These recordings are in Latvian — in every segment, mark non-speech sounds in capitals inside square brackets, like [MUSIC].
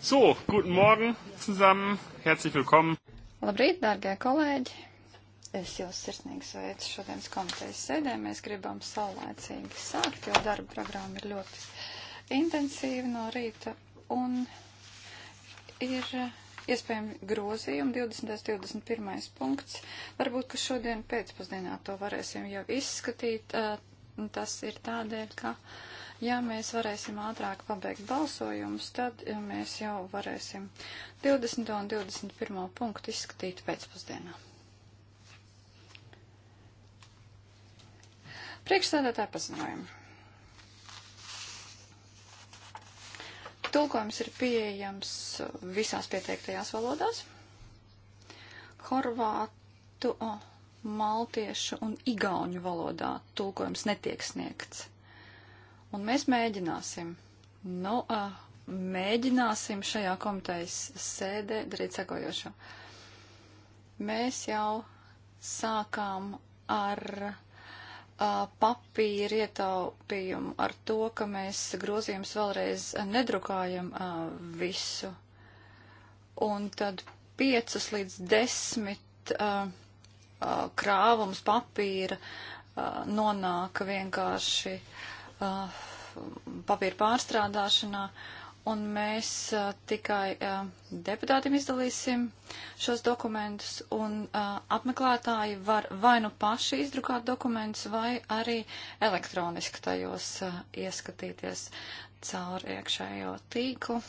So, guten Morgen zusammen, herzlich willkommen. Labrīt, dārgie kolēģi! Es jūs sirsnīgi sveicu šodienas komitejas sēdē. Mēs gribam saulēcīgi sākt, jo darba programma ir ļoti intensīva no rīta un ir iespējami grozījumi 20. 21. punkts. Varbūt, ka šodien pēcpusdienā to varēsim jau izskatīt. Tas ir tādēļ, ka. Uh, Ja mēs varēsim ātrāk pabeigt balsojumus, tad ja mēs jau varēsim 20. un 21. punktu izskatīt pēcpusdienā. Priekšstādātāji paziņojumi. Tulkojums ir pieejams visās pieteiktajās valodās. Horvātu, maltiešu un igauņu valodā tulkojums netiek sniegts. Un mēs mēģināsim. Nu, uh, mēģināsim šajā komitejas sēdē darīt sekojošo. Mēs jau sākām ar papīra ietaupījumu ar to, ka mēs grozījums vēlreiz nedrukājam a, visu. Un tad piecus līdz desmit a, a, krāvums papīra nonāk vienkārši uh, uh, papīra pārstrādāšanā, un mēs uh, tikai uh, deputātiem izdalīsim šos dokumentus, un uh, apmeklētāji var vai nu paši izdrukāt dokumentus, vai arī elektroniski tajos uh, ieskatīties caur iekšējo tīklu.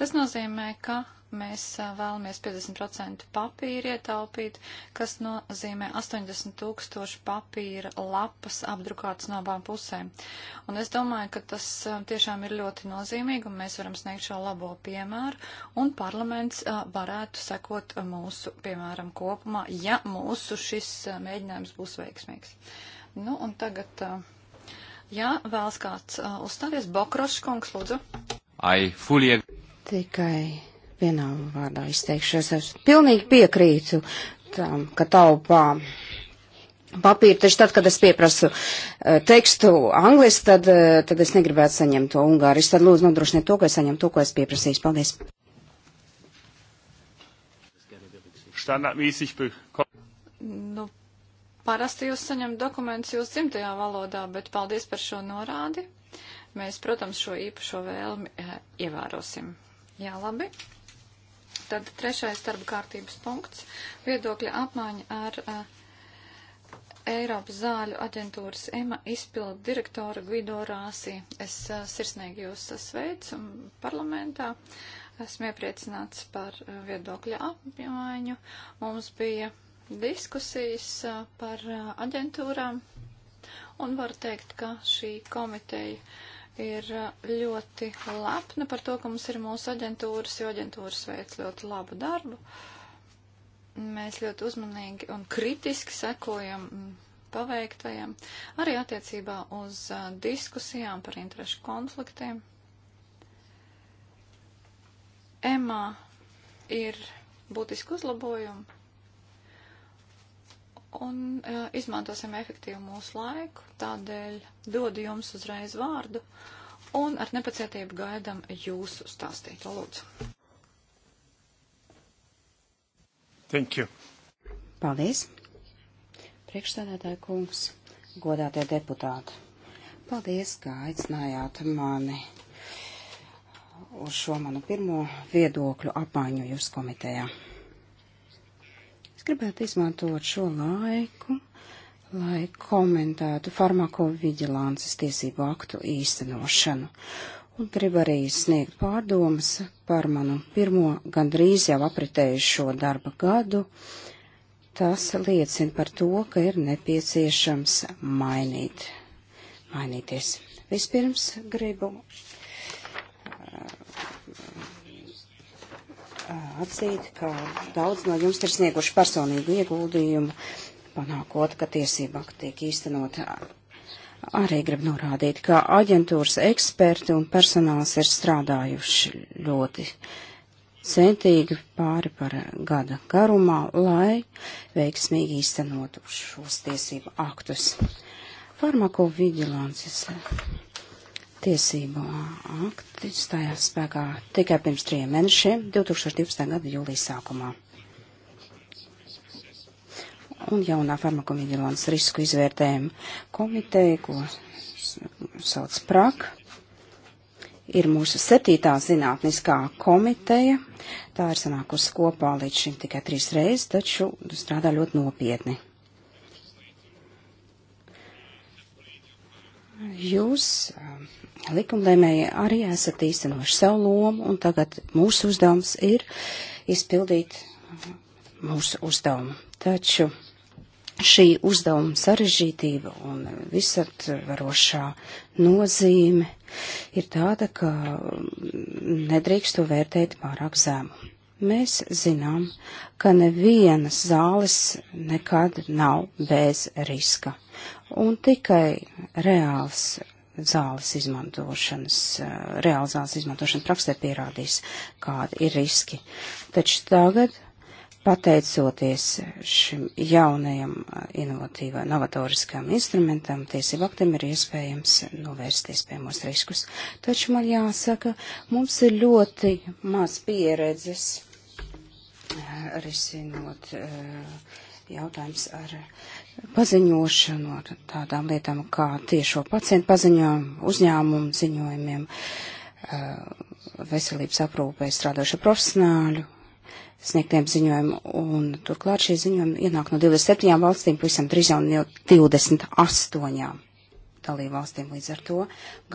Tas nozīmē, ka mēs vēlamies 50% papīra ietaupīt, kas nozīmē 80 tūkstoši papīra lapas apdrukātas no abām pusēm. Un es domāju, ka tas tiešām ir ļoti nozīmīgi, un mēs varam sniegt šo labo piemēru, un parlaments varētu sekot mūsu, piemēram, kopumā, ja mūsu šis mēģinājums būs veiksmīgs. Nu, un tagad, ja vēlas kāds uzstāties, Bokrošs kungs, lūdzu. Fully... Tikai vienā vārdā izteikšos. Es pilnīgi piekrītu tam, ka taupā papīru, taču tad, kad es pieprasu uh, tekstu angliski, tad, uh, tad es negribētu saņemt to ungāris. Tad lūdzu nodrošiniet to, ko es saņemu, to, ko es pieprasīju. Paldies. Nu, parasti jūs saņemat dokumentus jūsu dzimtajā valodā, bet paldies par šo norādi mēs, protams, šo īpašo vēlmi e, ievērosim. Jā, labi. Tad trešais darba kārtības punkts - viedokļa apmaiņa ar e, Eiropas zāļu aģentūras EMA izpildu direktoru Gvido Rāsī. Es e, sirsnīgi jūs sveicu parlamentā. Esmu iepriecināts par viedokļa apmaiņu. Mums bija diskusijas par aģentūrām. Un var teikt, ka šī komiteja ir uh, ļoti lepna par to, ka mums ir mūsu aģentūras, jo aģentūras veic ļoti labu darbu. Mēs ļoti uzmanīgi un kritiski sekojam mm, paveiktajam, arī attiecībā uz uh, diskusijām par interešu konfliktiem. Emā ir būtiski uzlabojumi un uh, izmantosim efektīvi mūsu laiku. Tādēļ dodu jums uzreiz vārdu un ar nepacietību gaidam jūsu stāstīto lūdzu. Thank you. Paldies. Priekšstādātāja kungs, godātie deputāti. Paldies, ka aicinājāt mani uz šo manu pirmo viedokļu apmaiņu jūsu komitejā. Es gribētu izmantot šo laiku, lai komentētu farmakoviģilānces tiesību aktu īstenošanu. Un gribu arī sniegt pārdomas par manu pirmo gandrīz jau apritējušo darba gadu. Tas liecina par to, ka ir nepieciešams mainīt, mainīties. Vispirms gribu atzīt, ka daudz no jums ir snieguši personīgu ieguldījumu, panākot, ka tiesība tiek īstenot. Arī grib norādīt, ka aģentūras eksperti un personāls ir strādājuši ļoti centīgi pāri par gada garumā, lai veiksmīgi īstenotu šos tiesību aktus. Farmakoviģilances tiesību akti stājās spēkā tikai pirms trījiem mēnešiem, 2012. gada jūlijas sākumā. Un jaunā farmakovigilants risku izvērtējuma komiteja, ko sauc PRAK, ir mūsu septītā zinātniskā komiteja. Tā ir sanākusi kopā līdz šim tikai trīs reizes, taču strādā ļoti nopietni. Jūs um, likumlēmēji arī esat īstenojuši savu lomu, un tagad mūsu uzdevums ir izpildīt mūsu uzdevumu. Taču šī uzdevuma sarežģītība un visatvarošā nozīme ir tāda, ka nedrīkst to vērtēt pārāk zemu. Mēs zinām, ka nevienas zāles nekad nav bez riska, un tikai reāls zāles izmantošanas, eh, reāla zāles izmantošana praksē pierādīs, kādi ir riski. Taču tagad, pateicoties šim jaunajam eh, inovatīvā, novatoriskam instrumentam, tiesību aktiem ir iespējams novērst iespējamos riskus. Taču man jāsaka, mums ir ļoti maz pieredzes eh, risinot jautājums ar. Uh, paziņošanu ar tādām lietām kā tiešo pacientu paziņojumu, uzņēmumu ziņojumiem, eh, veselības aprūpē strādošu profesionāļu sniegtiem ziņojumu, un turklāt šie ziņojumi ienāk no 27 valstīm, pavisam drīz jau no 28 dalībvalstīm. Līdz ar to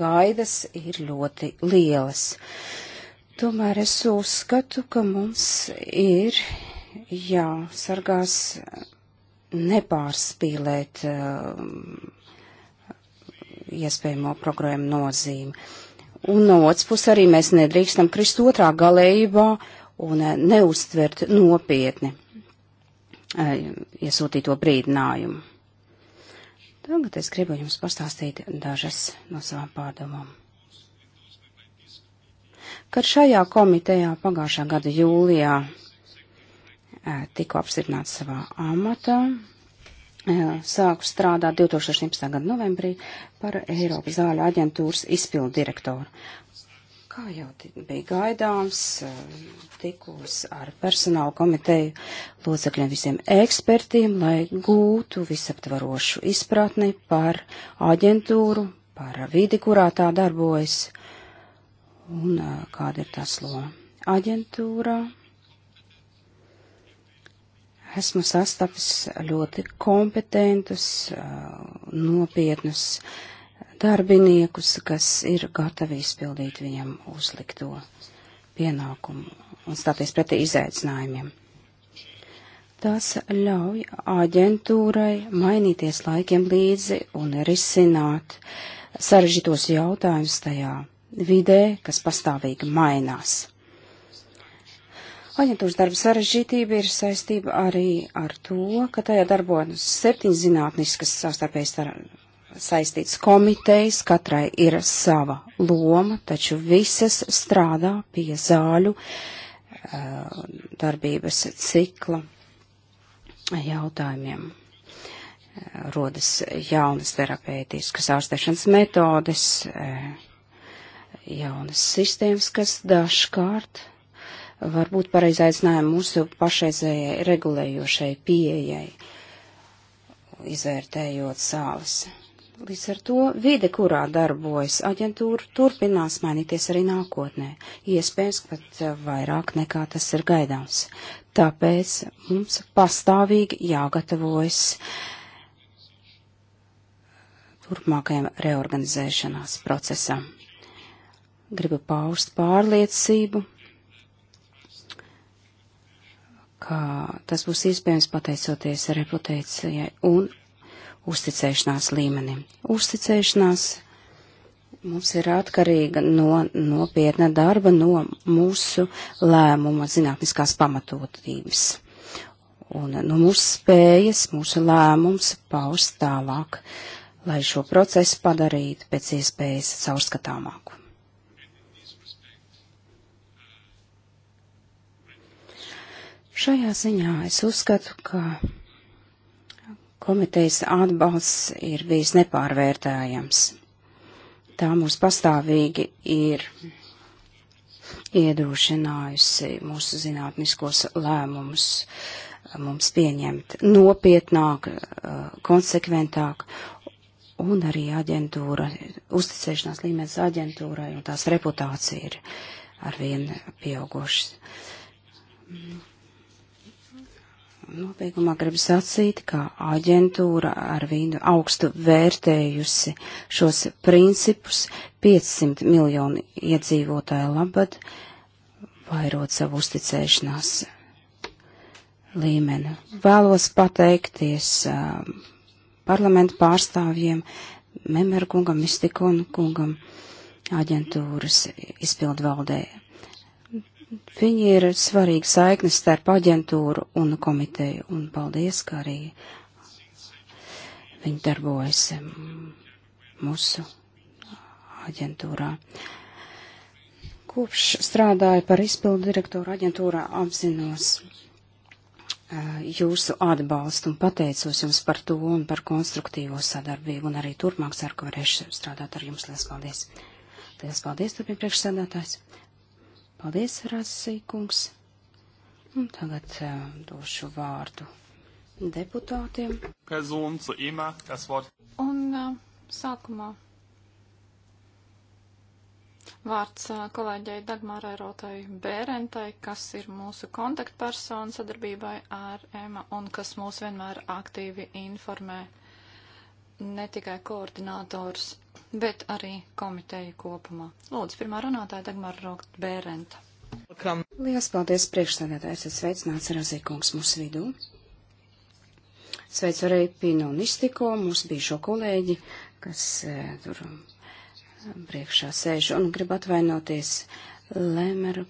gaidas ir ļoti lielas. Tomēr es uzskatu, ka mums ir jāsargās nepārspīlēt eh, iespējamo programmu nozīmi. Un no otras puses arī mēs nedrīkstam krist otrā galējībā un eh, neustvert nopietni eh, iesūtīto brīdinājumu. Tagad es gribu jums pastāstīt dažas no savām pārdomām. Kad šajā komitejā pagājušā gada jūlijā tiku apstiprināts savā amatā. Sāku strādāt 2017. gada novembrī par Eiropas zāļu aģentūras izpildu direktoru. Kā jau bija gaidāms, tikos ar personāla komiteju locekļiem visiem ekspertiem, lai gūtu visaptvarošu izpratni par aģentūru, par vidi, kurā tā darbojas un kāda ir tās loma. Aģentūra esmu sastapis ļoti kompetentus, nopietnus darbiniekus, kas ir gatavi izpildīt viņam uzlikto pienākumu un stāties pretī izaicinājumiem. Tas ļauj aģentūrai mainīties laikiem līdzi un risināt sarežģītos jautājumus tajā vidē, kas pastāvīgi mainās. Aģentūras darba sarežģītība ir saistība arī ar to, ka tajā darbojas septiņas zinātniskas savstarpēji saistītas komitejas, katrai ir sava loma, taču visas strādā pie zāļu eh, darbības cikla jautājumiem. Eh, rodas jaunas terapeitiskas ārstēšanas metodes, eh, jaunas sistēmas, kas dažkārt varbūt pareizi aicinājumu mūsu pašreizējai regulējošai pieejai, izvērtējot savas. Līdz ar to vide, kurā darbojas aģentūra, turpinās mainīties arī nākotnē, iespējams pat eh, vairāk nekā tas ir gaidāms. Tāpēc mums pastāvīgi jāgatavojas turpmākajam reorganizēšanās procesam. Gribu paust pārliecību, ka tas būs iespējams pateicoties reputācijai un uzticēšanās līmenim. Uzticēšanās mums ir atkarīga no nopietna darba, no mūsu lēmuma zinātniskās pamatotības un no mūsu spējas, mūsu lēmums paust tālāk, lai šo procesu padarītu pēc iespējas caurskatāmāku. Šajā ziņā es uzskatu, ka komitejas atbalsts ir bijis nepārvērtējams. Tā mums pastāvīgi ir iedrošinājusi mūsu zinātniskos lēmumus mums pieņemt nopietnāk, konsekventāk, un arī aģentūra, uzticēšanās līmenis aģentūrai un tās reputācija ir arvien pieaugušas. Nobeigumā gribu sacīt, ka aģentūra ar vīnu augstu vērtējusi šos principus 500 miljonu iedzīvotāju labad, vairot savu uzticēšanās līmeni. Vēlos pateikties um, parlamentu pārstāvjiem, Memerkungam, Mistikonu kungam, aģentūras izpildvaldē Viņi ir svarīgi saiknes starp aģentūru un komiteju, un paldies, ka arī viņi darbojas mūsu aģentūrā. Kopš strādāju par izpildu direktoru aģentūrā apzinos eh, jūsu atbalstu un pateicos jums par to un par konstruktīvo sadarbību un arī turpmāk ceru, ka varēšu strādāt ar jums. Lielas paldies! Lielas paldies, turpin priekšsēdētājs! Paldies, Rasīkungs. Un tagad uh, došu vārdu deputātiem. Un uh, sākumā vārds uh, kolēģei Dagmārai Rotai Bērentai, kas ir mūsu kontaktpersona sadarbībai ar EMA un kas mūs vienmēr aktīvi informē ne tikai koordinātors bet arī komiteju kopumā. Lūdzu, pirmā runātāja Dagmar Rokt Bērenta. Lielas paldies priekšsēdētājs, es sveicināts Razīkungs mūsu vidū. Sveicu arī Pino un Istiko, mūsu bijušo kolēģi, kas eh, tur um, priekšā sēž un grib atvainoties Lēmeru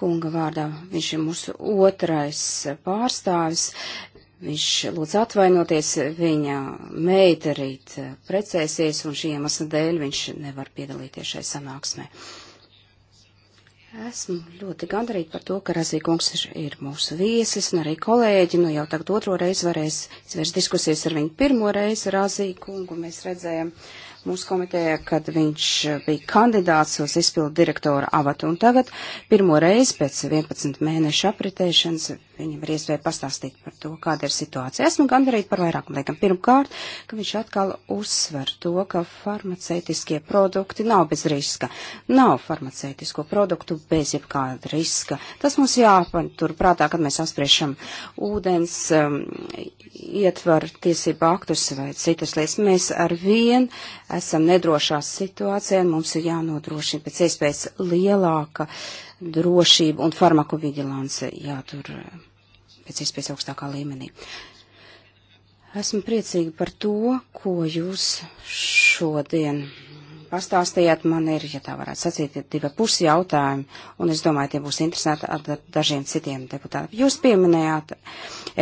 kunga vārdā. Viņš ir mūsu otrais eh, pārstāvis. Viņš lūdz atvainoties, viņa meita rīt eh, precēsies, un šī iemesla dēļ viņš nevar piedalīties šai sanāksmē. Esmu ļoti gandarīta par to, ka Razīkungs ir, ir mūsu viesis un arī kolēģi. Nu jau tagad otro reizi varēs izvērst diskusijas ar viņu. Pirmo reizi Razīkungu mēs redzējām mūsu komitejā, kad viņš eh, bija kandidāts uz izpildu direktora avatu. Un tagad pirmo reizi pēc 11 mēnešu apritēšanas Viņam ir iespēja pastāstīt par to, kāda ir situācija. Esmu gandarīta par vairākam liekam. Pirmkārt, ka viņš atkal uzsver to, ka farmaceitiskie produkti nav bez riska. Nav farmaceitisko produktu bez jebkāda riska. Tas mums jāpatur prātā, kad mēs apspriešam ūdens, um, ietver tiesību aktus vai citas lietas. Mēs ar vien esam nedrošās situācijā un mums ir jānodrošina pēc iespējas lielāka. Uh, drošība un farmakovigilance jātur eh, pēc iespējas augstākā līmenī. Esmu priecīga par to, ko jūs šodien pastāstījāt, man ir, ja tā varētu sacīt, divi pusi jautājumi, un es domāju, tie būs interesanti ar dažiem citiem deputātiem. Jūs pieminējāt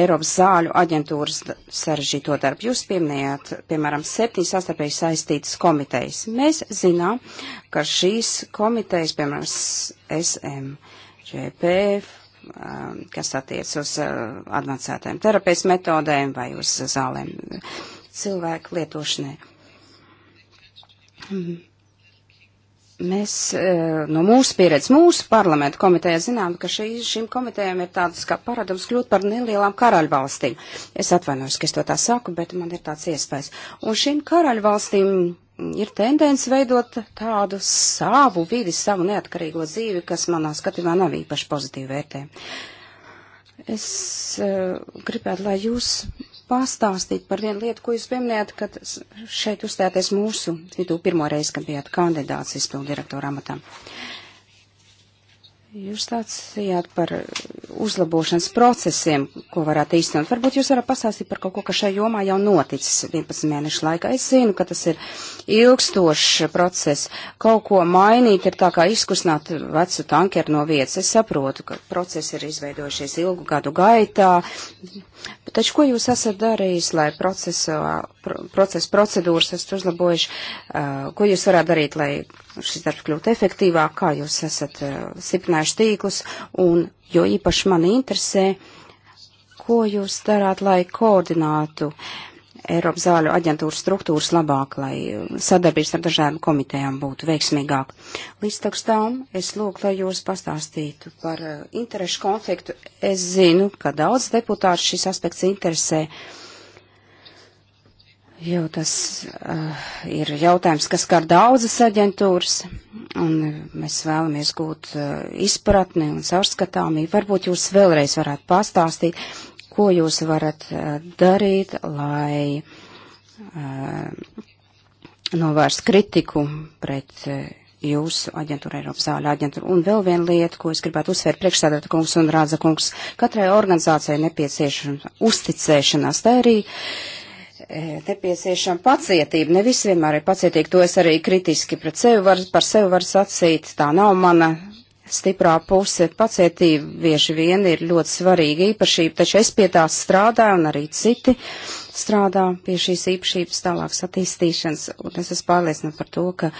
Eiropas zāļu aģentūras sarežģīto darbu, jūs pieminējāt, piemēram, septiņas sastarpēji saistītas komitejas. Mēs zinām, ka šīs komitejas, piemēram, SM, GPF, um, kas attiec uz uh, advancētām terapijas metodēm vai uz zālēm cilvēku lietošanai Mēs e, no mūsu pieredzes, mūsu parlamentu komitejā zinām, ka šī, šīm komitejām ir tāds kā paradums kļūt par nelielām karaļvalstīm. Es atvainojos, ka es to tā saku, bet man ir tāds iespējas. Un šīm karaļvalstīm ir tendence veidot tādu savu vidi, savu neatkarīgo dzīvi, kas manā skatījumā nav īpaši pozitīvi vērtē. Es uh, gribētu, lai jūs pastāstīt par vienu lietu, ko jūs pieminējāt, kad šeit uzstāties mūsu vidū pirmo reizi, kad bijāt kandidāts izpildu direktoru amatam. Uh, Jūs stāstījāt par uh, uzlabošanas procesiem, ko varētu īstenot. Varbūt jūs varat pastāstīt par kaut ko, kas šajā jomā jau noticis 11 mēnešu laikā. Es zinu, ka tas ir ilgstošs process. Kaut ko mainīt ir tā kā izkusnāt vecu tankeru no vietas. Es saprotu, ka procesi ir izveidojušies ilgu gadu gaitā. Taču ko jūs esat darījis, lai procesu, procesu procedūras esat uzlabojuši? Uh, ko jūs varētu darīt, lai šis darbs kļūtu efektīvāk? Kā jūs esat uh, stiprinājis? mēžu tīklus, un jo īpaši mani interesē, ko jūs darāt, lai koordinātu Eiropas zāļu aģentūras struktūras labāk, lai sadarbības ar dažādām komitejām būtu veiksmīgāk. Līdz tam es lūgtu, lai jūs pastāstītu par eh, interešu konfliktu. Es zinu, ka daudz deputātu šis aspekts interesē. Uh, jau tas uh, ir jautājums, kas skar daudzas aģentūras, un mēs vēlamies gūt uh, izpratni un caurskatāmību. Varbūt jūs vēlreiz varētu pastāstīt, ko jūs varat uh, darīt, lai uh, novērst kritiku pret. Uh, jūsu aģentūra, Eiropas zāļu aģentūra. Un vēl viena lieta, ko es gribētu uzsvērt priekšstādāta kungs un rādza kungs, katrai organizācijai nepieciešama uzticēšanās. Tā arī uh, E, nepieciešama pacietība. Ne visi vienmēr ir pacietīgi, to es arī kritiski pret sevi var, par sevi varu sacīt. Tā nav mana stiprā puse. Pacietība bieži vien ir ļoti svarīga īpašība, taču es pie tās strādāju un arī citi strādā pie šīs īpašības tālākas attīstīšanas. Un es esmu pārliecināta par to, ka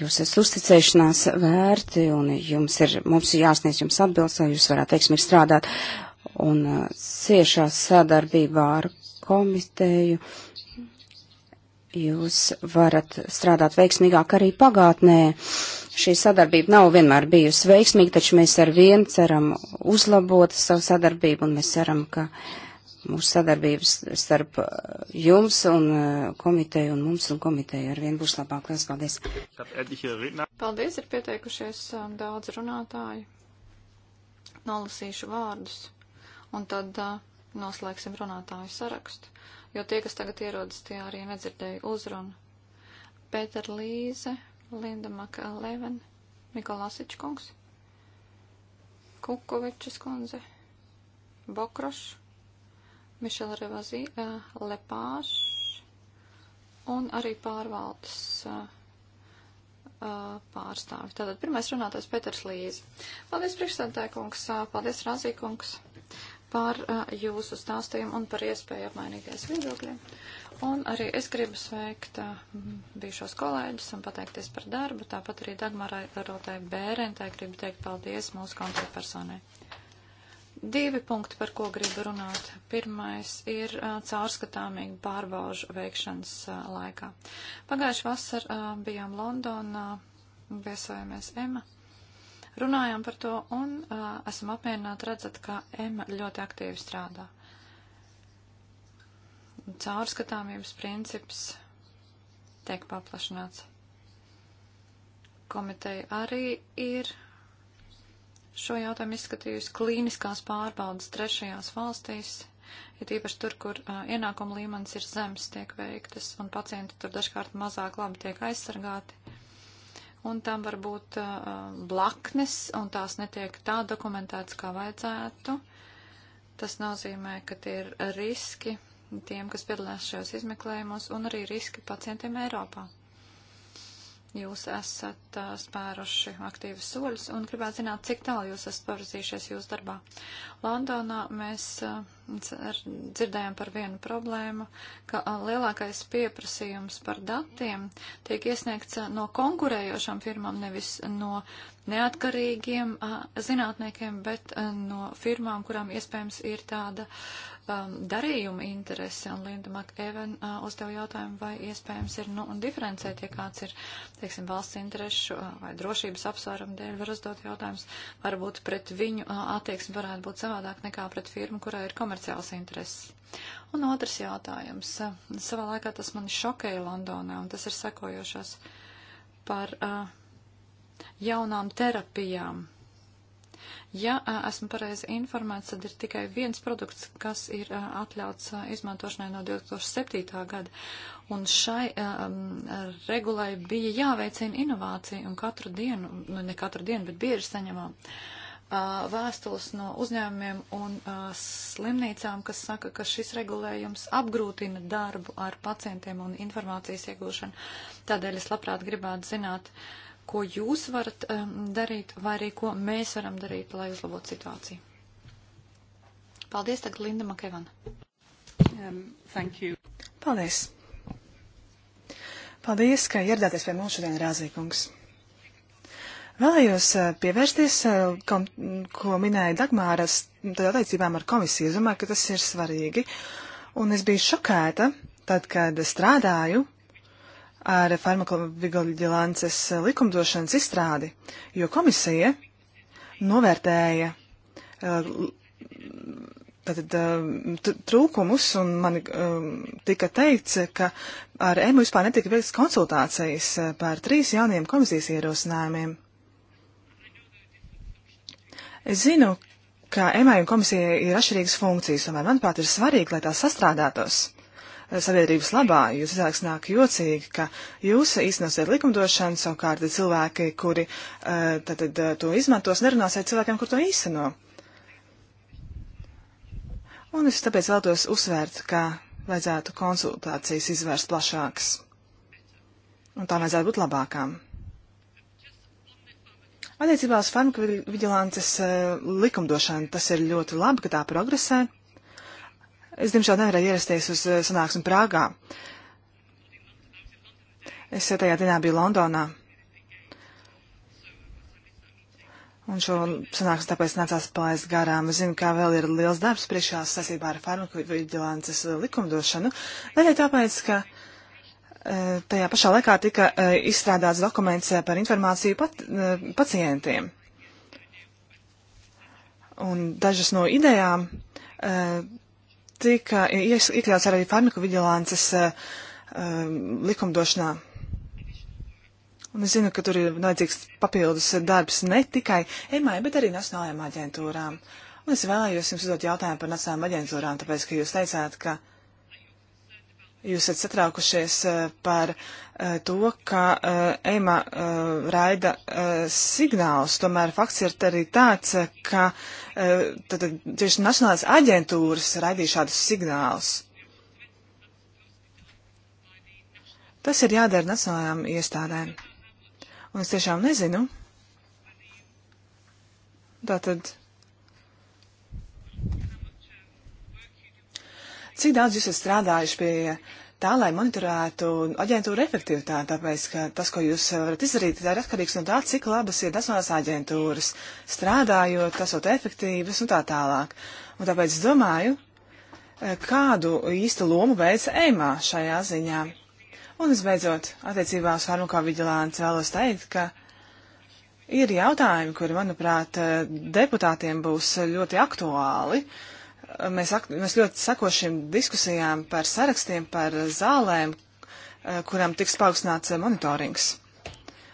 jūs esat uzticēšanās vērti un jums ir, mums ir jāsniedz jums atbildes, lai jūs varētu, teiksim, strādāt un e, ciešā sadarbībā ar komiteju. Jūs varat strādāt veiksmīgāk arī pagātnē. Šī sadarbība nav vienmēr bijusi veiksmīga, taču mēs ar vienu ceram uzlabot savu sadarbību un mēs ceram, ka mūsu sadarbības starp uh, jums un uh, komiteju un mums un komiteju ar vienu būs labāk. Lielas paldies! Paldies, ir pieteikušies um, daudz runātāju nolasīšu vārdus, un tad uh, noslēgsim runātāju sarakstu, jo tie, kas tagad ierodas, tie arī nedzirdēja uzrunu. Pēter Līze, Linda Makalēven, Mikolasič kungs, Kukovičs kundze, Bokrošs, Mišela Revazī, uh, Lepāšs un arī pārvaldes. Uh, pārstāvi. Tātad pirmais runātājs Peters Līze. Paldies, priekšstādātāja kungs, paldies, Rāzī kungs par uh, jūsu stāstījumu un par iespēju apmainīties viedokļiem. Un arī es gribu sveikt uh, bijušos kolēģus un pateikties par darbu. Tāpat arī Dagmarai Rotai Bērentai gribu teikt paldies mūsu kontaktpersonai. Divi punkti, par ko gribu runāt. Pirmais ir uh, caurskatāmīga pārbaužu veikšanas uh, laikā. Pagājuši vasar uh, bijām Londonā, viesojamies Ema. Uh, Runājām par to un uh, esam apmierināti redzat, ka EMA ļoti aktīvi strādā. Caurskatāmības princips tiek paplašināts. Komiteja arī ir šo jautājumu izskatījusi klīniskās pārbaudas trešajās valstīs, ir ja īpaši tur, kur uh, ienākuma līmenis ir zems, tiek veiktas, un pacienti tur dažkārt mazāk labi tiek aizsargāti un tam var būt uh, blaknes, un tās netiek tā dokumentētas, kā vajadzētu. Tas nozīmē, ka tie ir riski tiem, kas piedalās šajos izmeklējumos, un arī riski pacientiem Eiropā jūs esat uh, spēruši aktīvas soļus un gribētu zināt, cik tālu jūs esat pavirzījušies jūsu darbā. Londonā mēs uh, dzirdējām par vienu problēmu, ka uh, lielākais pieprasījums par datiem tiek iesniegts no konkurējošām firmām, nevis no neatkarīgiem zinātniekiem, bet no firmām, kurām iespējams ir tāda uh, um, darījuma interese, un Linda Makēven uh, uzdeva jautājumu, vai iespējams ir, nu, un diferencēt, ja kāds ir, teiksim, valsts interešu uh, vai drošības apsvērumu dēļ, var uzdot jautājumus, varbūt pret viņu uh, attieksmi varētu būt savādāk nekā pret firmu, kurai ir komerciāls intereses. Un otrs jautājums. Uh, savā laikā tas mani šokēja Londonā, un tas ir sekojošās par uh, jaunām terapijām Ja esmu pareizi informēts, tad ir tikai viens produkts, kas ir atļauts izmantošanai no 2007. gada. Un šai um, regulai bija jāveicina inovācija, un katru dienu, nu ne katru dienu, bet bieži saņemām vēstules no uzņēmumiem un uh, slimnīcām, kas saka, ka šis regulējums apgrūtina darbu ar pacientiem un informācijas iegūšanu. Tādēļ es labprāt gribētu zināt, uh, ko jūs varat um, darīt, vai arī ko mēs varam darīt, lai uzlabotu situāciju. Paldies, tagad Linda Makevana. Um, thank you. Paldies. Paldies, ka ieradāties pie mums šodien, Rāzīkungs. Vēlējos eh, pievērsties, eh, kom, ko minēja Dagmāras, tad attiecībām ar komisiju. Es domāju, ka tas ir svarīgi. Un es biju šokēta, tad, kad strādāju ar farmakovigilances likumdošanas izstrādi, jo komisija novērtēja eh, tātad, eh, trūkumus, un man eh, tika teikts, ka ar EMU vispār netika veikts konsultācijas par trīs jauniem komisijas ierosinājumiem. Es zinu, ka EMU un komisija ir atšķirīgas funkcijas, tomēr, manuprāt, ir svarīgi, lai tās sastrādātos sabiedrības labā. Jūs izāk nāk jocīgi, ka jūs īstenosiet likumdošanu, savukārt cilvēki, kuri tātad, to izmantos, nerunāsiet cilvēkiem, kur to īsteno. Un es tāpēc vēlos uzsvērt, ka vajadzētu konsultācijas izvērst plašākas. Un tām vajadzētu būt labākām. Attiecībā uz farmakovigilances likumdošanu tas ir ļoti labi, ka tā progresē. Es, diemžēl, nevarēju ierasties uz eh, sanāksmi Prāgā. Es eh, tajā dienā biju Londonā. Un šo sanāksmi tāpēc nācās palaist garām. Es zinu, kā vēl ir liels darbs priekšā sasībā ar farmakoviģilances eh, likumdošanu. Daļai tāpēc, ka tajā pašā laikā tika izstrādāts dokuments par informāciju pat, pacientiem. Un dažas no idejām tika iekļauts arī farmakoviģilances eh, eh, likumdošanā. Un es zinu, ka tur ir vajadzīgs papildus darbs ne tikai EMAI, bet arī nacionālajām aģentūrām. Un es vēlējos jums uzdot jautājumu par nacionālām aģentūrām, tāpēc, ka jūs teicāt, ka uh, Jūs esat satraukušies eh, par eh, to, ka eh, EMA raida signālus. Tomēr fakts ir arī tāds, ka tad, tieši Nacionālās aģentūras raidīja šādus signālus. Tas ir jādara nacionālajām iestādēm. Un es tiešām nezinu. Tātad Cik daudz jūs esat strādājuši pie tā, lai monitorētu aģentūru efektivitāti, tāpēc, ka tas, ko jūs varat izdarīt, ir atkarīgs no tā, cik labas ir nacionālās aģentūras strādājot, esot efektīvas un tā tālāk. Un tāpēc es domāju, eh, kādu īstu lomu veids EMA šajā ziņā. Un visbeidzot, attiecībā uz farmakoviģilānci vēlos teikt, ka ir jautājumi, kuri, manuprāt, eh, deputātiem būs ļoti aktuāli. Uh, mēs, mēs ļoti sekošiem diskusijām par sarakstiem, par zālēm, eh, kurām tiks paaugstināts eh, monitorings.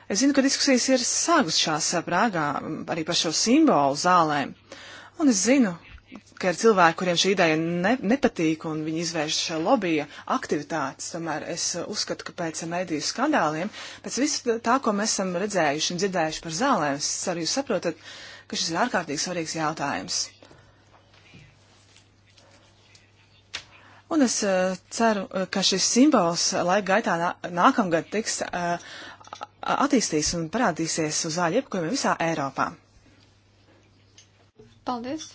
Es zinu, ka diskusijas ir sākušās eh, Prāgā arī par šo simbolu zālēm. Un es zinu, ka ir cilvēki, kuriem šī ideja ne, nepatīk un viņi izvērš lobija aktivitātes. Tomēr es uzskatu, ka pēc mediju skandāliem, pēc visu tā, ko mēs esam redzējuši un dzirdējuši par zālēm, es ceru, jūs saprotat, ka šis ir ārkārtīgi svarīgs jautājums. Un es eh, ceru, eh, ka šis simbols eh, laika gaitā nā, nākamgad tiks attīstīts un parādīsies uz zāļu iepakojumiem visā Eiropā. Paldies!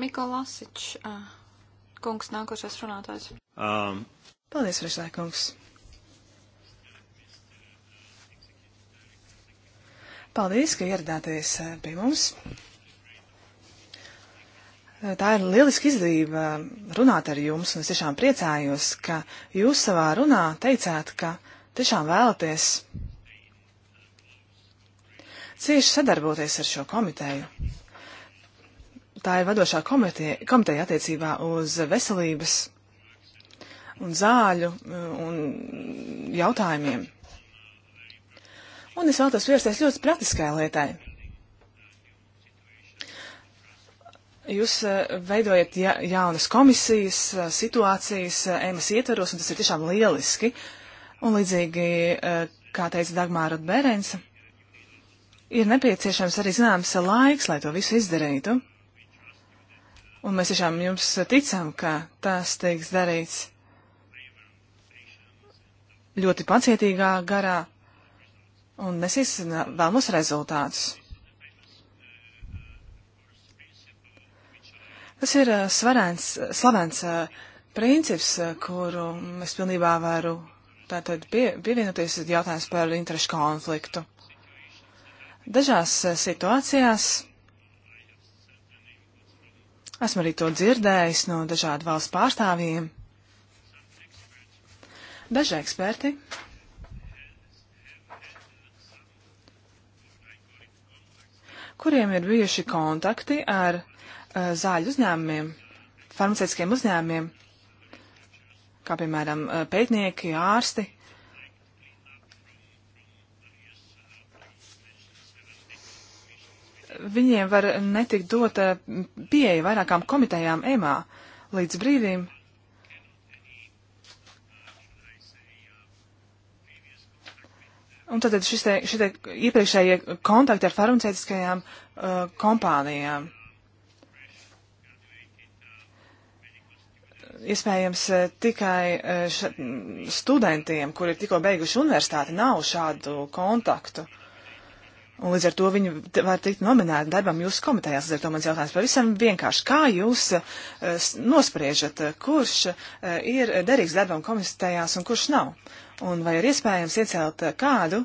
Miko Lasič, kungs nākošais runātājs. Um. Paldies, priekšsēkungs! Paldies, ka ieradāties pie mums! Tā ir lieliska izdevība runāt ar jums, un es tiešām priecājos, ka jūs savā runā teicāt, ka tiešām vēlaties cieši sadarboties ar šo komiteju. Tā ir vadošā komiteja, komiteja attiecībā uz veselības un zāļu uh, un jautājumiem. Un es vēlos vērsties ļoti praktiskai lietai. Jūs eh, veidojat ja, jaunas komisijas, eh, situācijas eh, ēmas ietveros, un tas ir tiešām lieliski. Un līdzīgi, kā teica Dagmāra Bērens, ir nepieciešams arī zināms laiks, lai to visu izdarītu. Un mēs tiešām jums ticam, ka tas tiks darīts ļoti pacietīgā garā un nesīs vēlamos rezultātus. Tas ir svarēns, slavens princips, kuru es pilnībā varu tātad pie, pievienoties jautājums par interešu konfliktu. Dažās situācijās esmu arī to dzirdējis no dažādu valstu pārstāvjiem. Daži eksperti kuriem ir bijuši kontakti ar Eh, zāļu uzņēmumiem, farmaceitiskiem uzņēmumiem, kā piemēram eh, pētnieki, ārsti. Viņiem var netikt dota eh, pieeja vairākām komitejām EMA līdz brīdim, Un tad šis te, šie iepriekšējie kontakti ar farmaceitiskajām uh, kompānijām. iespējams eh, tikai eh, ša, studentiem, kuri tikko beiguši universitāti, nav šādu kontaktu. Un līdz ar to viņi var tikt nominēti darbam jūsu komitejās. Līdz ar to mans jautājums pavisam vienkārši. Kā jūs eh, nospriežat, kurš ir derīgs darbam komitejās un kurš nav? Un vai ir iespējams iecelt kādu,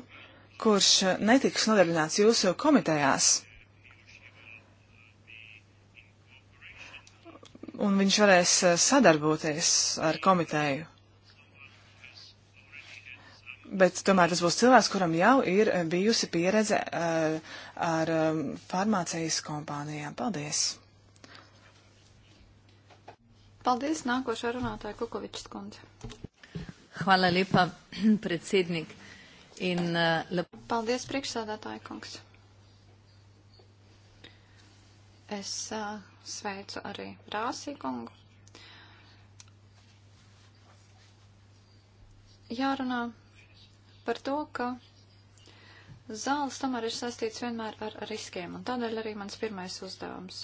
kurš netiks nodarbināts jūsu komitejās? un viņš varēs eh, sadarboties ar komiteju. Bet tomēr tas būs cilvēks, kuram jau ir eh, bijusi pieredze eh, ar um, farmācijas kompānijām. Paldies! Paldies, nākošā runātāja Kukovičs kundze. Hvala lepa, [CLEARS THROAT] predsednik. In, uh, Paldies, priekšsādātāja kungs. Es uh, Sveicu arī Rāsīkungu. Jārunā par to, ka zāles tomēr ir saistīts vienmēr ar riskiem, un tādēļ arī mans pirmais uzdevums.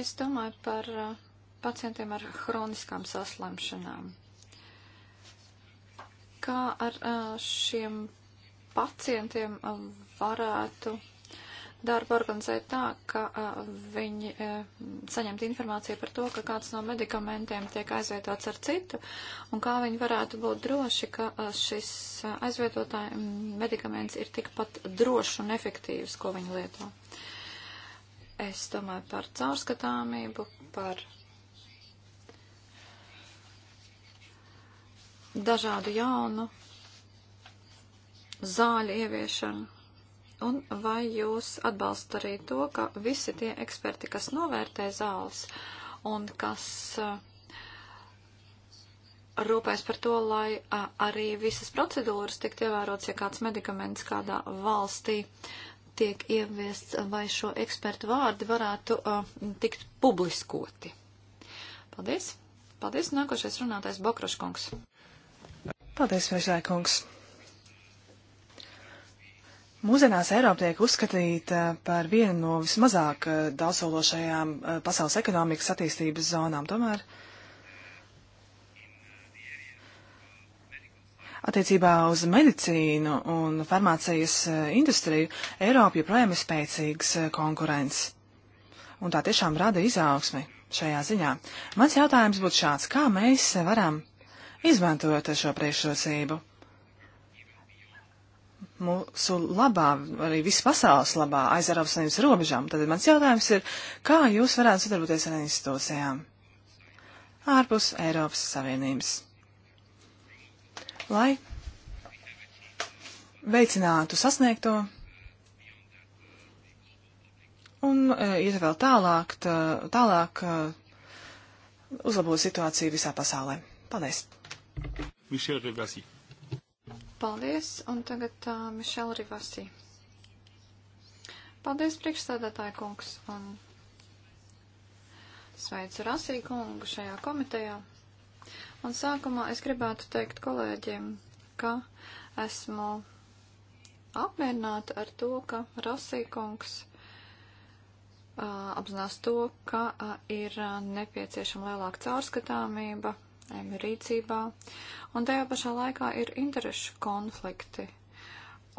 Es domāju par uh, pacientiem ar hroniskām saslimšanām. Kā ar uh, šiem pacientiem uh, varētu darbu organizēt tā, ka uh, viņi uh, saņemtu informāciju par to, ka kāds no medikamentiem tiek aizvietots ar citu, un kā viņi varētu būt droši, ka uh, šis uh, aizvietotāja medikaments ir tikpat drošs un efektīvs, ko viņi lieto. Es domāju par caurskatāmību, par dažādu jaunu zāļu ieviešanu Un vai jūs atbalstat arī to, ka visi tie eksperti, kas novērtē zāles un kas uh, rūpēs par to, lai uh, arī visas procedūras tiktu ievērots, ja kāds medikaments kādā valstī tiek ieviests, vai šo ekspertu vārdi varētu uh, tikt publiskoti? Paldies! Paldies! Nākošais runātais Bokraškungs. Paldies, Vēžēkungs! Mūsdienās Eiropa tiek uzskatīta eh, par vienu no vismazāk eh, daudzsološajām eh, pasaules ekonomikas attīstības zonām. Tomēr attiecībā uz medicīnu un farmācijas industriju Eiropa joprojām ir spēcīgs konkurents. Un tā tiešām rada izaugsmi šajā ziņā. Mans jautājums būtu šāds, kā mēs varam izmantot šo priekšrocību? mūsu labā, arī visu pasaules labā aiz Eiropas Savienības robežām. Tad mans jautājums ir, kā jūs varētu sadarboties ar institūcijām ārpus Eiropas Savienības, lai veicinātu sasniegto un e, iet vēl tālāk, tā, tālāk e, uzlabot situāciju visā pasaulē. Paldies! Michel Rivasi. Paldies, un tagad uh, Mišela Rivasī. Paldies, priekšstādātāja kungs, un sveicu Rasī kungu šajā komitejā. Un sākumā es gribētu teikt kolēģiem, ka esmu apmierināta ar to, ka Rasīkungs apzinās to, ka a, ir a, nepieciešama lielāka caurskatāmība rīcībā, un tajā pašā laikā ir interešu konflikti.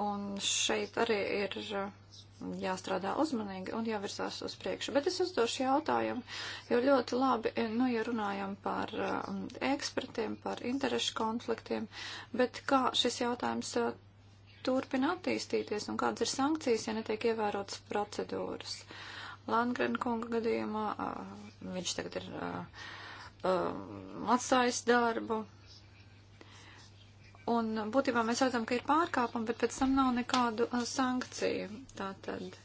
Un šeit arī ir uh, jāstrādā uzmanīgi un jāvirzās uz priekšu. Bet es uzdošu jautājumu, jo ļoti labi, eh, nu, ja runājam par um, ekspertiem, par interešu konfliktiem, bet kā šis jautājums uh, turpina attīstīties un kādas ir sankcijas, ja netiek ievērotas procedūras? Langren kunga gadījumā uh, viņš tagad ir. Uh, um, atstājis darbu. Un būtībā mēs redzam, ka ir pārkāpumi, bet pēc tam nav nekādu uh, sankciju. Tātad,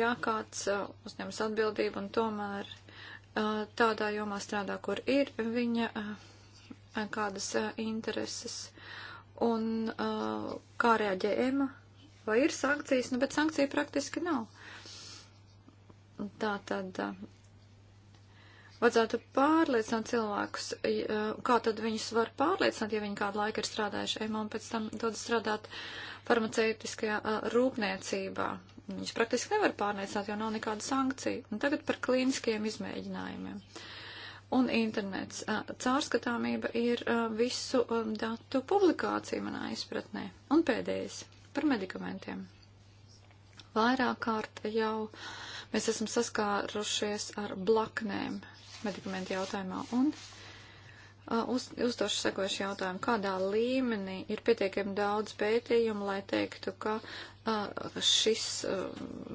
ja kāds uh, uzņemas atbildību un tomēr uh, tādā jomā strādā, kur ir viņa uh, kādas uh, intereses, un uh, kā reaģē EMA, vai ir sankcijas, nu, bet sankcija praktiski nav. Tātad, uh, Vajadzētu pārliecināt cilvēkus, e, kā tad viņus var pārliecināt, ja viņi kādu laiku ir strādājuši EMA un pēc tam dodas strādāt farmaceitiskajā e, rūpniecībā. Viņus praktiski nevar pārliecināt, jo nav nekāda sankcija. Un tagad par klīniskiem izmēģinājumiem. Un internets. E, cārskatāmība ir visu datu publikācija manā izpratnē. Un pēdējais par medikamentiem. Vairāk kārt jau. Uh, Mēs esam saskārušies ar blaknēm medikamentu jautājumā un uz, uzdošu sekojuši jautājumu, kādā līmenī ir pietiekami daudz pētījumu, lai teiktu, ka uh, šis uh,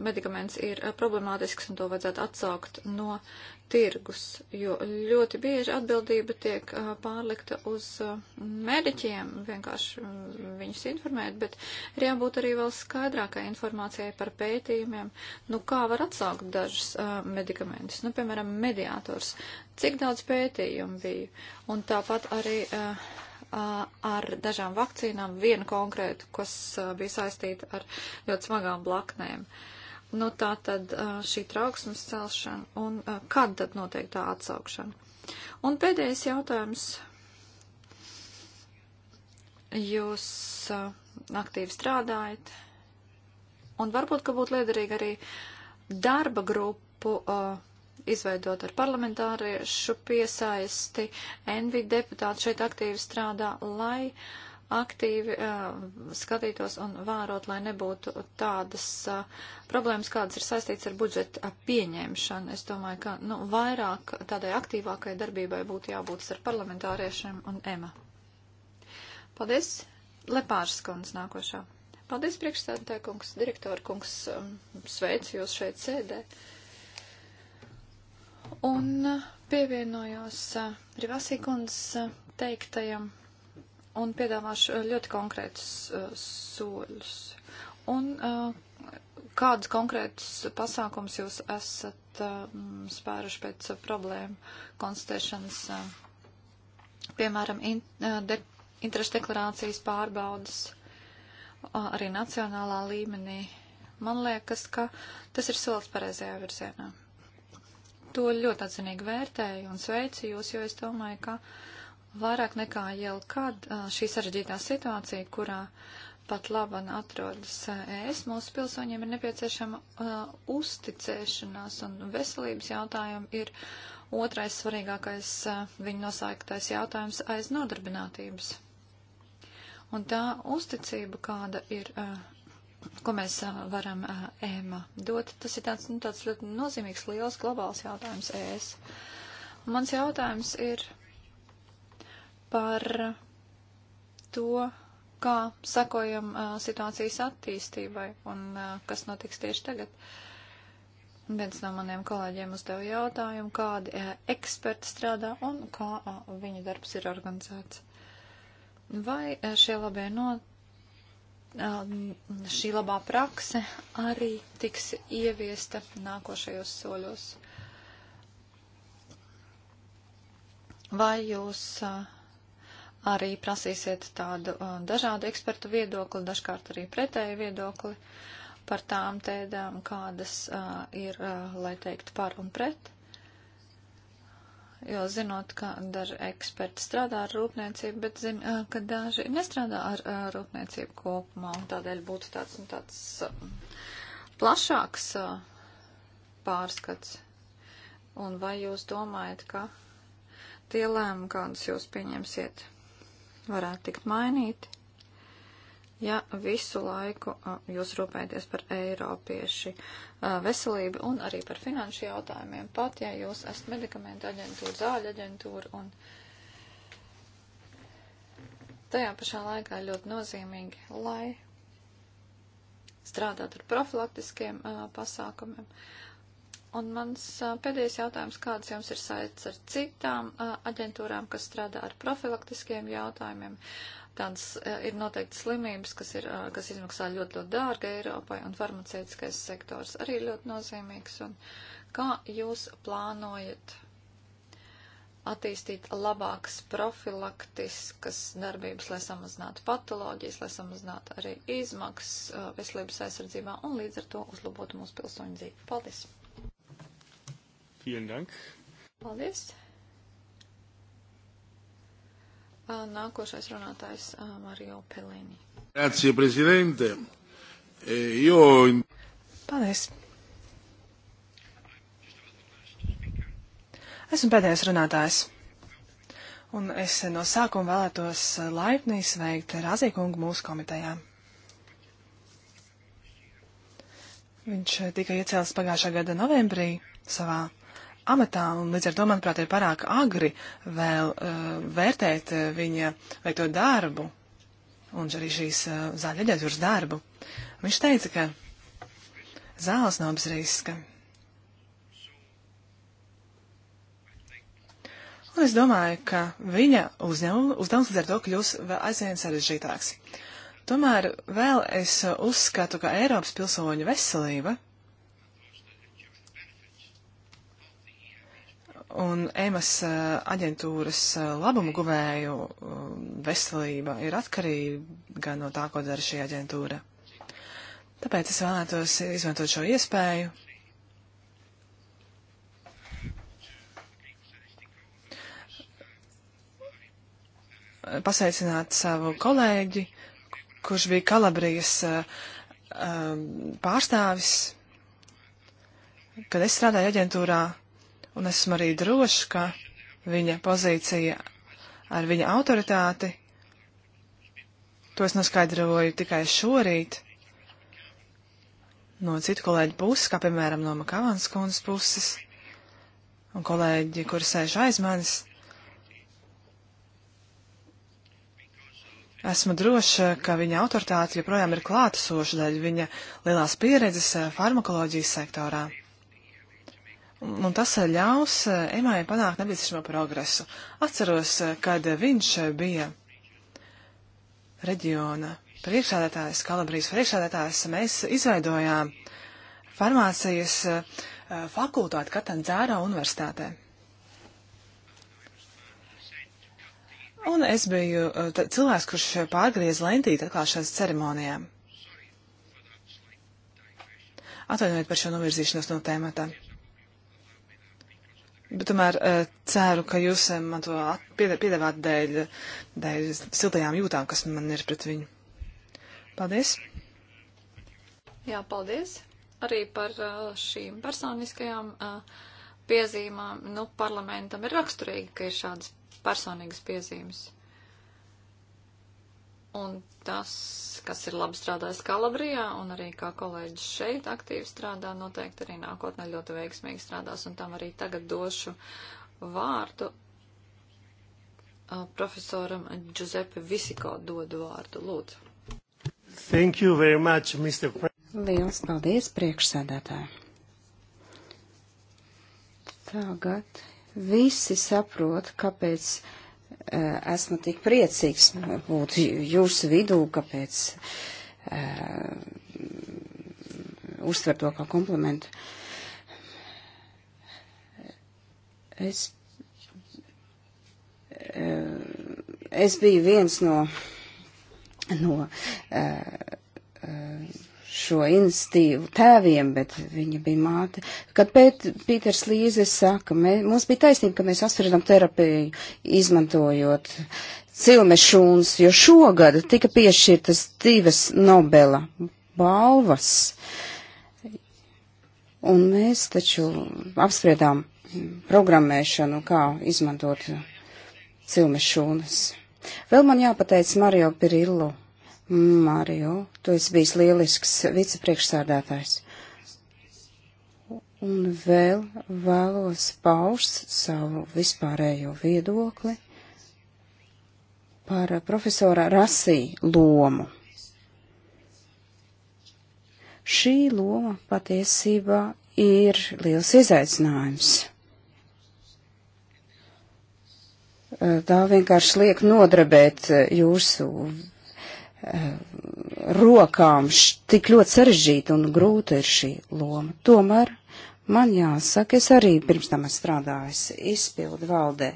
medikaments ir uh, problemātisks un to vajadzētu atsaukt no tirgus, jo ļoti bieži atbildība tiek uh, pārlikta uz uh, mediķiem, vienkārši viņus informēt, bet ir jābūt arī vēl skaidrākai informācijai par pētījumiem, nu kā var atsaukt dažus uh, medikamentus, nu piemēram, mediātors Cik daudz pētījumu bija? Un tāpat arī uh, ar dažām vakcīnām, vienu konkrētu, kas eh, bija saistīta ar ļoti smagām blaknēm. Nu, tā tad šī trauksmes celšana un kad tad notiek tā atsaukšana. Un pēdējais jautājums. Jūs aktīvi strādājat, un varbūt, ka būtu liederīgi arī darba grupu uh, izveidot ar parlamentāriešu piesaisti. NV deputāti šeit aktīvi strādā, lai aktīvi uh, skatītos un vērot, lai nebūtu tādas uh, problēmas, kādas ir saistīts ar budžeta eh, pieņemšanu. Es domāju, ka nu, vairāk tādai aktīvākai darbībai būtu jābūt ar parlamentāriešiem un EMA. Paldies! Lepāžas kundze nākošā. Paldies, priekšstādātāja kungs, direktora kungs, um, sveicu jūs šeit sēdē. Uh, Un pievienojos eh, Rivasīkundas eh, teiktajam un piedāvāšu eh, ļoti konkrētus soļus. Un kādus konkrētus pasākums jūs esat spēruši pēc problēmu konstatēšanas, piemēram, in, de, interešu deklarācijas pārbaudas arī nacionālā līmenī? Man liekas, ka tas ir solis pareizajā virzienā to ļoti atzinīgi vērtēju un sveicu jūs, jo es domāju, ka vairāk nekā jau kad šī sarežģītā situācija, kurā pat laban atrodas ES, mūsu pilsoņiem ir nepieciešama uh, uzticēšanās un veselības jautājumi ir otrais svarīgākais uh, viņa nosāktais jautājums aiz nodarbinātības. Un tā uzticība, kāda ir uh, ko mēs varam ēma dot. Tas ir tāds, nu, tāds ļoti nozīmīgs, liels globāls jautājums ēs. Un mans jautājums ir par to, kā sakojam situācijas attīstībai un kas notiks tieši tagad. Viens no maniem kolēģiem uzdeva jautājumu, kādi eksperti strādā un kā viņa darbs ir organizēts. Vai šie labie notikumi? Um, šī labā prakse arī tiks ieviesta nākošajos soļos. Vai jūs uh, arī prasīsiet tādu uh, dažādu ekspertu viedokli, dažkārt arī pretēju viedokli par tām tēdām, kādas uh, ir, lai teikt, par un pret? jo zinot, ka daži eksperti strādā ar rūpniecību, bet zin, ka daži nestrādā ar rūpniecību kopumā, un tādēļ būtu tāds, nu, tāds plašāks pārskats. Un vai jūs domājat, ka tie lēmumi, kādus jūs pieņemsiet, varētu tikt mainīti? ja visu laiku jūs rūpēties par eiropieši veselību un arī par finanšu jautājumiem, pat ja jūs esat medikamentu aģentūra, zāļu aģentūra un tajā pašā laikā ļoti nozīmīgi, lai strādāt ar profilaktiskiem uh, pasākumiem. Un mans uh, pēdējais jautājums, kādas jums ir saites ar citām uh, aģentūrām, kas strādā ar profilaktiskiem jautājumiem, uh, Tādas e, ir noteikti slimības, kas, ir, e, kas izmaksā ļoti, ļoti dārgi Eiropai, un farmaceitiskais sektors arī ir ļoti nozīmīgs. Un kā jūs plānojat attīstīt labākas profilaktiskas darbības, lai samazinātu patoloģijas, lai samazinātu arī izmaksas e, veselības aizsardzībā un līdz ar to uzlabotu mūsu pilsoņu dzīvi. Paldies! Vielen Dank! Paldies! Uh, nākošais runātājs uh, Mario Pelini. Grazie, prezidente. Jo... E, Paldies. Esmu pēdējais runātājs. Un es no sākuma vēlētos laipni sveikt Razīkungu mūsu komitejā. Viņš tika iecēlts pagājušā gada novembrī savā amatā, un līdz ar to, manuprāt, ir pārāk agri vēl uh, vērtēt uh, viņa veikto darbu, un arī šīs uh, zaļa aģentūras darbu. Viņš teica, ka zāles nav bez riska. Un es domāju, ka viņa uzņēmuma uzdevums līdz ar to kļūs vēl aizvien sarežģītāks. Tomēr vēl es uh, uzskatu, ka Eiropas pilsoņu veselība un EMAS eh, aģentūras eh, labumu guvēju eh, veselība ir atkarīga no tā, ko dara šī aģentūra. Tāpēc es vēlētos izmantot šo iespēju. Pasveicināt savu kolēģi, kurš bija Kalabrijas pārstāvis, kad es strādāju aģentūrā un esmu arī drošs, ka viņa pozīcija ar viņa autoritāti, to es noskaidroju tikai šorīt no citu kolēģu puses, kā piemēram no Makavans kundas puses, un kolēģi, kuri sēž aiz manis. Esmu droša, ka viņa autoritāte joprojām ir klātesoša daļa viņa lielās pieredzes eh, farmakoloģijas sektorā un tas eh, ļaus eh, Emai panākt nepieciešamo progresu. Atceros, eh, kad viņš bija reģiona priekšsādātājs, Kalabrijas priekšsādātājs, mēs izveidojām farmācijas fakultāti Katandzāra universitātē. Un es biju cilvēks, kurš pārgriez lentīti atklāšanas ceremonijām. Atvainojiet par šo novirzīšanos no tēmata. Bet tomēr eh, ceru, ka jūs eh, man to piedāvāt dēļ, dēļ siltajām jūtām, kas man ir pret viņu. Paldies! Jā, paldies arī par eh, šīm personiskajām piezīmām. Nu, parlamentam ir raksturīgi, ka ir šādas personīgas piezīmes. Un tas, kas ir labi strādājis Kalabrijā un arī kā kolēģis šeit aktīvi strādā, noteikti arī nākotnē ļoti veiksmīgi strādās un tam arī tagad došu vārdu. Uh, profesoram Giuseppe Visiko dodu vārdu. Lūdzu. Thank you very much, Mr. Pre Liels paldies, priekšsēdētāji. Tagad visi saprot, kāpēc esmu tik priecīgs būt jūsu vidū, kāpēc uztver to kā komplimentu. Es, es biju viens no, no uh, uh, šo institīvu tēviem, bet viņa bija māte. Kad pēt, Pīters Līze saka, mē, mums bija taisnība, ka mēs astridam terapiju izmantojot cilmešūns, jo šogad tika piešķirtas divas Nobela balvas. Un mēs taču apspriedām programmēšanu, kā izmantot cilmešūnas. Vēl man jāpateic Mario Pirillo Mario, tu esi bijis lielisks vicepriekšsādātājs. Un vēl vēlos paust savu vispārējo viedokli par profesora Rasī lomu. Šī loma patiesībā ir liels izaicinājums. Tā vienkārši liek nodarbēt jūsu Eh, rokām tik ļoti sarežģīta un grūta ir šī loma. Tomēr man jāsaka, es arī pirms tam esmu strādājusi izpildu valdē.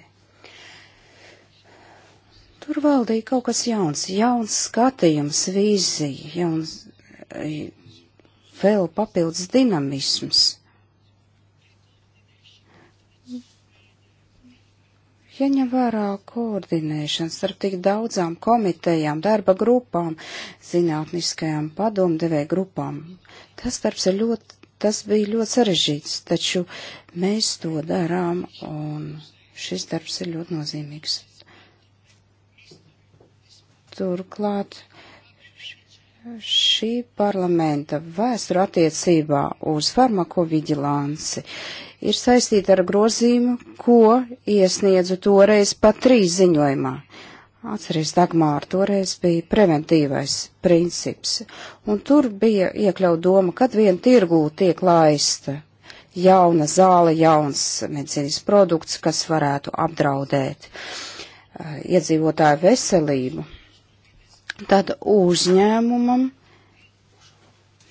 Tur valdīja kaut kas jauns, jauns skatījums, vīzija, jauns eh, vēl papildus dinamisms. Jaņem vērā koordinēšana starp tik daudzām komitejām, darba grupām, zinātniskajām padomdevēja grupām. Tas darbs ir ļoti, tas bija ļoti sarežģīts, taču mēs to darām un šis darbs ir ļoti nozīmīgs. Turklāt šī parlamenta vēstura attiecībā uz farmakoviģilanci ir saistīta ar grozījumu, ko iesniedzu toreiz pat trīs ziņojumā. Atceries, Dagmāra toreiz bija preventīvais princips, un tur bija iekļaut doma, kad vien tirgū tiek laista jauna zāle, jauns medicīnas produkts, kas varētu apdraudēt uh, iedzīvotāju veselību, tad uzņēmumam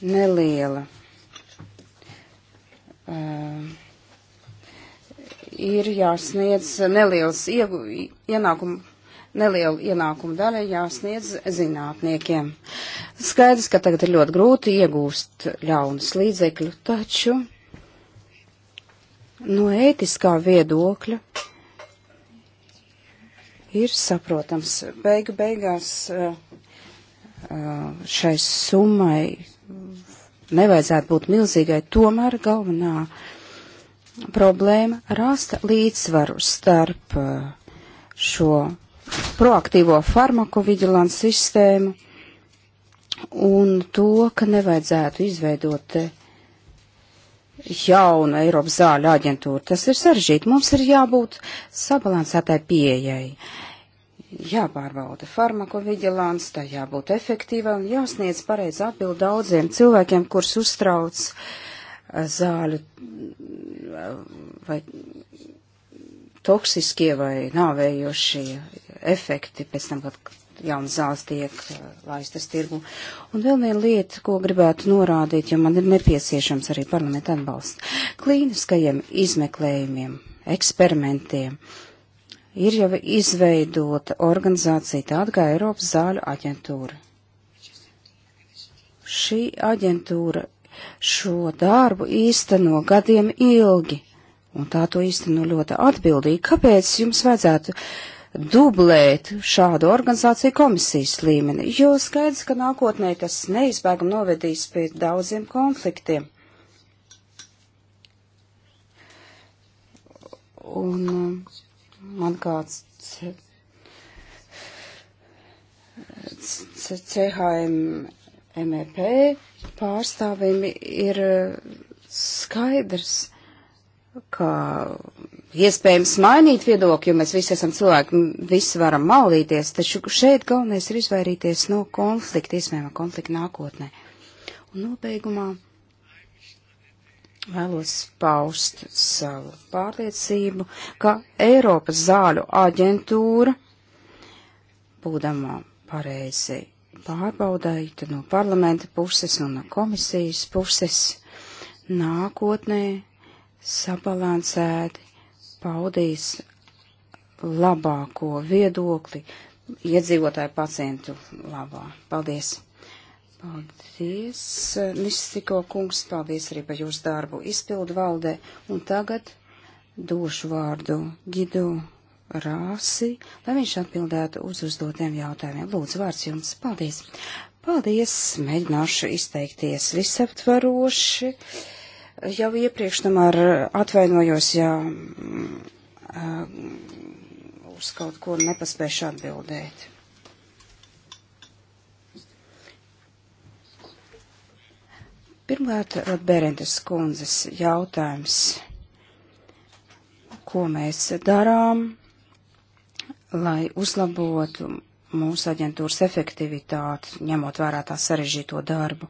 neliela. Uh, ir jāsniedz neliels iegu, ienākumu, nelielu ienākumu daļa jāsniedz zinātniekiem. Skaidrs, ka tagad ir ļoti grūti iegūst ļaunus līdzekļu, taču no ētiskā viedokļa ir saprotams. Beigu beigās eh, eh, šai summai nevajadzētu būt milzīgai, tomēr galvenā problēma rast līdzsvaru starp eh, šo proaktīvo farmakovigilants sistēmu un to, ka nevajadzētu izveidot eh, jaunu Eiropas zāļu aģentūru. Tas ir sarežģīti. Mums ir jābūt sabalansētai pieejai. Jāpārbauda farmakovigilants, tā jābūt efektīvai un jāsniedz pareizi atbild daudziem cilvēkiem, kurus uztrauc uh, zāļu vai toksiskie vai nāvējošie efekti pēc tam, kad jaunas zāles tiek laistas tirgu. Un vēl viena lieta, ko gribētu norādīt, jo man ir nepieciešams arī parlamenta atbalsts. Klīniskajiem izmeklējumiem, eksperimentiem ir jau izveidota organizācija tāda kā Eiropas zāļu aģentūra. Šī aģentūra šo darbu īsteno gadiem ilgi, un tā to īsteno ļoti atbildīgi. Kāpēc jums vajadzētu dublēt šādu organizāciju komisijas līmeni? Jo skaidrs, ka nākotnē tas neizbēgam novedīs pie daudziem konfliktiem. Un um, man kāds CHM MEP pārstāvim ir eh, skaidrs, ka iespējams mainīt viedokli, jo mēs visi esam cilvēki, visi varam maldīties, taču šeit galvenais ir izvairīties no konflikta, iespējama konflikta nākotnē. Un nobeigumā vēlos paust savu pārliecību, ka Eiropas zāļu aģentūra, būdama pareizi pārbaudai no parlamenta puses un no komisijas puses nākotnē sabalansēti paudīs labāko viedokli iedzīvotāju pacientu labā. Paldies! Paldies, Nistiko kungs, paldies arī par jūsu darbu izpildu valdē. Un tagad došu vārdu Gidu Rāsi, lai viņš atbildētu uz uzdotiem jautājumiem. Lūdzu, vārds jums. Paldies! Paldies! Mēģināšu izteikties visaptvaroši. Jau iepriekš tomēr atvainojos, ja mm, uz kaut ko nepaspēšu atbildēt. Pirmkārt, Berendes kundzes jautājums, ko mēs darām, lai uzlabotu mūsu aģentūras efektivitāti, ņemot vērā tā sarežģīto darbu.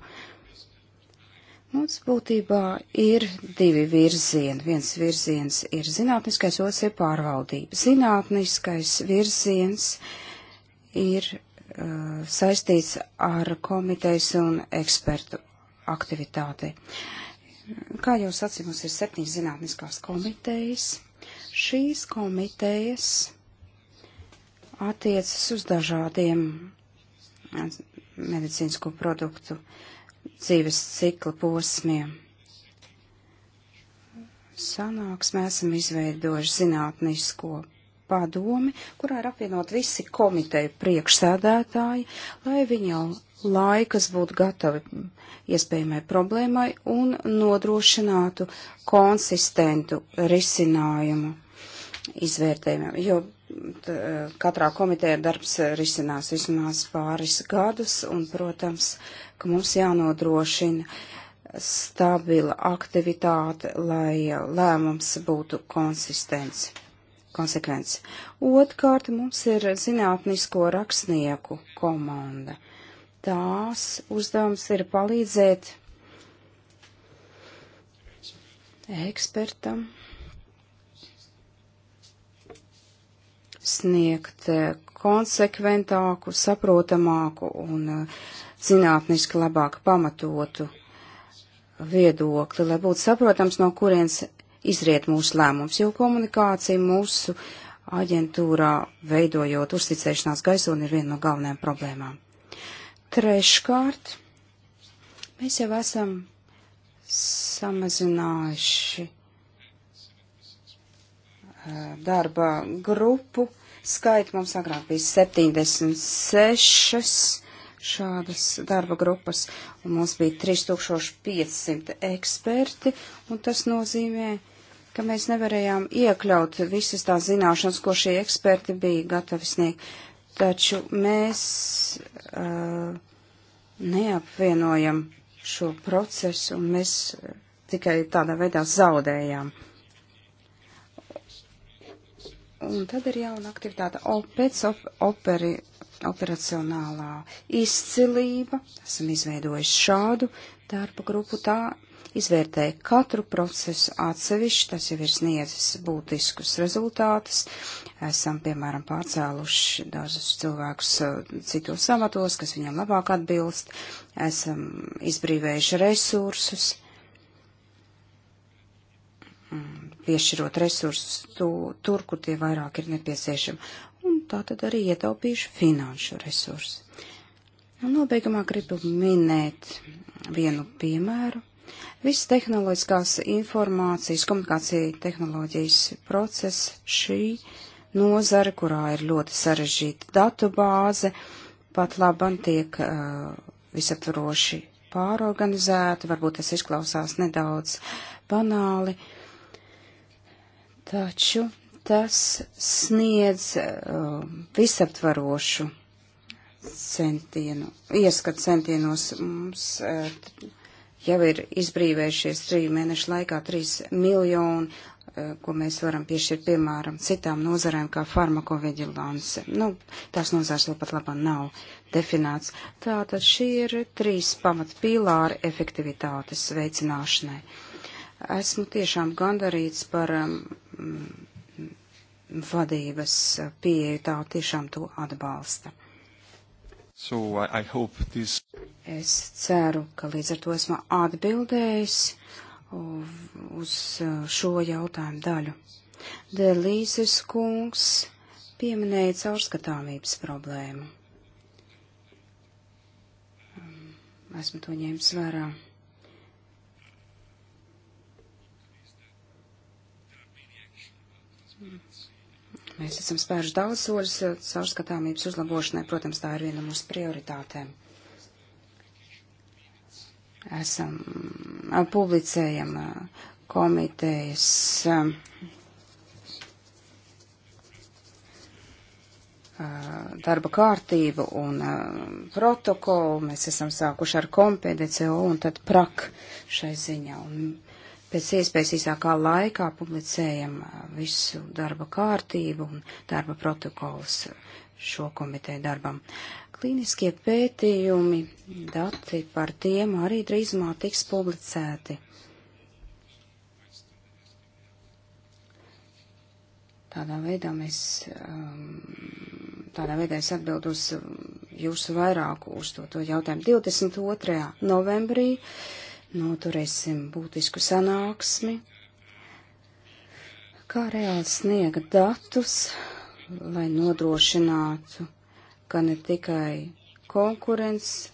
Mums būtībā ir divi virzieni. Viens virziens ir zinātniskais, otrs ir pārvaldība. Zinātniskais virziens ir uh, saistīts ar komitejas un ekspertu aktivitāti. Kā jau sacīju, mums ir septiņas zinātniskās komitejas. Šīs komitejas attiecas uz dažādiem medicīnisko produktu dzīves cikla posmiem. Sanāks, mēs esam izveidojuši zinātnisko padomi, kurā ir apvienot visi komiteju priekšsēdētāji, lai viņi jau laikas būtu gatavi iespējamai problēmai un nodrošinātu konsistentu risinājumu izvērtējumiem. Jo E, katrā komiteja darbs risinās vismaz pāris gadus, un, protams, ka mums jānodrošina stabila aktivitāte, lai lēmums būtu konsistents, konsekvents. Otkārt, mums ir zinātnisko rakstnieku komanda. Tās uzdevums ir palīdzēt ekspertam sniegt eh, konsekventāku, saprotamāku un eh, zinātniski labāk pamatotu viedokli, lai būtu saprotams, no kurienes izriet mūsu lēmums, jo komunikācija mūsu aģentūrā veidojot uzticēšanās gaisoni ir viena no galvenajām problēmām. Treškārt, mēs jau esam samazinājuši Eh, darba grupu skaitu. Mums agrāk bija 76 šādas darba grupas, un mums bija 3500 eksperti, un tas nozīmē, ka mēs nevarējām iekļaut visas tās zināšanas, ko šie eksperti bija gatavi sniegt. Taču mēs uh, neapvienojam šo procesu, un mēs tikai tādā veidā zaudējām Un tad ir jauna aktivitāte. O, pēc op operi, operacionālā izcilība esam izveidojuši šādu darba grupu. Tā izvērtēja katru procesu atsevišķi, tas jau ir sniedzis būtiskus rezultātus. Esam, piemēram, pārcēluši dažus cilvēkus uh, citos amatos, kas viņam labāk atbilst. Esam izbrīvējuši resursus piešķirot resursus tu, tur, kur tie vairāk ir nepieciešami. Un tā tad arī ietaupīšu finanšu resursus. Un nobeigumā gribu minēt vienu piemēru. Viss tehnoloģiskās informācijas, komunikācija tehnoloģijas process, šī nozara, kurā ir ļoti sarežģīta datu bāze, pat labam tiek uh, visaptvaroši pārorganizēta, varbūt tas izklausās nedaudz banāli, uh, Taču tas sniedz uh, visaptvarošu centienu, ieskat centienos mums uh, jau ir izbrīvējušies trīs mēnešu laikā trīs miljoni, uh, ko mēs varam piešķirt, piemēram, citām nozarēm kā farmakoveģilance. Nu, tās nozars vēl pat labā nav definēts. Tātad šie ir trīs pamatpīlāri efektivitātes veicināšanai. Esmu tiešām gandarīts par um, Mm, vadības pieeja tā tiešām to atbalsta. So I, I this... Es ceru, ka līdz ar to esmu atbildējis uz uh, šo jautājumu daļu. Delīzes kungs pieminēja caurskatāmības problēmu. Mm, esmu to ņēmis vērā. Mēs esam spēruši daudz soļus eh, caurskatāmības uzlabošanai, protams, tā ir viena no mūsu prioritātēm. Esam eh, publicējam eh, komitejas darba kārtību un protokolu. Mēs esam sākuši ar kompēdēco un tad prak šai ziņā. Un pēc iespējas īsākā laikā publicējam uh, visu darba kārtību un darba protokols uh, šo komiteju darbam. Klīniskie pētījumi, dati par tiem arī drīzumā tiks publicēti. Tādā veidā mēs, um, tādā veidā es atbildu uz um, jūsu vairāku uzdoto jautājumu. 22. novembrī uh, Noturēsim būtisku sanāksmi, kā reāli sniegt datus, lai nodrošinātu, ka ne tikai konkurence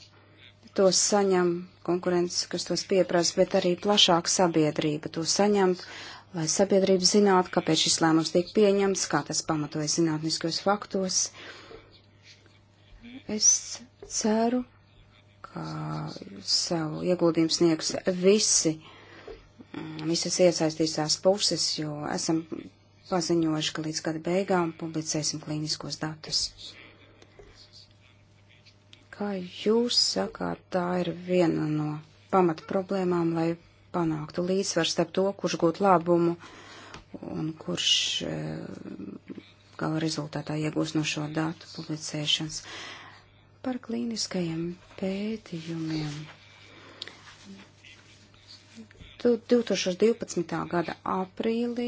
tos saņem, konkurence, kas tos pieprasa, bet arī plašāka sabiedrība to saņem, lai sabiedrība zinātu, kāpēc šis lēmums tiek pieņemts, kā tas pamatojas zinātniskos faktos. Es ceru, uh, savu ieguldījumu sniegs visi, mm, visas iesaistītās puses, jo esam paziņojuši, ka līdz gada beigām publicēsim klīniskos datus. Kā jūs sakāt, tā ir viena no pamata problēmām, lai panāktu līdzsvaru starp to, kurš gūt labumu un kurš eh, gala rezultātā iegūs no šo datu publicēšanas. Uh, par klīniskajiem pētījumiem. 2012. gada aprīlī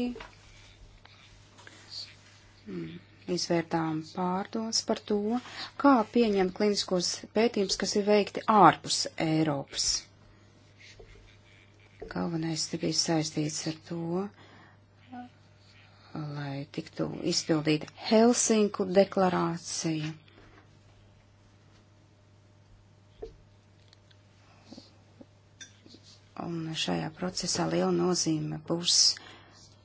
mm, izvērtām pārdomas par to, kā pieņemt kliniskos pētījumus, kas ir veikti ārpus Eiropas. Galvenais bija saistīts ar to, lai tiktu izpildīta Helsinku deklarācija un šajā procesā liela nozīme būs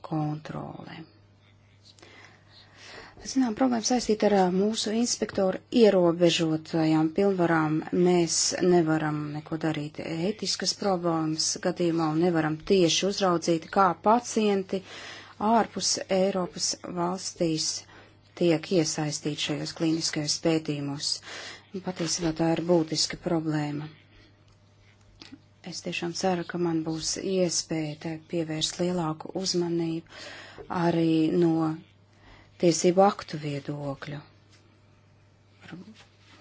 kontrole. Zinām, problēma saistīta ar mūsu inspektoru ierobežotajām pilnvarām. Mēs nevaram neko darīt ētiskas problēmas gadījumā un nevaram tieši uzraudzīt, kā pacienti ārpus Eiropas valstīs tiek iesaistīti šajos klīniskajos pētījumos. Patiesībā tā ir būtiska problēma. Es tiešām ceru, ka man būs iespēja pievērst lielāku uzmanību arī no tiesību aktu viedokļu,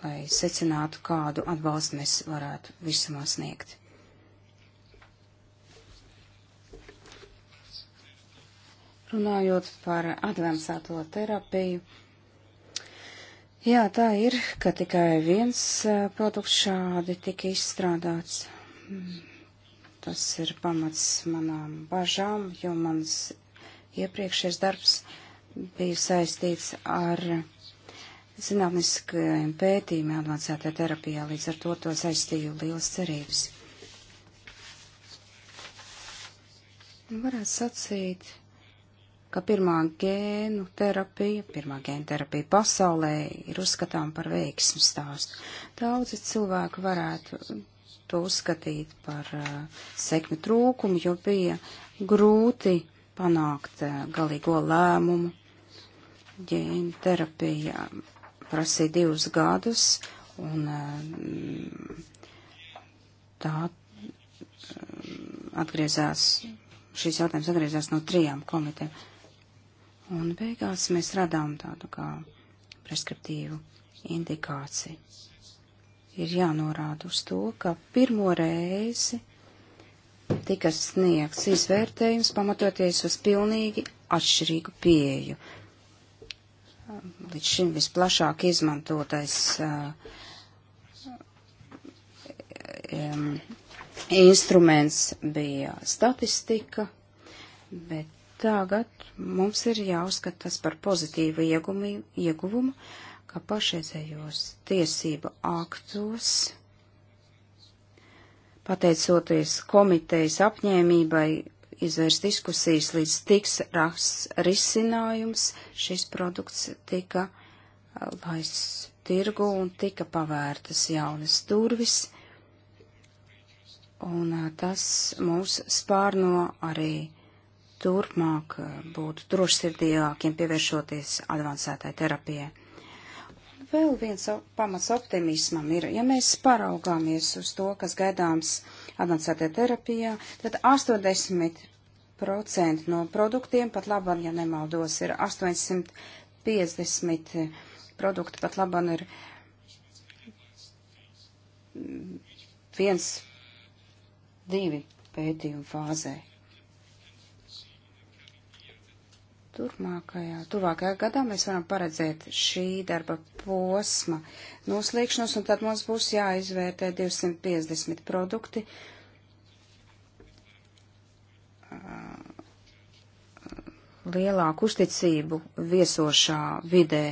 lai secinātu, kādu atbalstu mēs varētu visumā sniegt. Runājot par advancēto terapiju, jā, tā ir, ka tikai viens eh, produkts šādi tika izstrādāts Tas ir pamats manām bažām, jo mans iepriekšējais darbs bija saistīts ar zinātniskajiem pētījumiem advancētā terapijā, līdz ar to to saistīju lielas cerības. Nu, varētu sacīt, ka pirmā gēnu terapija, pirmā gēnu terapija pasaulē ir uzskatām par veiksmu stāstu. Daudzi cilvēki varētu to uzskatīt par uh, sekmi trūkumu, jo bija grūti panākt uh, galīgo lēmumu. Ģēņa terapija prasīja divus gadus, un uh, tā atgriezās, šīs jautājums atgriezās no trijām komitēm. Un beigās mēs radām tādu kā preskriptīvu indikāciju ir jānorāda uz to, ka pirmo reizi tika sniegts izvērtējums pamatoties uz pilnīgi atšķirīgu pieeju. Līdz šim visplašāk izmantotais uh, um, instruments bija statistika, bet tagad mums ir jāuzskata tas par pozitīvu iegumu, ieguvumu ka pašreizējos tiesību aktos, pateicoties komitejas apņēmībai izvērst diskusijas līdz tiks rasts risinājums, šis produkts tika laists tirgu un tika pavērtas jaunas durvis, un tas mūs spārno arī turpmāk būt drošsirdīgākiem pievēršoties advancētai terapijai. Vēl viens pamats optimismam ir, ja mēs paraugāmies uz to, kas gaidāms avansētā terapijā, tad 80% no produktiem, pat labam, ja nemaldos, ir 850 produkti, pat labam ir mm, viens, divi pētījumu fāzē. Turpmākajā, tuvākajā gadā mēs varam paredzēt šī darba posma noslēgšanos, un tad mums būs jāizvērtē 250 produkti. Ah, lielāku uzticību viesošā vidē,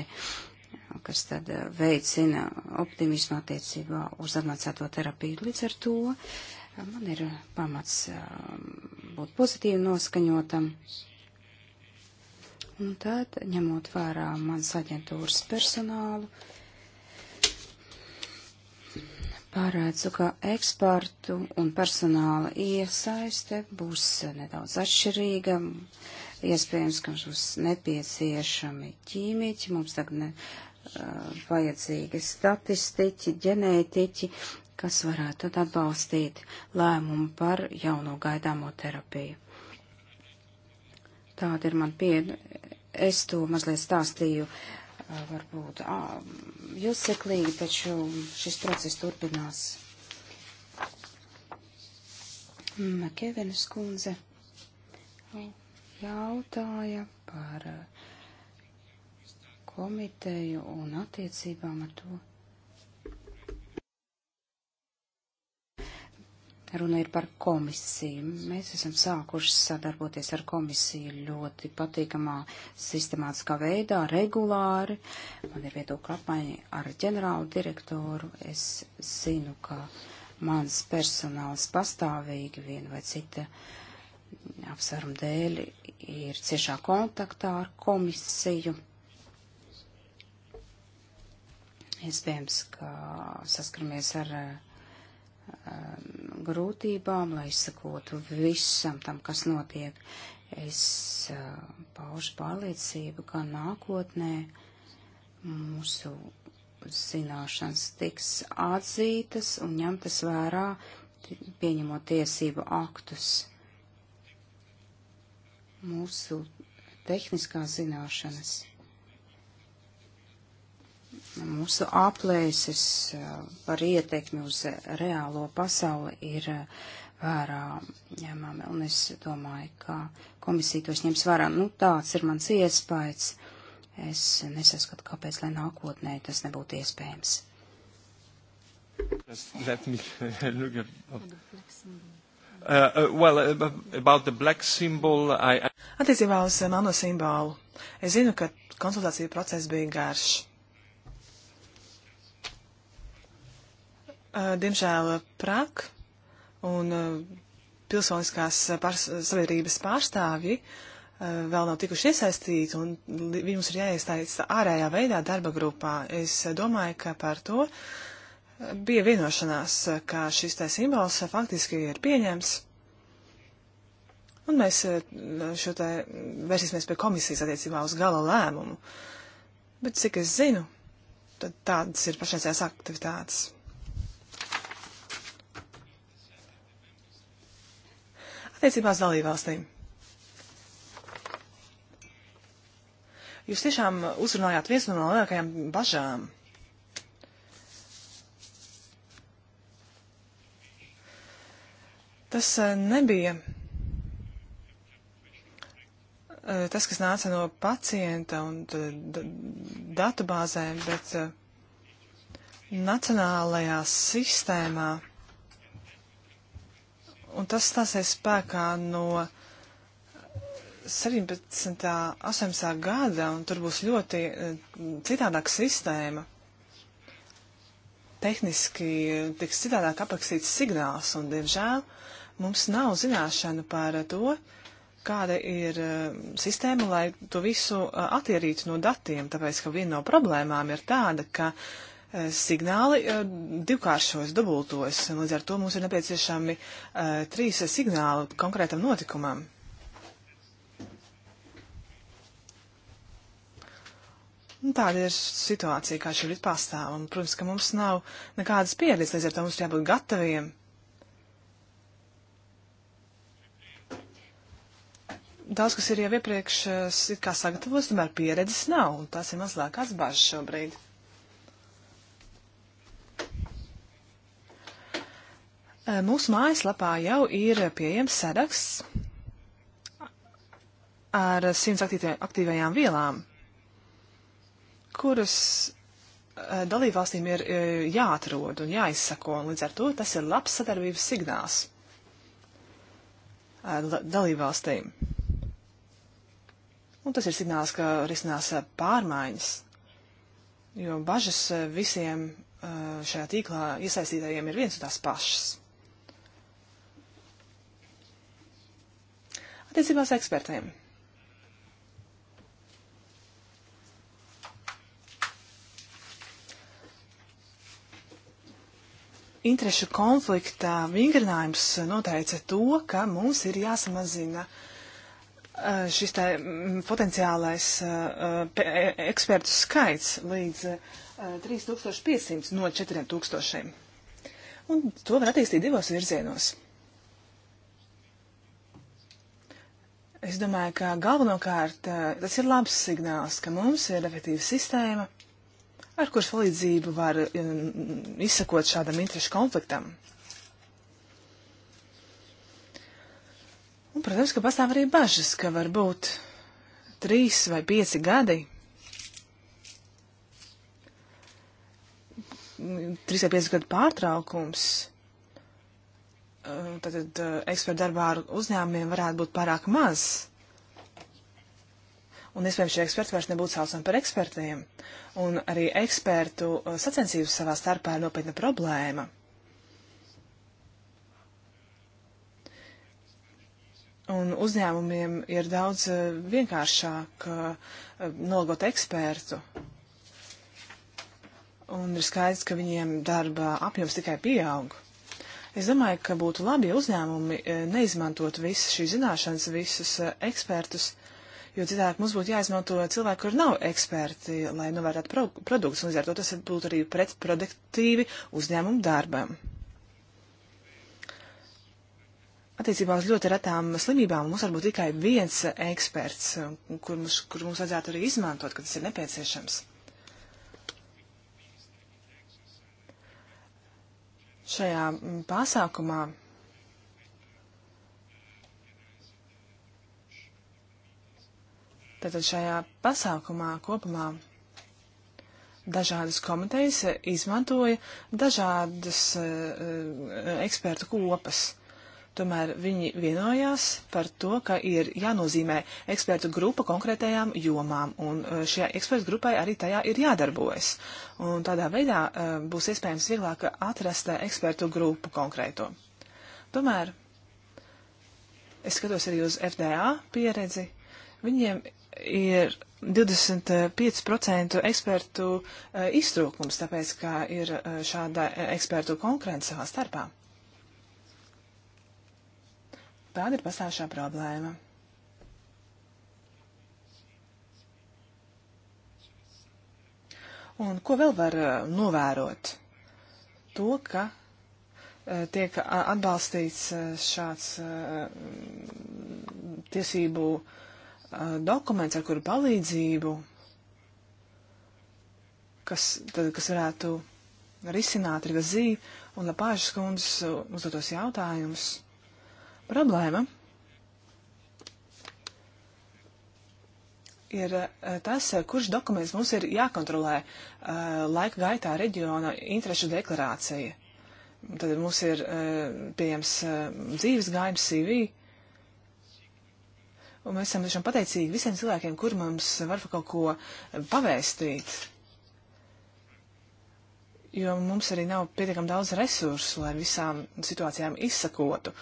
kas tad eh, veicina optimismu attiecībā uz advancēto terapiju. Līdz ar to eh, man ir pamats eh, būt pozitīvi noskaņotam. Un tad, ņemot vērā manas aģentūras personālu, pārēdzu, ka ekspertu un personāla iesaiste būs nedaudz atšķirīga. Iespējams, ka mums būs nepieciešami ķīmiķi, mums tagad ne, uh, vajadzīgi statistiķi, ģenētiķi, kas varētu tad atbalstīt lēmumu par jauno gaidāmo terapiju. Tāda ir man pie, Es to mazliet stāstīju, varbūt jūs seklīgi, taču šis process turpinās. Makevenes kundze jautāja par komiteju un attiecībām ar to. Runa ir par komisiju. Mēs esam sākuši sadarboties ar komisiju ļoti patīkamā, sistemātiskā veidā, regulāri. Man ir viedokļa apmaiņa ar ģenerālu direktoru. Es zinu, ka mans personāls pastāvīgi viena vai cita apsvērumu dēļ ir ciešā kontaktā ar komisiju. Iespējams, ka saskaramies ar uh, Um, grūtībām, lai izsakotu visam tam, kas notiek. Es uh, paušu pārliecību, ka nākotnē mūsu zināšanas tiks atzītas un ņemtas vērā, pieņemot tiesību aktus. Mūsu tehniskās zināšanas Mūsu aplēses par ietekmi uz reālo pasauli ir vērā ņemami, un es domāju, ka komisija tos ņems vērā. Nu, tāds ir mans iespējas. Es nesaskatu, kāpēc, lai nākotnē tas nebūtu iespējams. Just let me [LAUGHS] look at... Uh, uh well, uh, about the black symbol, I... Attiecībā uz melno simbolu. Es zinu, ka konsultāciju process bija garš. diemžēl prak un pilsoniskās pārs sabiedrības pārstāvji vēl nav tikuši iesaistīti, un viņi mums ir jāiestājas ārējā veidā darba grupā. Es domāju, ka par to bija vienošanās, ka šis tā simbols faktiski ir pieņems. Un mēs šo te vērsīsimies pie komisijas attiecībā uz gala lēmumu. Bet cik es zinu, tad tādas ir pašreizējās aktivitātes. attiecībā uz dalībvalstīm. Jūs tiešām uzrunājāt viens no lielākajām bažām. Tas eh, nebija eh, tas, kas nāca no pacienta un eh, datubāzēm, bet nacionālajā sistēmā un tas stāsies spēkā no 17. 18. gada, un tur būs ļoti eh, citādāka sistēma. Tehniski eh, tiks citādāk aprakstīts signāls, un, diemžēl, mums nav zināšana par to, kāda ir eh, sistēma, lai to visu attīrītu no datiem, tāpēc, ka viena no problēmām ir tāda, ka uh, Eh, signāli eh, divkāršos, dubultos. Līdz ar to mums ir nepieciešami eh, trīs signāli konkrētam notikumam. Un tāda ir situācija, kā šī ir pastāv. Un, protams, ka mums nav nekādas pieredzes, līdz ar to mums jābūt gataviem. Daudz, kas ir jau iepriekš kā sagatavots, tomēr pieredzes nav, un tās ir mazliet kāds bažas šobrīd. Eh, mūsu mājaslapā jau ir pieejams saraksts ar simts aktīvajām vielām, kuras eh, dalībvalstīm ir eh, jāatrod un jāizsako, un līdz ar to tas ir labs sadarbības signāls dalībvalstīm. Un tas ir signāls, ka risinās pārmaiņas, jo bažas visiem šajā tīklā iesaistītajiem ir viens un tās pašas. attiecībā uz ekspertiem. Interešu konflikta vingrinājums noteica to, ka mums ir jāsamazina eh, šis tā mm, potenciālais eh, e, ekspertu skaits līdz 3500 eh, no 4000. Un to var attīstīt divos virzienos. Es domāju, ka galvenokārt eh, tas ir labs signāls, ka mums ir efektīva sistēma, ar kuras palīdzību var eh, izsakot šādam interešu konfliktam. Un, protams, ka pastāv arī bažas, ka var būt trīs vai pieci gadi, mm, trīs vai pieci gadu pārtraukums Eh, tātad, eh, ekspertu darbā ar uzņēmumiem varētu būt pārāk maz. Un iespējams, šie eksperti vairs nebūtu saucami par ekspertiem. Un arī ekspertu eh, sacensības savā starpā ir nopietna problēma. Un uzņēmumiem ir daudz vienkāršāk nolgot ekspertu. Un ir skaidrs, ka viņiem darba apjoms tikai pieauga. Es domāju, ka būtu labi, ja uzņēmumi e, neizmantot visas šīs zināšanas, visus e, ekspertus, jo citādi mums būtu jāizmanto cilvēki, kur nav eksperti, lai novērtētu pro produktus, un līdz ar to tas būtu arī pretproduktīvi uzņēmumu darbam. Attiecībā uz ļoti retām slimībām mums var būt tikai viens e, eksperts, kur mums, kur mums vajadzētu arī izmantot, kad tas ir nepieciešams. šajā mm, pasākumā. Tātad šajā pasākumā kopumā dažādas komitejas izmantoja dažādas uh, ekspertu kopas. Tomēr viņi vienojās par to, ka ir jānozīmē ekspertu grupa konkrētajām jomām, un e, šajā ekspertu grupai arī tajā ir jādarbojas. Un tādā veidā e, būs iespējams vieglāk atrast ekspertu grupu konkrēto. Tomēr es skatos arī uz FDA pieredzi. Viņiem ir 25% ekspertu e, iztrūkums, tāpēc, ka ir šāda ekspertu konkurence savā starpā. Tāda ir pastāvšā problēma. Un ko vēl var eh, novērot? To, ka eh, tiek atbalstīts eh, šāds tiesību dokuments, ar kuru palīdzību, kas, tad, kas varētu risināt Rigazī un Lapāžas kundzes uzdotos jautājumus. Problēma ir eh, tas, kurš dokuments mums ir jākontrolē eh, laika gaitā reģiona interešu deklarācija. Tad mums ir eh, pieejams dzīves gājums CV. Un mēs esam tiešām pateicīgi visiem cilvēkiem, kur mums var kaut ko pavēstīt jo mums arī nav pietiekami daudz resursu, lai visām situācijām izsakotu.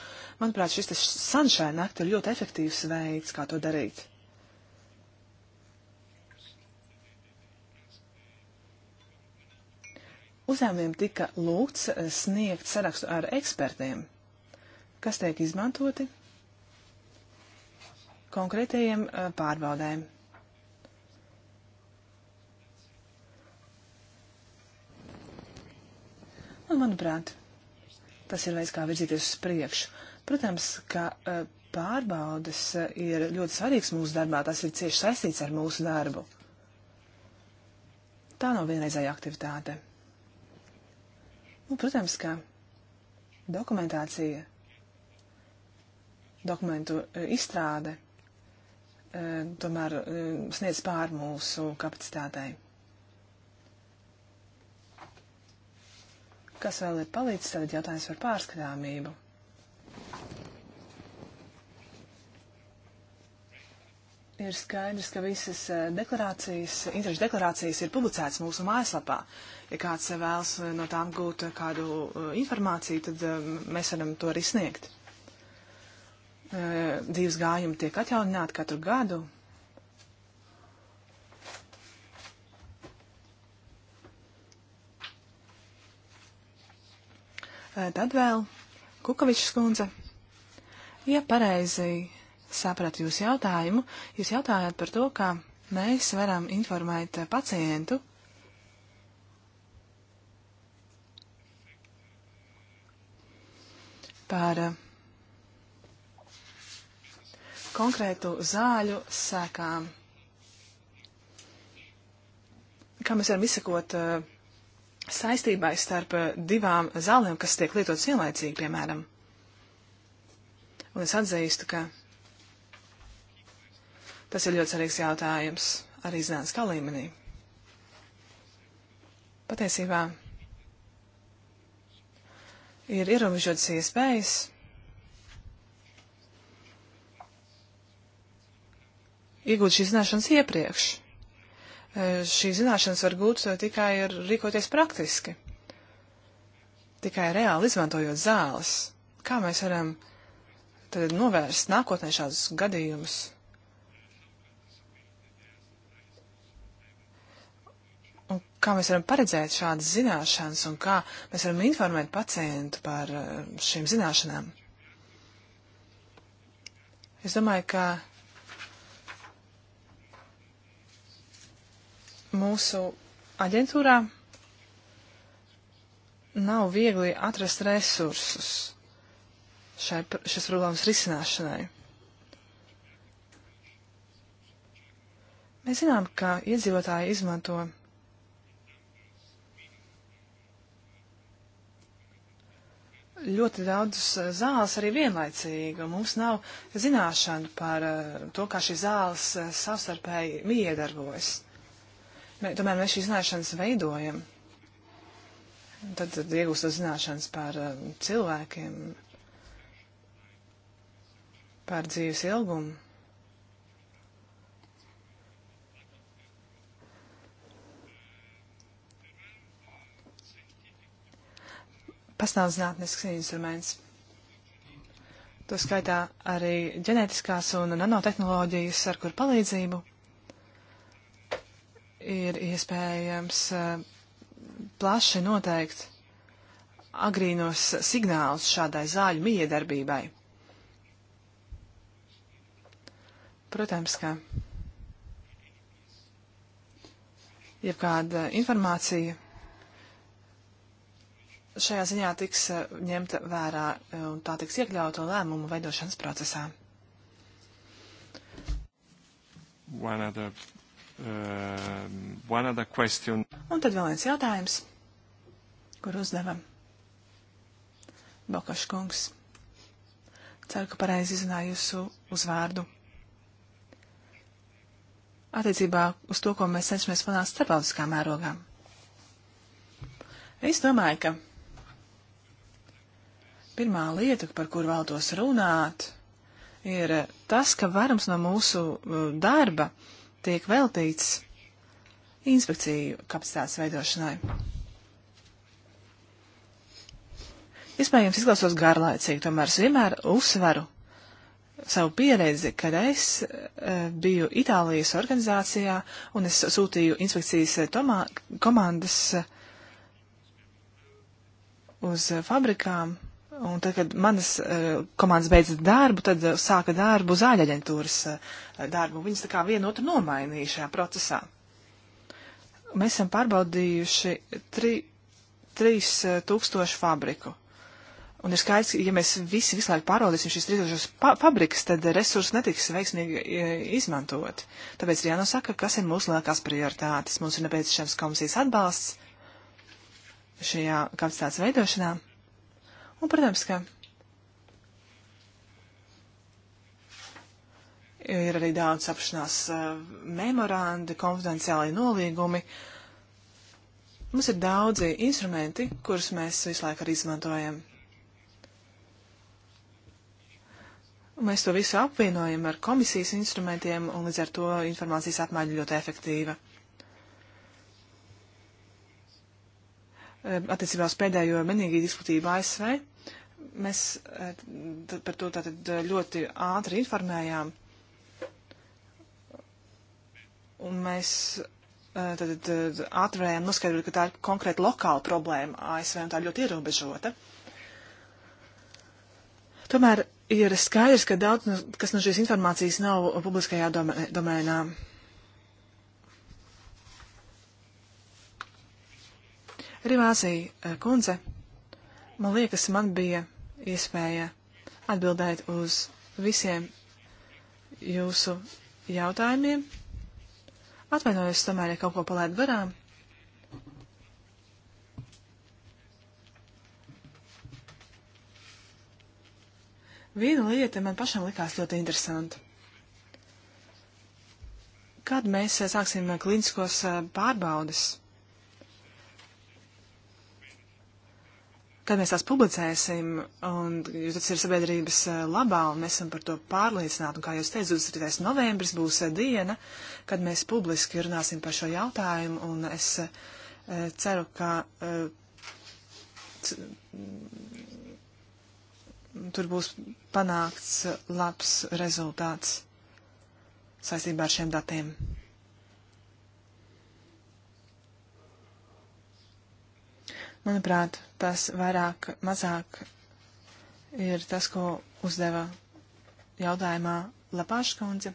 Manuprāt, šis sunshine aktu ir ļoti efektīvs veids, kā to darīt. Uzņēmumiem tika lūgts eh, sniegt sarakstu ar ekspertiem, kas tiek izmantoti konkrētajiem eh, pārbaudēm. Un, nu, manuprāt, tas ir veids, kā virzīties uz priekšu. Protams, ka eh, pārbaudas eh, ir ļoti svarīgs mūsu darbā, tas ir cieši saistīts ar mūsu darbu. Tā nav vienreizēja aktivitāte. Nu, protams, ka dokumentācija, dokumentu eh, izstrāde tomēr sniedz pār mūsu kapacitātei. Kas vēl ir palicis, tad jautājums par pārskatāmību. Ir skaidrs, ka visas eh, deklarācijas, interešu deklarācijas ir publicētas mūsu mājaslapā. Ja kāds eh, vēlas eh, no tām gūt kādu informāciju, tad mēs varam to arī sniegt. Dzīves gājumi tiek atjaunināti katru gadu, Tad vēl Kukavičs kundze. Ja pareizi sapratu jūsu jautājumu, jūs jautājāt par to, kā mēs varam informēt pacientu. par eh, konkrētu zāļu sekām. Kā mēs varam izsakot uh, saistībai starp eh, divām zālēm, kas tiek lietotas vienlaicīgi, piemēram. Un es atzīstu, ka tas ir ļoti svarīgs jautājums arī zinātniskā līmenī. Patiesībā ir ierobežotas iespējas. Iegūt šīs zināšanas iepriekš, E, šīs zināšanas var gūt e, tikai ar rīkoties praktiski, tikai reāli izmantojot zāles. Kā mēs varam tad novērst nākotnē šādus gadījumus? Un kā mēs varam paredzēt šādas zināšanas un kā mēs varam informēt pacientu par e, šīm zināšanām? Es domāju, ka mūsu aģentūrā nav viegli atrast resursus šai, šis problēmas risināšanai. Mēs zinām, ka iedzīvotāji izmanto ļoti daudzus eh, zāles arī vienlaicīgi, un mums nav zināšanu par eh, to, kā šīs zāles eh, savstarpēji miedarbojas. Mē, tomēr mēs šīs zināšanas veidojam. Tad, tad iegūstot zināšanas par uh, cilvēkiem, par dzīves ilgumu. Pastāv zinātnisks instruments. To skaitā arī ģenētiskās un nanotehnoloģijas, ar kur palīdzību ir iespējams eh, plaši noteikt agrīnos signālus šādai zāļu miedarbībai. Protams, ka jebkāda informācija šajā ziņā tiks eh, ņemta vērā eh, un tā tiks iekļauta lēmumu veidošanas procesā. One other Uh, Un tad vēl viens jautājums, kur uzdevam Bokaškungs. Ceru, ka pareizi izrunāju jūsu uzvārdu. Attiecībā uz to, ko mēs cenšamies panākt starptautiskā mērogā. Es domāju, ka pirmā lieta, par kuru vēlos runāt, ir tas, ka varams no mūsu uh, darba uh, tiek veltīts inspekciju kapacitātes veidošanai. Iespējams, izklausos garlaicīgi, tomēr es vienmēr uzsveru savu pieredzi, kad es eh, biju Itālijas organizācijā un es sūtīju inspekcijas eh, tomā, komandas eh, uz fabrikām Un tad, kad manas uh, komandas beidza darbu, tad uh, sāka darbu zāļa aģentūras uh, eh, darbu. Viņas tā kā vienu otru nomainīja šajā procesā. Mēs esam pārbaudījuši tri, 3000 fabriku. Un ir skaidrs, ka ja mēs visi visu laiku pārvaldīsim šīs 3000 fa fabrikas, tad resursi netiks veiksmīgi izmantot. Tāpēc ir jānosaka, kas ir mūsu lielākās prioritātes. Mums ir nepieciešams komisijas atbalsts šajā kapacitātes veidošanā Un, nu, protams, ka ir arī daudz apšanās eh, memorandi, konfidenciālie nolīgumi. Mums ir daudzi instrumenti, kurus mēs visu laiku arī izmantojam. Mēs to visu apvienojam ar komisijas instrumentiem, un līdz ar to informācijas apmaiņa ļoti efektīva. Eh, attiecībā uz pēdējo menīgi izplatību ASV Mēs eh, par to tātad ļoti ātri informējām. Un mēs eh, tad eh, ātri varējām noskaidrot, ka tā ir konkrēta lokāla problēma ASV un tā ļoti ierobežota. Tomēr ir skaidrs, ka daudz, kas no šīs informācijas nav publiskajā domē, domēnā. Rivāzija kundze Man liekas, man bija iespēja atbildēt uz visiem jūsu jautājumiem. Atvainojos tomēr, ja kaut ko palaidu garām. Viena lieta man pašam likās ļoti interesanta. Kad mēs sāksim klīniskos pārbaudes? kad mēs tās publicēsim, un tas ir sabiedrības eh, labā, un mēs esam par to pārliecināti, un kā jūs teicu, 23. novembris būs eh, diena, kad mēs publiski runāsim par šo jautājumu, un es eh, ceru, ka tur būs panākts labs rezultāts saistībā ar šiem datiem. Manuprāt, tas vairāk, mazāk ir tas, ko uzdeva jautājumā Lapāškundze.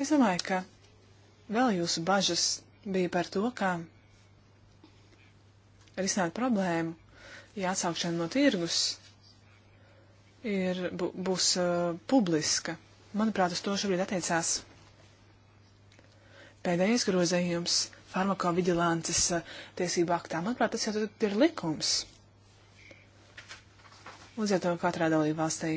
Es domāju, ka vēl jūsu bažas bija par to, kā risināt problēmu, ja atsaukšana no tirgus ir, bu, būs uh, publiska. Manuprāt, uz to šobrīd attiecās pēdējais grozējums farmakovigilances eh, tiesību aktā. Manuprāt, tas jau ir likums. Uziet to katrā dalību valstī.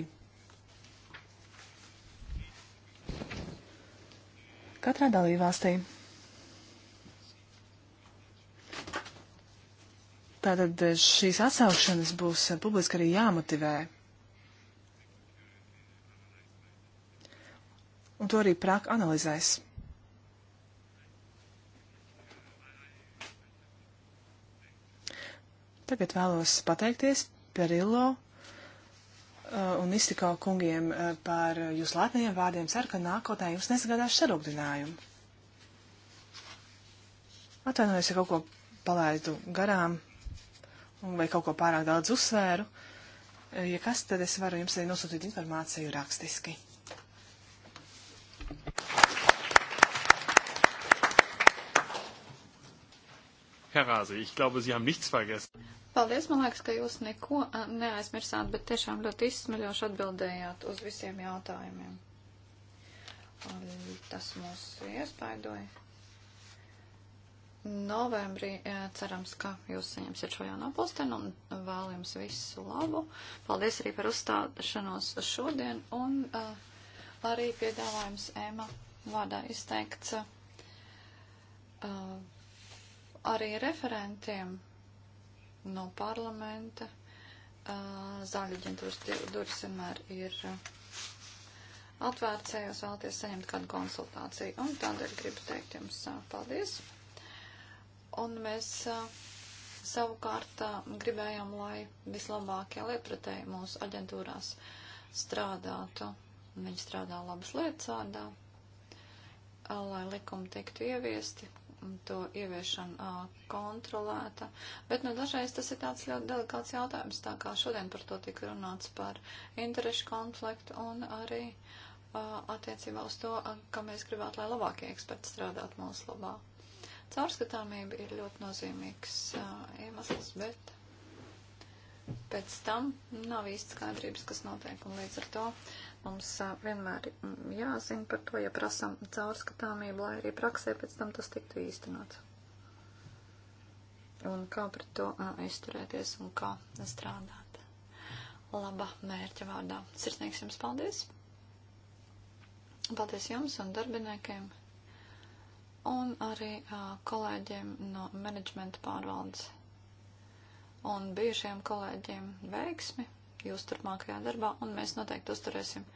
Katrā dalību valstī. Tātad eh, šīs atsaukšanas būs eh, publiski arī jāmotivē. Un to arī prāk analizēs. Tagad vēlos pateikties Perillo uh, un Istikā kungiem uh, par jūsu lētniem vārdiem. Ceru, ka nākotnē jums nesagādās sarūgdinājumu. Atvainojos, ja kaut ko palaidu garām vai kaut ko pārāk daudz uzsvēru. Uh, ja kas, tad es varu jums arī nosūtīt informāciju rakstiski. Herr Rase, ich glaube, Sie haben nichts vergessen. Paldies, man liekas, ka jūs neko neaizmirsāt, bet tiešām ļoti izsmeļoši atbildējāt uz visiem jautājumiem. Un tas mūs iespaidoja. Novembrī e, cerams, ka jūs saņemsiet šo jauno postenu un vēl jums visu labu. Paldies arī par uzstāšanos šodien un uh, arī piedāvājums ēma vārdā izteikts uh, arī referentiem no parlamenta. Zāļu ģentūras durvis vienmēr ir atvērts, ja jūs vēlaties saņemt kādu konsultāciju. Un tādēļ gribu teikt jums paldies. Un mēs savukārt gribējām, lai vislabākie lietpratēji mūsu aģentūrās strādātu. Viņi strādā labas lietas ārdā, lai likumi tiktu ieviesti, to ieviešana kontrolēta, bet nu, dažreiz tas ir tāds ļoti delikāts jautājums, tā kā šodien par to tika runāts par interešu konfliktu un arī attiecībā uz to, ka mēs gribētu, lai labākie eksperti strādātu mūsu labā. Caurskatāmība ir ļoti nozīmīgs iemesls, bet pēc tam nav īsti skaidrības, kas notiek, un līdz ar to Mums vienmēr mm, jāzina par to, ja prasam caurskatāmību, lai arī praksē pēc tam tas tiktu īstenots. Un kā pret to izturēties un kā strādāt. Laba mērķa vārdā. Sirsnīgs jums paldies! Paldies jums un darbiniekiem! un arī uh, kolēģiem no menedžmenta pārvaldes un bijušiem kolēģiem veiksmi jūsu turpmākajā darbā, un mēs noteikti uzturēsim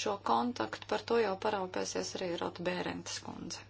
šo kontaktu. Par to jau paraupēsies arī Rota Bērentes kundze.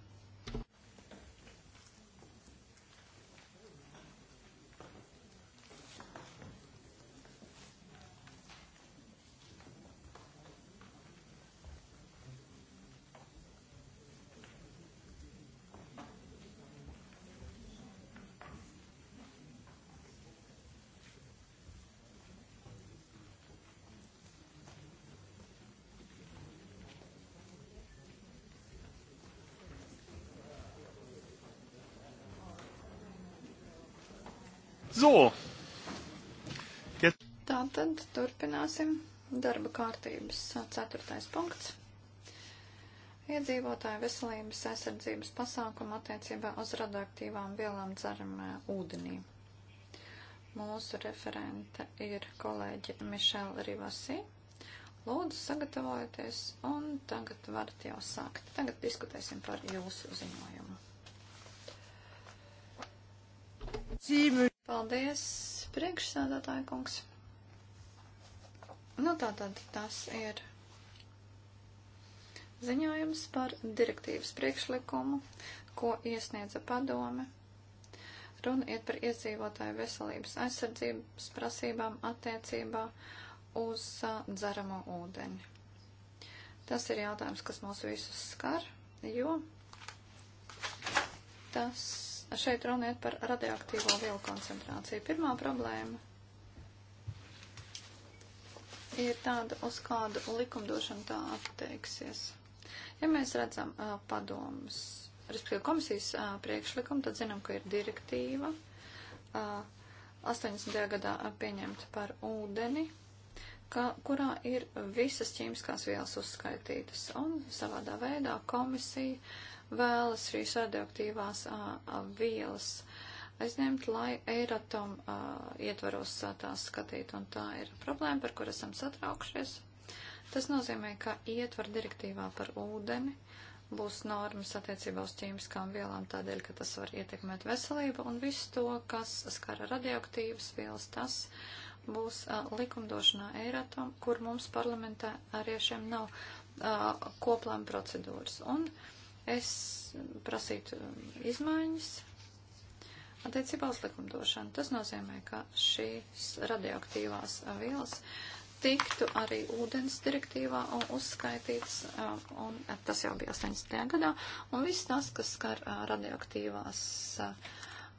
So. Get... Tātad turpināsim darba kārtības ceturtais punkts. Iedzīvotāju veselības aizsardzības pasākumu attiecībā uz radioaktīvām vielām dzeramajā eh, ūdenī. Mūsu referente ir kolēģi Mišela Rivasi. Lūdzu, sagatavojieties un tagad varat jau sākt. Tagad diskutēsim par jūsu ziņojumu. Cīmi. Paldies, priekšsēdētāja kungs. Nu, tātad tas ir ziņojums par direktīvas priekšlikumu, ko iesniedza padome. Runa iet par iedzīvotāju veselības aizsardzības prasībām attiecībā uz dzeramo ūdeni. Tas ir jautājums, kas mūs visus skar, jo tas šeit runiet par radioaktīvo vielu koncentrāciju. Pirmā problēma ir tāda, uz kādu likumdošanu tā attieksies. Ja mēs redzam uh, padomus, respektīvi komisijas uh, priekšlikumu, tad zinām, ka ir direktīva uh, 80. gadā pieņemta par ūdeni, ka, kurā ir visas ķīmiskās vielas uzskaitītas. Un savādā veidā komisija vēlas šīs radioaktīvās vielas aizņemt, lai Eiratom ietvaros tās skatīt. Un tā ir problēma, par kur esam satraukšies. Tas nozīmē, ka ietver direktīvā par ūdeni būs normas attiecībā uz ķīmiskām vielām, tādēļ, ka tas var ietekmēt veselību un visu to, kas skara radioaktīvas vielas, tas būs a, likumdošanā Eiratom, kur mums parlamentā ariešiem nav koplēm procedūras. Un, uh, Es prasītu um, izmaiņas attiecībā uz likumdošanu. Tas nozīmē, ka šīs radioaktīvās vielas tiktu arī ūdens direktīvā um, un uzskaitīts, uh, un tas jau bija 80. gadā, un viss tas, kas skar uh, radioaktīvās uh,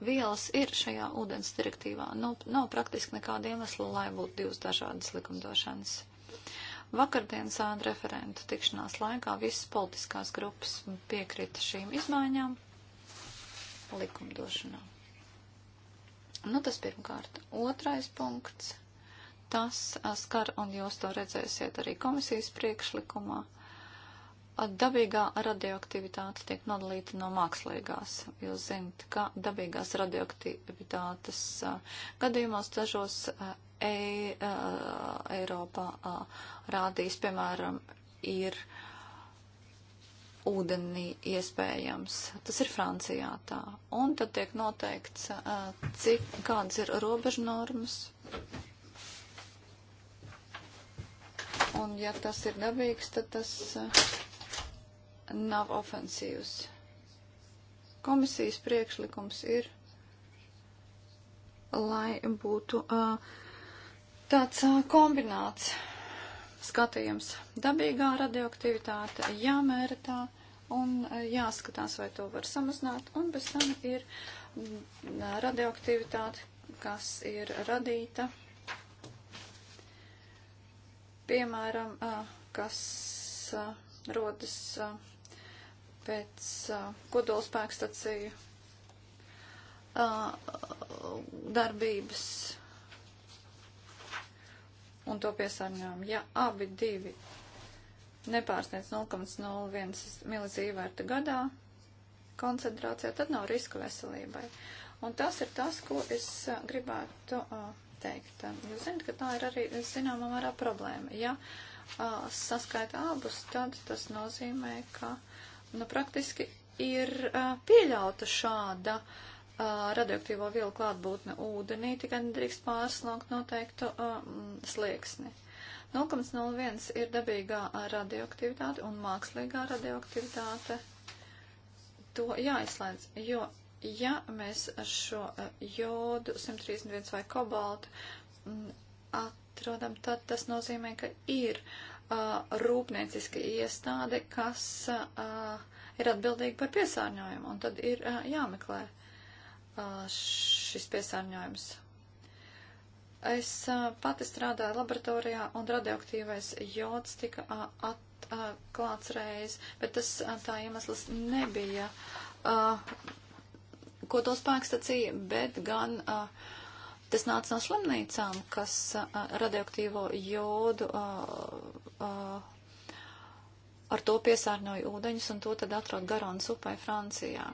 vielas, ir šajā ūdens direktīvā. Nu, nav praktiski nekāda iemesla, lai būtu divas dažādas likumdošanas. Vakardienas āda referentu tikšanās laikā visas politiskās grupas piekrita šīm izmaiņām likumdošanā. Nu, tas pirmkārt. Otrais punkts. Tas skar, un jūs to redzēsiet arī komisijas priekšlikumā, dabīgā radioaktivitāte tiek nodalīta no mākslīgās. Jūs zinat, ka dabīgās radioaktivitātes gadījumos dažos e, uh, Eiropā uh, rādīs, piemēram, ir ūdenī iespējams. Tas ir Francijā tā. Un tad tiek noteikts, uh, cik, kādas ir robežu normas. Un ja tas ir dabīgs, tad tas uh, nav ofensīvs. Komisijas priekšlikums ir lai būtu uh, tāds kombināts skatījums. Dabīgā radioaktivitāte jāmēra tā un jāskatās, vai to var samazināt. Un bez tam ir radioaktivitāte, kas ir radīta, piemēram, kas rodas pēc kodolspēkstaciju darbības un to piesārņojumu. Ja abi divi nepārsniec 0,01 milizīvērta gadā koncentrācijā, tad nav riska veselībai. Un tas ir tas, ko es uh, gribētu uh, teikt. Um, jūs zināt, ka tā ir arī zināmā mērā problēma. Ja uh, saskaita abus, tad tas nozīmē, ka nu, praktiski ir pieļauta šāda uh, radioaktīvo vielu klātbūtne ūdenī tikai nedrīkst pārslaukt noteiktu um, slieksni. 0,01 ir dabīgā radioaktivitāte un mākslīgā radioaktivitāte. To jāizslēdz, jo ja mēs šo jodu 131 vai kobaltu atrodam, tad tas nozīmē, ka ir uh, rūpnieciska iestāde, kas uh, ir atbildīga par piesārņojumu, un tad ir uh, jāmeklē. Uh, šis piesārņojums. Es pati strādāju laboratorijā un radioaktīvais jods tika atklāts reiz, bet tas tā iemesls nebija kodolspēkstacija, bet gan tas nāca no slimnīcām, kas radioaktīvo jodu ar to piesārņoja ūdeņus un to tad atrod Garonas upē Francijā.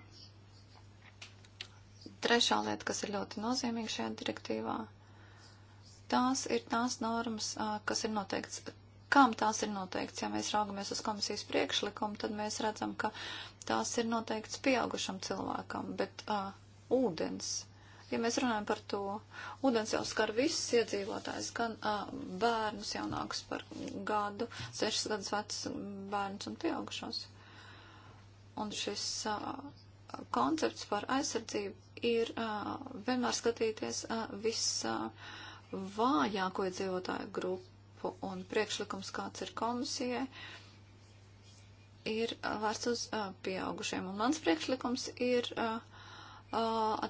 Trešā lieta, kas ir ļoti nozīmīga šajā direktīvā, tās ir tās normas, kas ir noteikts. Kam tās ir noteikts? Ja mēs raugamies uz komisijas priekšlikumu, tad mēs redzam, ka tās ir noteikts pieaugušam cilvēkam, bet uh, ūdens. Ja mēs runājam par to, ūdens jau skar visus iedzīvotājus, gan uh, bērnus jaunākus par gadu, sešas gadus vecus bērnus un pieaugušos. Un šis uh, koncepts par aizsardzību ir uh, vienmēr skatīties uh, visvājāko uh, iedzīvotāju grupu un priekšlikums, kāds ir komisijai, ir uh, vērsts uz uh, pieaugušiem. Un mans priekšlikums ir uh, uh,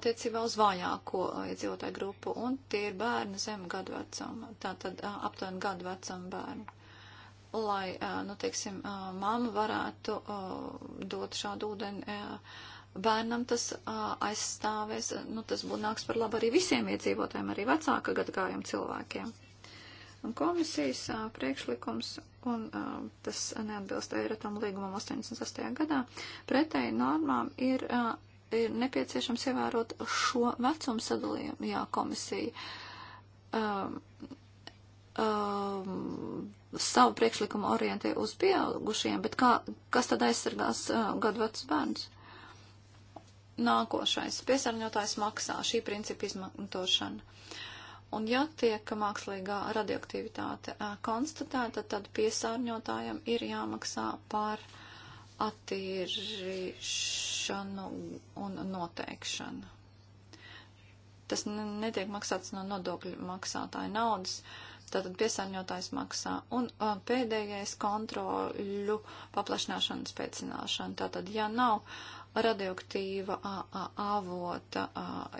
attiecībā uz vājāko uh, iedzīvotāju grupu, un tie ir bērni zem gadu vecuma, tātad uh, aptuveni gadu vecuma bērni lai, nu, teiksim, mamma varētu dot šādu ūdeni bērnam tas uh, aizstāvēs, nu tas būtu nāks par labu arī visiem iedzīvotājiem, arī vecāka gadagājuma cilvēkiem. Un komisijas uh, priekšlikums, un uh, tas neatbilst Eiratam līgumam 88. gadā, pretēji normām ir, uh, ir nepieciešams ievērot šo vecumu sadalījumu, jā, komisija. Um, um, savu priekšlikumu orientē uz pieaugušiem, bet kā, kas tad aizsargās uh, gadu vecus bērnus? nākošais - piesārņotājs maksā šī principa izmantošana. Un ja tiek mākslīgā radioaktivitāte konstatēta, tad piesārņotājam ir jāmaksā par attīrīšanu un noteikšanu. Tas netiek maksāts no nodokļu maksātāja naudas, tātad piesārņotājs maksā. Un a, pēdējais kontroļu paplašināšanas pēcināšana. Tātad, ja nav radioaktīva avota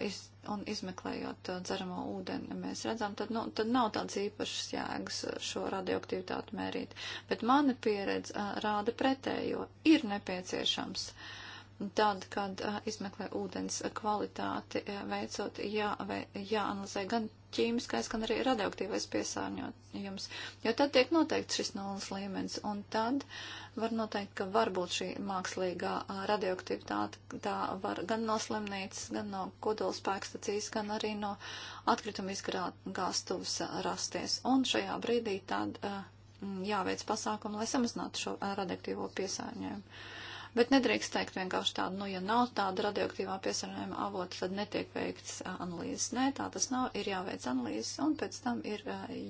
iz, un izmeklējot dzeramo ūdeni, mēs redzam, tad, nu, tad nav tāds īpašs jēgas šo radioaktivitāti mērīt. Bet mana pieredze rāda pretējo. Ir nepieciešams uh, tad, kad uh, izmeklē ūdens kvalitāti, uh, veicot, jā, vai, jāanalizē gan ķīmiskais, gan arī radioaktīvais piesārņojums, jo tad tiek noteikts šis nulles līmenis, un tad var noteikt, ka varbūt šī mākslīgā uh, radioaktivitāte tā var gan no slimnīcas, gan no kodolspēkstacijas, gan arī no atkrituma izgāstuves rasties. Un šajā brīdī tad jāveic pasākumi, lai samazinātu šo radioaktīvo piesārņojumu. Bet nedrīkst teikt vienkārši tādu, nu, ja nav tāda radioaktīvā piesārņojuma avota, tad netiek veikts analīzes. Nē, tā tas nav, ir jāveic analīzes un pēc tam ir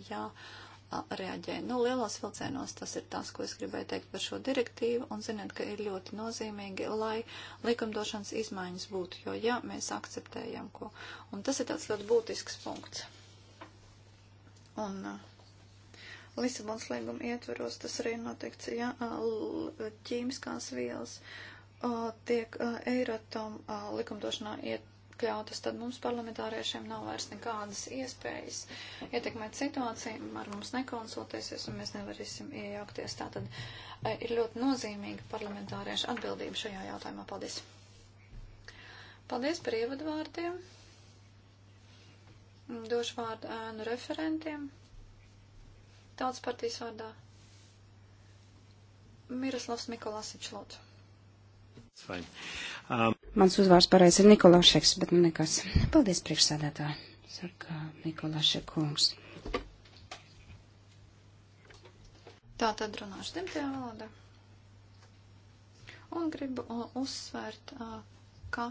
jāreaģē. Nu, lielos vilcienos tas ir tas, ko es gribēju teikt par šo direktīvu un ziniet, ka ir ļoti nozīmīgi, lai likumdošanas izmaiņas būtu, jo ja mēs akceptējam ko. Un tas ir tāds ļoti būtisks punkts. Un, uh, Lisabons līguma ietveros tas arī noteikts, ja ķīmiskās vielas tiek Eiratom likumdošanā iekļautas, tad mums parlamentāriešiem nav vairs nekādas iespējas ietekmēt situāciju, ar mums nekonsultēsies un mēs nevarēsim iejaukties. Tātad ir ļoti nozīmīga parlamentārieša atbildība šajā jautājumā. Paldies! Paldies par ievadvārdiem! Došu vārdu ēnu referentiem. Tautas partijas vārdā. Miroslavs Mikolasič, lūdzu. Um. Mans uzvārds pareizi ir Nikolašeks, bet nu nekas. Paldies, priekšsēdētāji, saka Nikolašek kungs. Tā tad runāšu dzimtajā valodā. Un gribu uh, uzsvērt, uh, ka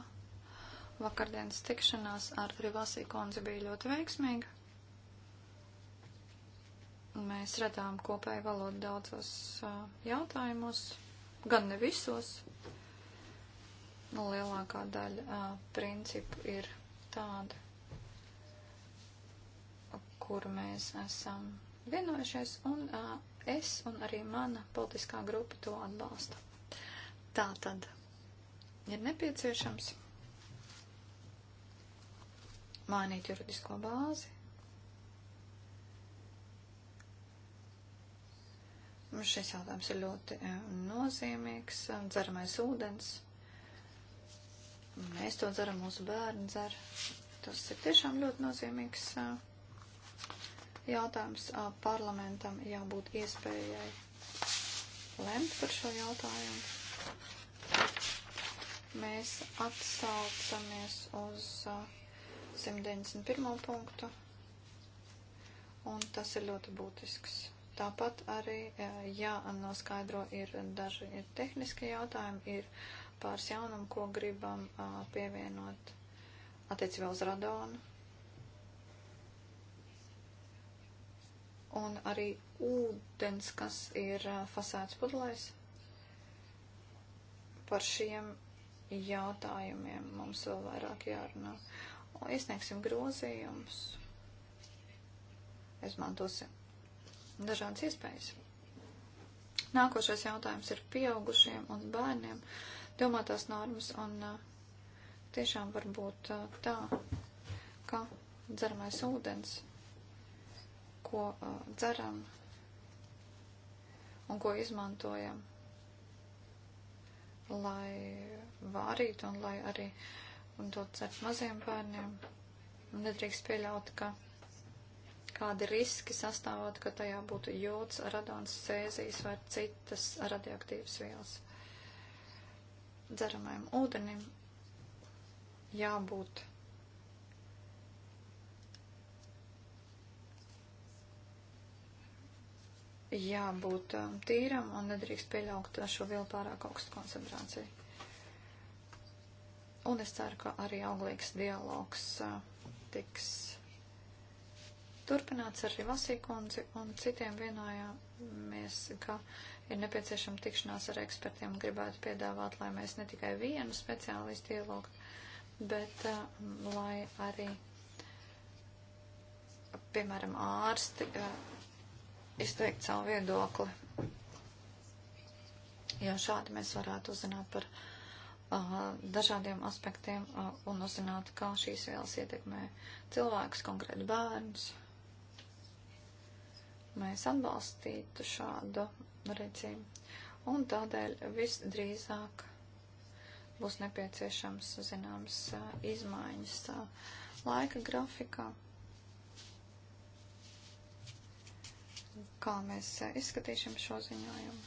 vakardienas tikšanās ar Rivasī kundzi bija ļoti veiksmīga mēs redzām kopēju valodu daudzos jautājumos, gan ne visos. Nu, lielākā daļa principu ir tāda, kuru mēs esam vienojušies, un es un arī mana politiskā grupa to atbalsta. Tā tad ir nepieciešams mainīt juridisko bāzi, Šis jautājums ir ļoti eh, nozīmīgs. Dzeramais ūdens. Mēs to dzeram, mūsu bērni dzer. Tas ir tiešām ļoti nozīmīgs eh, jautājums. Parlamentam jābūt iespējai lemt par šo jautājumu. Mēs atsaucamies uz 191. punktu, un tas ir ļoti būtisks. Tāpat arī jānoskaidro ir daži ir tehniski jautājumi, ir pāris jaunumu, ko gribam pievienot attiecībā uz radonu. Un arī ūdens, kas ir fasēts pudelēs. Par šiem jautājumiem mums vēl vairāk jārunā. Un iesniegsim grozījumus. Izmantosim dažādas iespējas. Nākošais jautājums ir pieaugušiem un bērniem domātās normas un uh, tiešām var būt uh, tā, ka dzeramais ūdens, ko uh, dzeram un ko izmantojam, lai vārītu un lai arī un to dzert maziem bērniem, nedrīkst pieļaut, ka kādi riski sastāvot, ka tajā būtu jūts, radons, cēzijas vai citas radioaktīvas vielas. Dzeramajam ūdenim jābūt jābūt um, tīram un nedrīkst pieļaut šo vielu pārāk augstu koncentrāciju. Un es ceru, ka arī auglīgs dialogs uh, tiks turpināts ar Rilasīkundzi un citiem vienojāmies, ka ir nepieciešama tikšanās ar ekspertiem un gribētu piedāvāt, lai mēs ne tikai vienu speciālistu ielūgt, bet uh, lai arī, piemēram, ārsti uh, izteikt savu viedokli. Jo šādi mēs varētu uzzināt par eh, dažādiem aspektiem un uzzināt, kā šīs vielas ietekmē cilvēkus, konkrēti bērnus mēs atbalstītu šādu redzējumu. Un tādēļ visdrīzāk būs nepieciešams zināms izmaiņas laika grafikā. Kā mēs izskatīsim šo ziņojumu?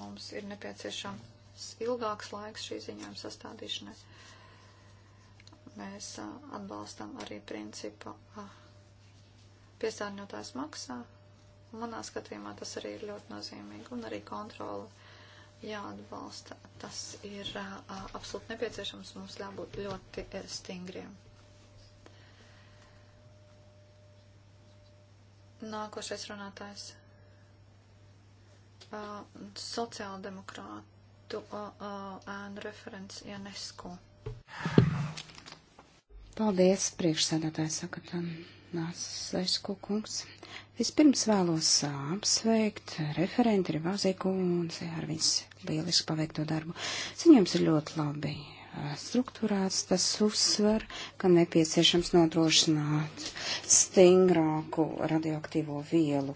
Mums ir nepieciešams ilgāks laiks šī ziņojuma sastādīšanai. Mēs atbalstam arī principu piesārņotājs maksā Manā skatījumā tas arī ir ļoti nozīmīgi un arī kontrola jāatbalsta. Tas ir uh, absolūti nepieciešams, mums jābūt ļoti stingriem. Nākošais runātājs. Uh, sociāldemokrātu uh, uh, ēnu referents Janesku. Paldies, priekšsēdētājs Sakatam. Um. Nāsesku kungs. Vispirms vēlos apsveikt referenti Rivāzī kundzi ar viņas lieliski paveikto darbu. Ziņojums ir ļoti labi struktūrēts, tas uzsver, ka nepieciešams nodrošināt stingrāku radioaktīvo vielu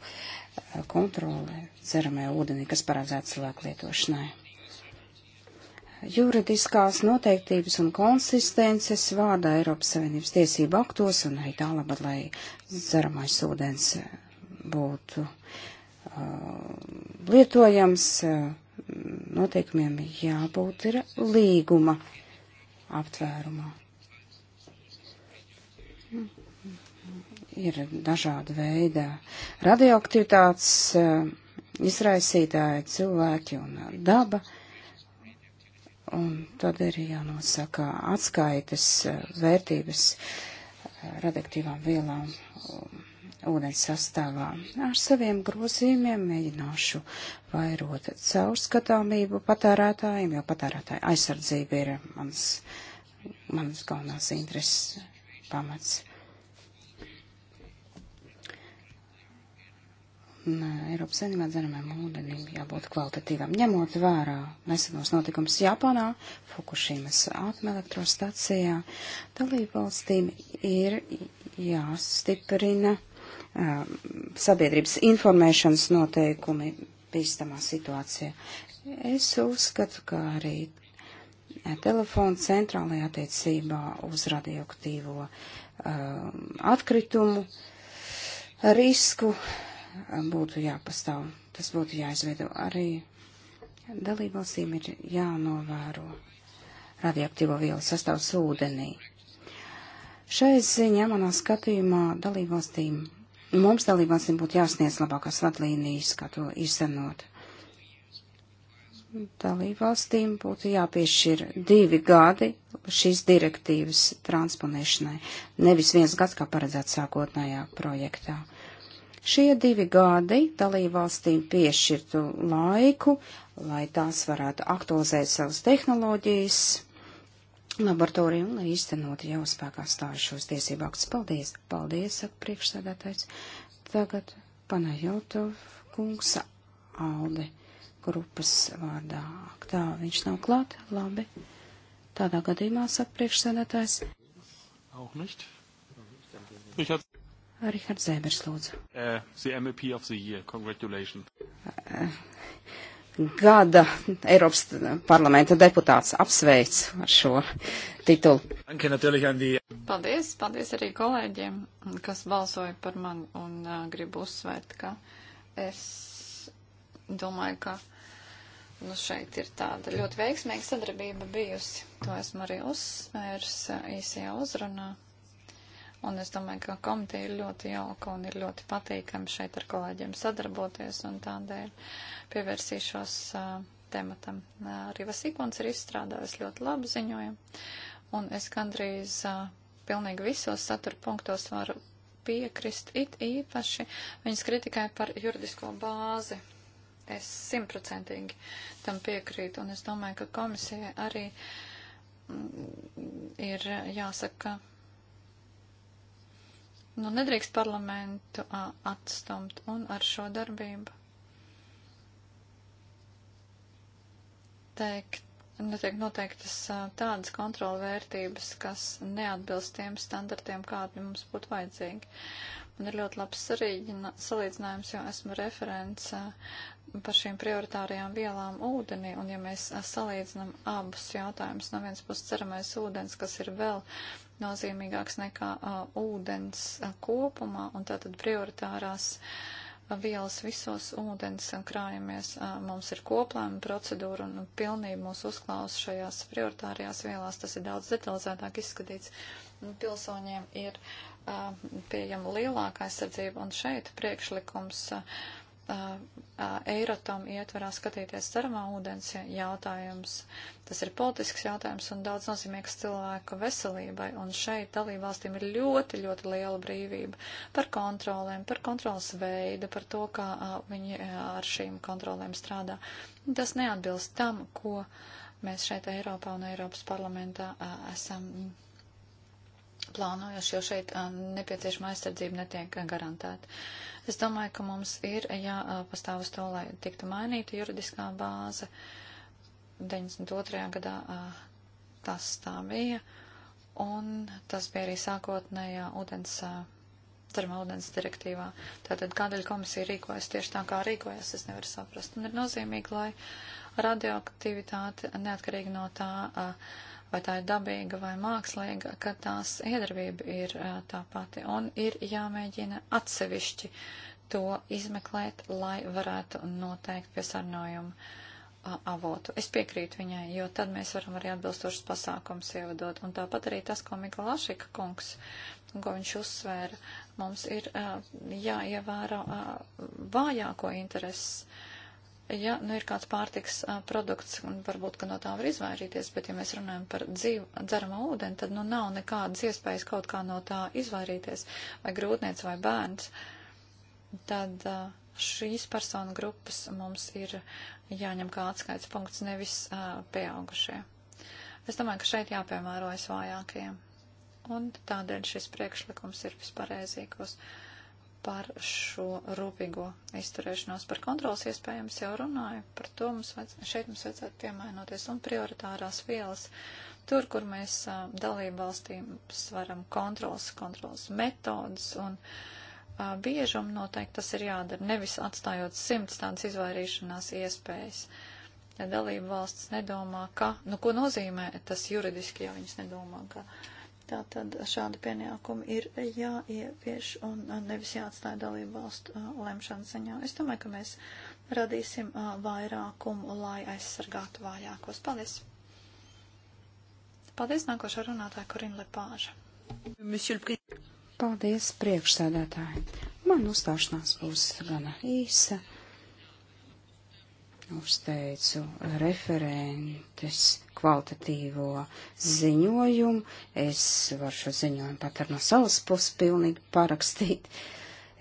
kontroli dzeramajā ūdenī, kas paredzēts cilvēku lietošanai juridiskās noteiktības un konsistences vārdā Eiropas Savienības tiesību aktos un arī tālāk, lai dzeramais ūdens eh, būtu uh, lietojams, uh, noteikumiem jābūt ir līguma aptvērumā. Ir dažāda veida radioaktivitātes uh, izraisītāji cilvēki un daba. Uh, Un tad ir jānosaka atskaites vērtības eh, radioaktīvām vielām um, ūdens sastāvā. Ar saviem grozījumiem mēģināšu vairot caurskatāmību patērētājiem, jo patērētāja aizsardzība ir mans, mans galvenās intereses pamats. Eiropas Savienībā dzeramajam ūdenim jābūt kvalitatīvam. Ņemot vērā nesenos notikumus Japānā, Fukušīmas atomelektrostacijā, dalību valstīm ir jāstiprina um, sabiedrības informēšanas noteikumi bīstamā situācijā. Es uzskatu, ka arī eh, telefona centrālajā attiecībā uz radioaktīvo um, atkritumu risku uh, būtu jāpastāv. Tas būtu jāizveido arī dalībvalstīm ir jānovēro radioaktīvo vielu sastāvs ūdenī. Šai ziņā manā skatījumā dalībvalstīm, mums dalībvalstīm būtu jāsniedz labākās vadlīnijas, kā to izsanot. Dalībvalstīm būtu jāpiešķir divi gadi šīs direktīvas transponēšanai, nevis viens gads, kā paredzēts sākotnējā projektā. Šie divi gadi dalībvalstīm piešķirtu laiku, lai tās varētu aktualizēt savas tehnoloģijas laboratoriju un lai īstenot jau spēkā stājušos tiesību aktus. Paldies! Paldies, saka priekšsēdētājs. Tagad Panajotov kungs Alde grupas vārdā. Ak, tā, viņš nav klāt? Labi. Tādā gadījumā saka priekšsēdētājs. Auch nicht. Ich hatte Rihards Zēbers, lūdzu. Uh, the MEP of the year, congratulations. Uh, gada Eiropas parlamenta deputāts apsveic ar šo titulu. Paldies, paldies arī kolēģiem, kas balsoja par mani un uh, gribu uzsvērt, ka es domāju, ka nu, šeit ir tāda ļoti veiksmīga sadarbība bijusi. To esmu arī uzsvērs uh, īsajā uzrunā. Un es domāju, ka komiteja ir ļoti jauka un ir ļoti patīkami šeit ar kolēģiem sadarboties, un tādēļ pievērsīšos uh, tematam. Uh, arī Vasīkons ir izstrādājis ļoti labu ziņojumu, un es gandrīz uh, pilnīgi visos satura punktos varu piekrist it īpaši viņas kritikai par juridisko bāzi. Es simtprocentīgi tam piekrītu, un es domāju, ka komisija arī mm, ir jāsaka, ka Nu, nedrīkst parlamentu uh, atstumt un ar šo darbību teikt, netiek noteiktas uh, tādas kontrola vērtības, kas neatbilst tiem standartiem, kādi mums būtu vajadzīgi. Man ir ļoti labs salīdzinājums, jo esmu referents uh, par šīm prioritārajām vielām ūdenī, un ja mēs uh, salīdzinām abus jautājumus, no vienas puses ceramais ūdens, kas ir vēl nozīmīgāks nekā uh, ūdens uh, kopumā, un tātad prioritārās uh, vielas visos ūdens krājumies. Uh, mums ir koplēma procedūra un pilnība mūs uzklaus šajās prioritārajās vielās. Tas ir daudz detalizētāk izskatīts. Pilsoņiem ir uh, pieejama lielāka aizsardzība, un šeit priekšlikums. Uh, Eiratom ietvarā skatīties ceramā ūdens jautājums. Tas ir politisks jautājums un daudz nozīmīgs cilvēku veselībai, un šeit dalībvalstīm ir ļoti, ļoti liela brīvība par kontrolēm, par kontrolas veidu, par to, kā viņi ar šīm kontrolēm strādā. Tas neatbilst tam, ko mēs šeit Eiropā un Eiropas parlamentā esam plānojuši, jo šeit uh, nepieciešama aizsardzība netiek garantēta. Es domāju, ka mums ir uh, jāpastāv uh, uz to, lai tiktu mainīta juridiskā bāze. 92. gadā tas tā bija, un tas bija arī sākotnējā ūdens termoūdens direktīvā. Tātad kādēļ komisija rīkojas tieši tā, kā rīkojas, es nevaru saprast. Un ir nozīmīgi, lai radioaktivitāte neatkarīgi no tā, uh, vai tā ir dabīga vai mākslīga, ka tās iedarbība ir tā pati. Un ir jāmēģina atsevišķi to izmeklēt, lai varētu noteikt piesārņojumu avotu. Es piekrītu viņai, jo tad mēs varam arī atbilstošas pasākums ievadot. Un tāpat arī tas, ko Mikla Lašika kungs, ko viņš uzsvēra, mums ir jāievēro vājāko intereses ja nu, ir kāds pārtiks uh, produkts, un varbūt, ka no tā var izvairīties, bet ja mēs runājam par dzīvu, dzeramo ūdeni, tad nu nav nekādas iespējas kaut kā no tā izvairīties, vai grūtniec vai bērns, tad uh, šīs personu grupas mums ir jāņem kā atskaits punkts, nevis uh, pieaugušie. Es domāju, ka šeit jāpiemērojas vājākajiem. Un tādēļ šis priekšlikums ir vispareizākos. Uh, par šo rūpīgo izturēšanos, par kontrolas iespējams jau runāju, par to mums vajadz, šeit mums vajadzētu piemainoties un prioritārās vielas, tur, kur mēs dalību valstīm varam kontrolas, kontrolas metodas un a, biežumu noteikti tas ir jādara, nevis atstājot simts tādas izvairīšanās iespējas. Ja dalību valsts nedomā, ka, nu, ko nozīmē tas juridiski, ja viņas nedomā, ka. Uh, Tātad šādi pienākumi ir jāievieš un nevis jāatstāj dalību valstu lemšanas ziņā. Es domāju, ka mēs radīsim vairākumu, lai aizsargātu vājākos. Paldies! Paldies nākošā runātāja Korina Lepāža. Paldies priekšsēdētāji. Man uzstāšanās būs gana īsa uzteicu referentes kvalitatīvo ziņojumu. Es varu šo ziņojumu pat ar no savas puses pilnīgi parakstīt.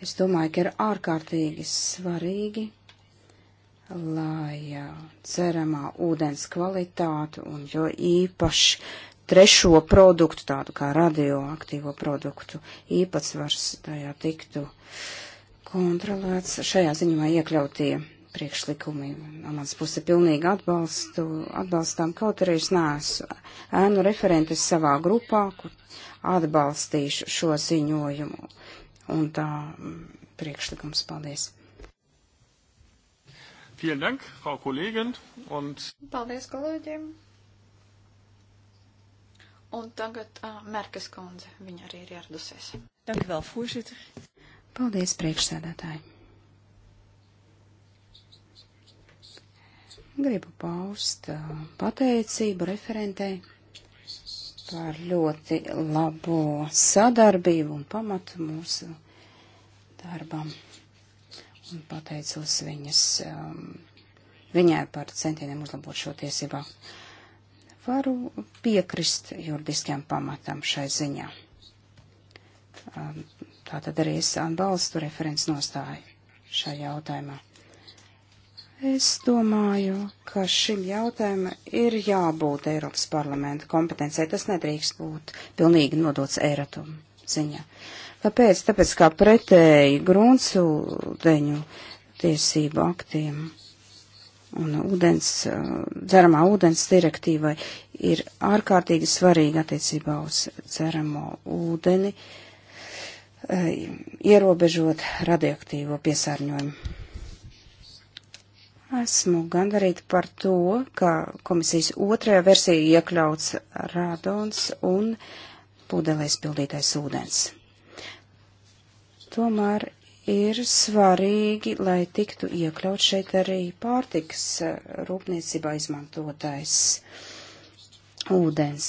Es domāju, ka ir ārkārtīgi svarīgi, lai ceramā ūdens kvalitāte un jo īpaši trešo produktu, tādu kā radioaktīvo produktu, īpatsvars tajā tiktu kontrolēts šajā ziņā iekļautie priekšlikumi no manas puses pilnīgi atbalstu, atbalstām, kaut arī es neesmu ēnu referentes savā grupā, kur atbalstīšu šo ziņojumu un tā mm, priekšlikums. Paldies! Vielen Dank, Frau Kollegin. Und Paldies, kolēģiem. Un tagad uh, Merkes kundze, viņa arī ir ieradusies. Dank vēl, voorzitter. Paldies, priekšsēdētāji. Gribu paust uh, pateicību referentei par ļoti labo sadarbību un pamatu mūsu darbam. Un pateicos viņas, um, viņai par centieniem uzlabot šo tiesībā. Varu piekrist juridiskajam pamatam šai ziņā. Um, Tātad arī es atbalstu referents nostāju šajā jautājumā. Es domāju, ka šim jautājumam ir jābūt Eiropas parlamenta kompetencē. Tas nedrīkst būt pilnīgi nodots Eiratum ziņā. Kāpēc? Tāpēc kā pretēji gruntsūdeņu tiesību aktiem un ūdens, dzeramā ūdens direktīvai ir ārkārtīgi svarīga attiecībā uz dzeramo ūdeni, eh, ierobežot radioaktīvo piesārņojumu. Esmu gandarīta par to, ka komisijas otrajā versijā iekļauts rādons un pudelēs pildītais ūdens. Tomēr ir svarīgi, lai tiktu iekļaut šeit arī pārtiks rūpniecībā izmantotais ūdens.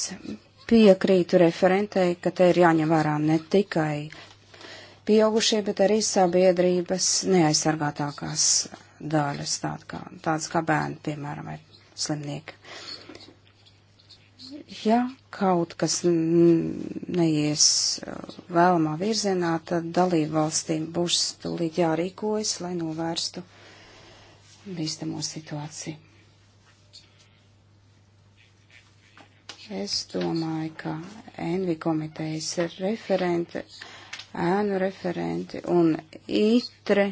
Piekrītu referentei, ka te ir jāņem vērā ne tikai pieaugušie, bet arī sabiedrības neaizsargātākās daļas, tād kā, tādas kā bērni, piemēram, vai slimnieki. Ja kaut kas neies uh, vēlamā virzienā, tad dalību valstīm būs tūlīt jārīkojas, lai novērstu bīstamo situāciju. Es domāju, ka Envi komitejas referente, ēnu referenti un ITRE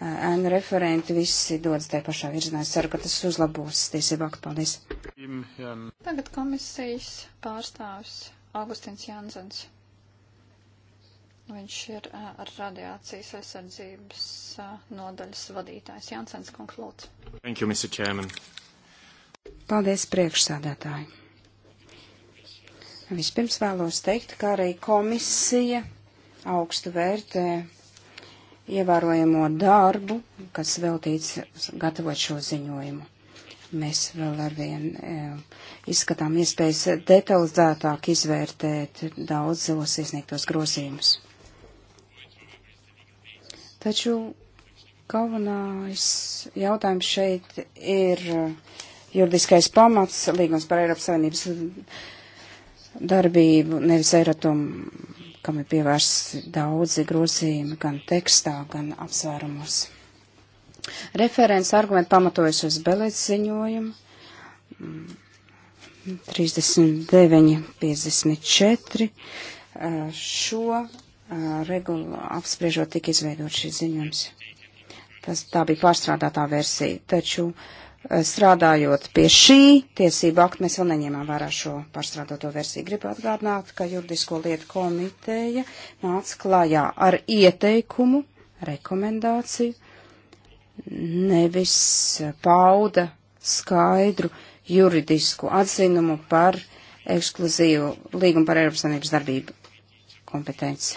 ēnu referenti visi dodas tajā pašā virzienā. Es ceru, ka tas uzlabos tiesību aktu. Paldies. Tagad komisijas pārstāvs Augustins Jansens. Viņš ir uh, ar radiācijas aizsardzības uh, nodaļas vadītājs. Jansens, kungs, lūdzu. Thank you, Mr. Chairman. Paldies, priekšsādātāji. Vispirms vēlos teikt, ka arī komisija augstu vērtē ievērojamo darbu, kas veltīts gatavot šo ziņojumu. Mēs vēl ar vien e, izskatām iespējas detalizētāk izvērtēt daudzos iesniegtos grozījumus. Taču galvenais jautājums šeit ir juridiskais pamats, līgums par Eiropas Savienības darbību, nevis Eiratom kam ir pievērsts daudzi grozījumi gan tekstā, gan apsvērumos. Referents argumenti pamatojas uz belēdz ziņojumu. 39, mm, 54. Šo regulu apspriežot tika izveidot šis ziņojums. Tas, tā bija pārstrādātā versija, taču uh, strādājot pie šī tiesība akta, mēs vēl neņēmām vērā šo pārstrādāto versiju. Gribu atgādināt, ka juridisko lietu komiteja nāca klājā ar ieteikumu, rekomendāciju, nevis pauda skaidru juridisku atzinumu par ekskluzīvu līgumu par Eiropas Savienības darbību kompetenci.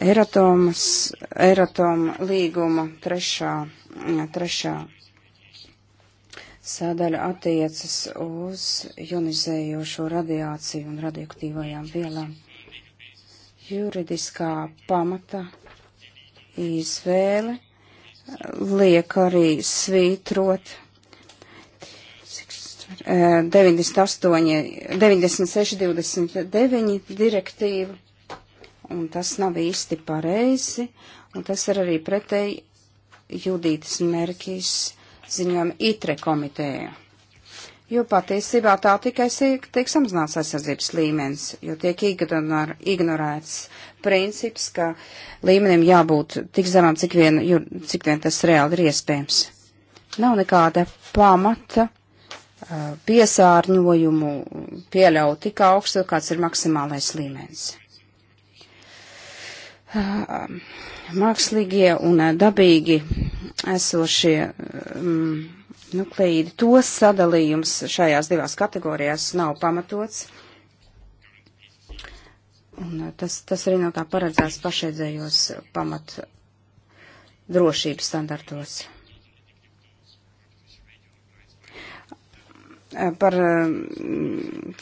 Eiratomas, Eiratoma līguma trešā, jā, trešā sēdaļa attiecas uz jonizējošo radiāciju un radioaktīvajām vielām. Juridiskā pamata izvēle liek arī svītrot 98, 96, 29 direktīvu, un tas nav īsti pareizi, un tas ir arī pretēji Judītas Merkīs ziņojumu ITRE komiteja. Jo patiesībā tā tikai tiek samazināts aizsardzības līmenis, jo tiek ignor, ignorēts princips, ka līmenim jābūt tik zemam, cik vien, jo, cik vien tas reāli ir iespējams. Nav nekāda pamata piesārņojumu pieļaut tik augstu, kāds ir maksimālais līmenis mākslīgie un dabīgi esošie um, nukleīdi. Tos sadalījums šajās divās kategorijās nav pamatots. Un tas, tas arī nav tā paredzēts pašreizējos pamat drošības standartos. Eh, par eh,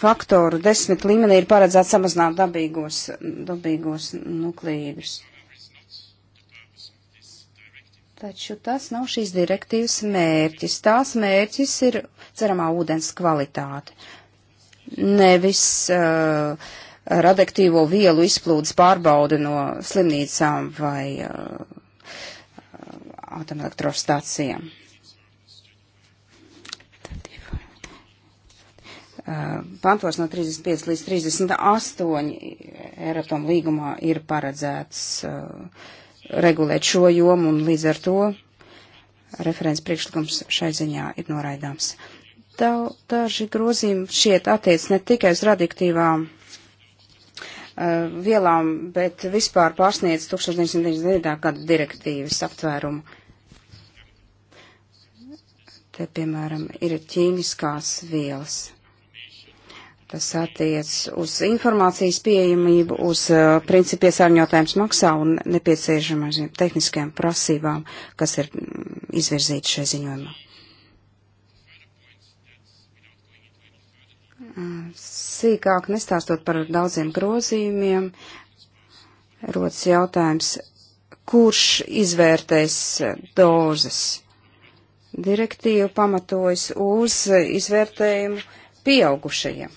faktoru desmit līmenī ir paredzēts samazināt dabīgos, dabīgos nuklīdus. Taču tas nav šīs direktīvas mērķis. Tās mērķis ir ceramā ūdens kvalitāte. Nevis uh, radioaktīvo vielu izplūdes pārbaude no slimnīcām vai uh, atomelektrostacijām. Eh, pantos no 35 līdz 38 eh, Eiratom līgumā ir paredzēts uh, regulēt šo jomu, un līdz ar to referents priekšlikums šai ziņā ir noraidāms. Da, daži grozījumi šiet attiec ne tikai uz radiktīvām uh, vielām, bet vispār pārsniedz 1999. gada direktīvas aptvērumu. Te, piemēram, ir ķīmiskās vielas. Tas attiec uz informācijas pieejamību, uz uh, principu piesārņotājums maksā un nepieciešamajām tehniskajām prasībām, kas ir mm, izvirzītas šai ziņojumā. Uh, sīkāk nestāstot par daudziem grozījumiem, rodas jautājums, kurš izvērtēs uh, dozes. Direktīva pamatojas uz uh, izvērtējumu pieaugušajiem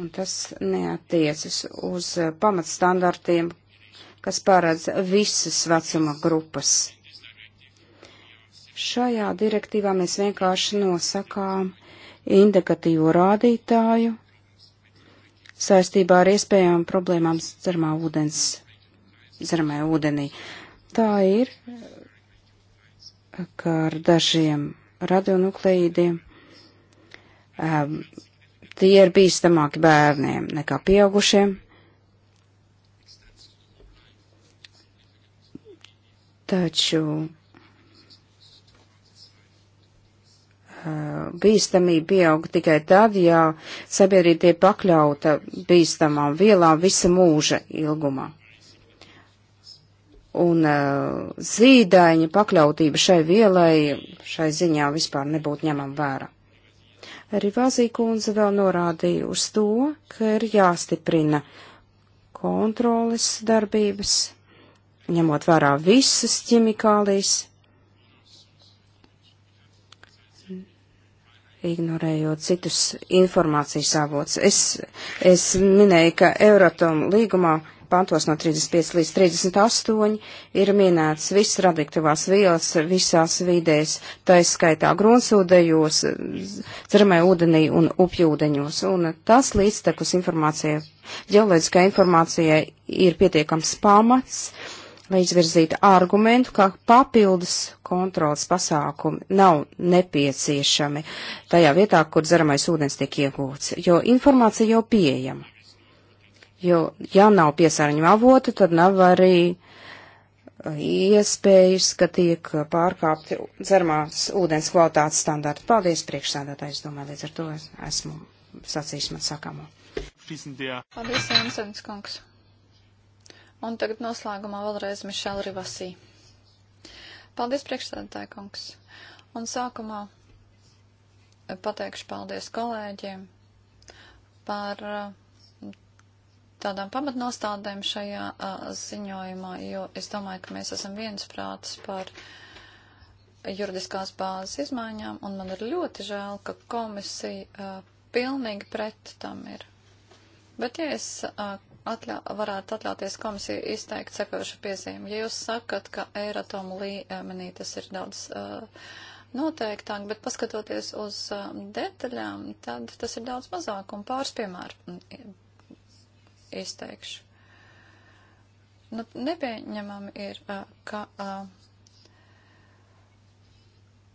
Un tas neatiecas uz pamatstandartiem, kas paredz visas vecuma grupas. Šajā direktīvā mēs vienkārši nosakām indikatīvo rādītāju saistībā ar iespējām problēmām dzermā ūdens, dzermē ūdenī. Tā ir, ka ar dažiem radionukleīdiem um, tie ir bīstamāki bērniem nekā pieaugušiem. Taču bīstamība pieaug tikai tad, ja sabiedrība tiek pakļauta bīstamām vielām visa mūža ilgumā. Un zīdaiņa pakļautība šai vielai šai ziņā vispār nebūtu ņemama vērā. Rivāzī kundze vēl norādīja uz to, ka ir jāstiprina kontroles darbības, ņemot vērā visas ķimikālijas, ignorējot citus informācijas avots. Es, es minēju, ka Euratom līgumā pantos no 35 līdz 38 ir minēts visas radioaktīvās vielas visās vidēs, tā izskaitā gruntsūdējos, dzeramē ūdenī un upjūdeņos. Un tas līdztekus informācija, ģeoloģiskā informācija ir pietiekams pamats, lai izvirzītu argumentu, ka papildus kontrolas pasākumi nav nepieciešami tajā vietā, kur dzeramais ūdens tiek iegūts, jo informācija jau pieejama. Jo, ja nav piesārņu avota, tad nav arī uh, iespējas, ka tiek uh, pārkāpti dzermās ūdens kvalitātes standarti. Paldies, priekšsēdētājs, domāju, līdz ar to esmu sacījis man sakamo. Paldies, Jānisens kungs. Un tagad noslēgumā vēlreiz Mišela Rivasī. Paldies, priekšsēdētāji kungs. Un sākumā pateikšu paldies kolēģiem par uh, tādām pamatnostādēm šajā a, ziņojumā, jo es domāju, ka mēs esam viensprāts par juridiskās bāzes izmaiņām, un man ir ļoti žēl, ka komisija a, pilnīgi pret tam ir. Bet, ja es a, atļa, varētu atļauties komisiju izteikt sekojušu piezīmi, ja jūs sakat, ka Eiratomu līmenī tas ir daudz uh, noteiktāk, bet paskatoties uz uh, detaļām, tad tas ir daudz mazāk un pāris piemēru izteikšu. Nu, nepieņemami ir, uh, ka uh,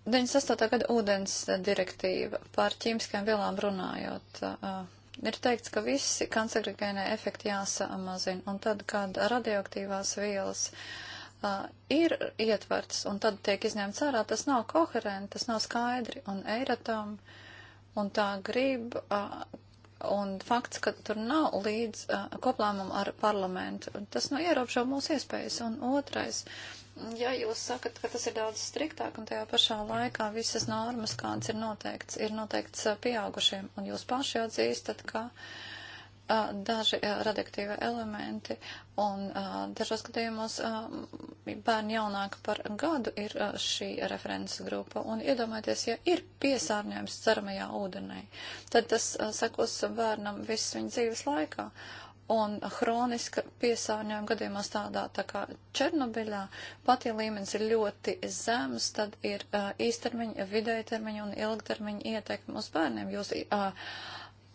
98. gada ūdens direktīva par ķīmiskajām vielām runājot. Uh, ir teikts, ka visi kancerogēnē efekti jāsamazina, un tad, kad radioaktīvās vielas uh, ir ietverts, un tad tiek izņemts ārā, tas nav koherenti, tas nav skaidri, un Eiratom, un tā grib, uh, Un fakts, ka tur nav līdz uh, koplēmumu ar parlamentu, tas nu ierobežo mūsu iespējas. Un otrais, ja jūs sakat, ka tas ir daudz striktāk un tajā pašā laikā visas normas, kādas ir noteikts, ir noteikts pieaugušiem, un jūs paši atzīstat, ka uh, daži radioaktīvie elementi, un dažos gadījumos bērni jaunāki par gadu ir šī references grupa, un iedomājieties, ja ir piesārņojums ceramajā ūdenī, tad tas sekos bērnam visu viņa dzīves laikā. Un hroniska piesārņojuma gadījumos tādā tā kā Černobiļā, pat ja līmenis ir ļoti zems, tad ir uh, īstermiņa, vidētermiņa un ilgtermiņa ietekme uz bērniem. Jūs uh,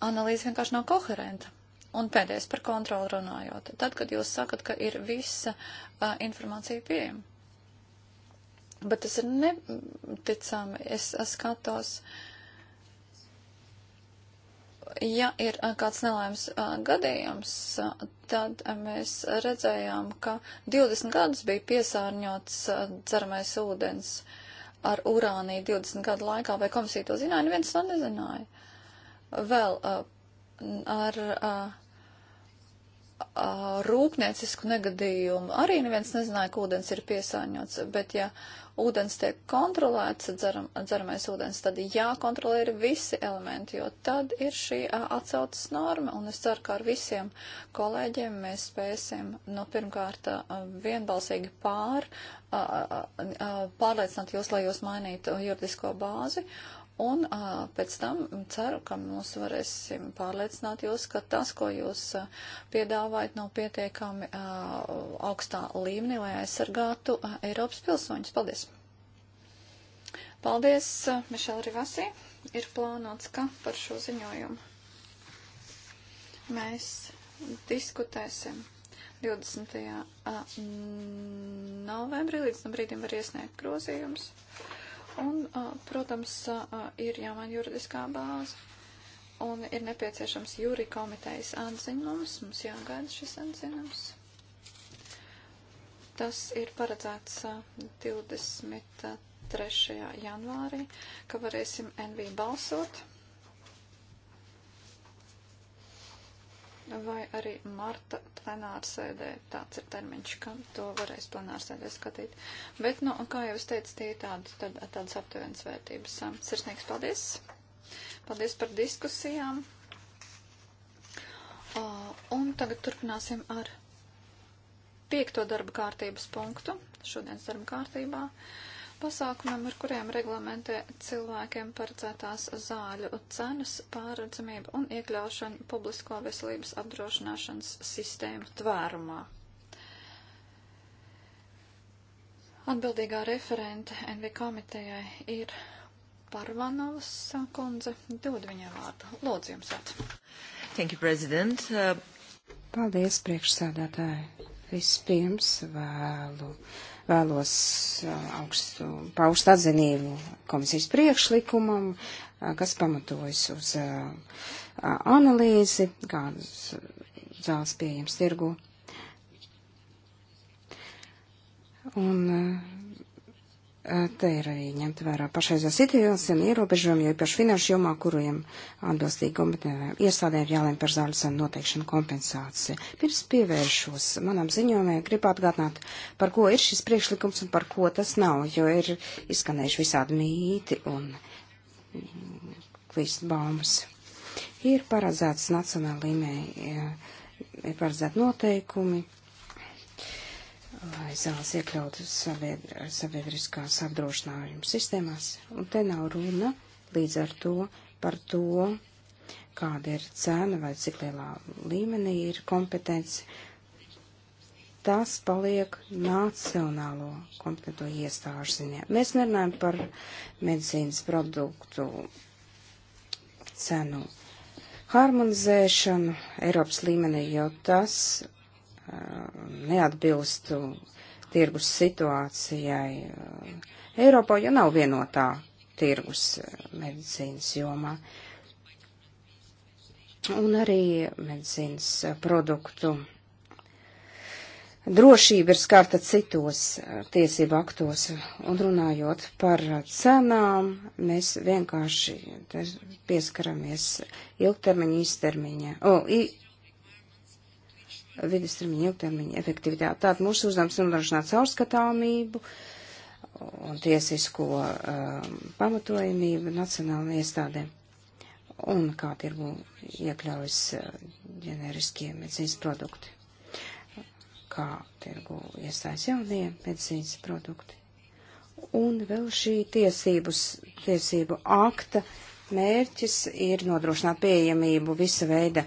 analīze vienkārši nav koherenta. Un pēdējais par kontroli runājot. Tad, kad jūs sakat, ka ir visa uh, informācija pieejama. Bet tas ir neticami. Es skatos, ja ir uh, kāds nelaimes uh, gadījums, uh, tad uh, mēs redzējām, ka 20 gadus bija piesārņots uh, dzeramais ūdens ar urānī 20 gadu laikā, vai komisija to zināja, neviens to nezināja. Vēl uh, ar uh, rūpniecisku negadījumu. Arī neviens nezināja, ka ūdens ir piesāņots, bet ja ūdens tiek kontrolēts, dzeram, dzeramais ūdens, tad jākontrolē ir visi elementi, jo tad ir šī atsaucas norma, un es ceru, ka ar visiem kolēģiem mēs spēsim, nu, pirmkārt, vienbalsīgi pār, pārliecināt jūs, lai jūs mainītu juridisko bāzi, Un a, pēc tam ceru, ka mūs varēsim pārliecināt jūs, ka tas, ko jūs a, piedāvājat, nav pietiekami a, augstā līmenī, lai aizsargātu a, Eiropas pilsoņus. Paldies! Paldies, a, Mišela Rivasī. Ir plānots, ka par šo ziņojumu mēs diskutēsim 20. novembrī. Līdz tam brīdim var iesniegt grozījumus. Un, protams, ir jāmaina juridiskā bāze. Un ir nepieciešams jūri komitejas atzinums. Mums jāgaida šis atzinums. Tas ir paredzēts 23. janvārī, ka varēsim NV balsot. vai arī marta plenārsēdē. Tāds ir termiņš, kam to varēs plenārsēdē skatīt. Bet, nu, kā jau es teicu, tie ir tādas, tad, tādas aptuvenas vērtības. Sirsnīgs paldies! Paldies par diskusijām! Un tagad turpināsim ar piekto darba kārtības punktu šodienas darba kārtībā. Uh, pasākumiem, ar kuriem reglamentē cilvēkiem paredzētās zāļu cenas, pārredzamību un iekļaušanu publisko veselības apdrošināšanas sistēmu tvērumā. Atbildīgā referente NV komitejai ir Parvanovas kundze. Dod viņai vārdu. Lūdzu jums vārdu. Thank you, President. Uh... Paldies, priekšsādātāji. Vispirms vēlu Vēlos uh, augstu, paust atzinību komisijas priekšlikumam, uh, kas pamatojas uz uh, analīzi, kā zāles pieejams tirgu. Un Te ir arī ņemt vērā pašreizā situācija un ierobežojumi, jo īpaši finanšu jomā, kuriem atbilstīgi kompetentiem iestādēm jālēm par zāļu cenu noteikšanu kompensāciju. Pirms pievēršos manam ziņojumiem, gribu atgādināt, par ko ir šis priekšlikums un par ko tas nav, jo ir izskanējuši visādi mīti un klīst baumas. Ir paredzēts nacionāla līmenī, ir paredzēti noteikumi lai zāles iekļautu sabiedriskās apdrošinājuma sistēmās. Un te nav runa līdz ar to par to, kāda ir cena vai cik lielā līmenī ir kompetence. Tas paliek nacionālo kompetento iestāžu ziņā. Mēs nerunājam par medicīnas produktu cenu harmonizēšanu Eiropas līmenī, jo tas neatbilstu tirgus situācijai Eiropā, jo nav vienotā tirgus medicīnas jomā. Un arī medicīnas produktu drošība ir skarta citos tiesību aktos. Un runājot par cenām, mēs vienkārši pieskaramies ilgtermiņa, īstermiņa, oh, vidustermiņa, ilgtermiņa efektivitāti. Tātad mūsu uzdevums ir nodrošināt caurskatāmību un tiesisko um, pamatojamību nacionālajiem iestādēm. Un kā tirgu iekļaujas uh, ģeneriskie medicīnas produkti, kā tirgu iestājas jaunie medicīnas produkti. Un vēl šī tiesības, tiesību akta mērķis ir nodrošināt pieejamību visa veida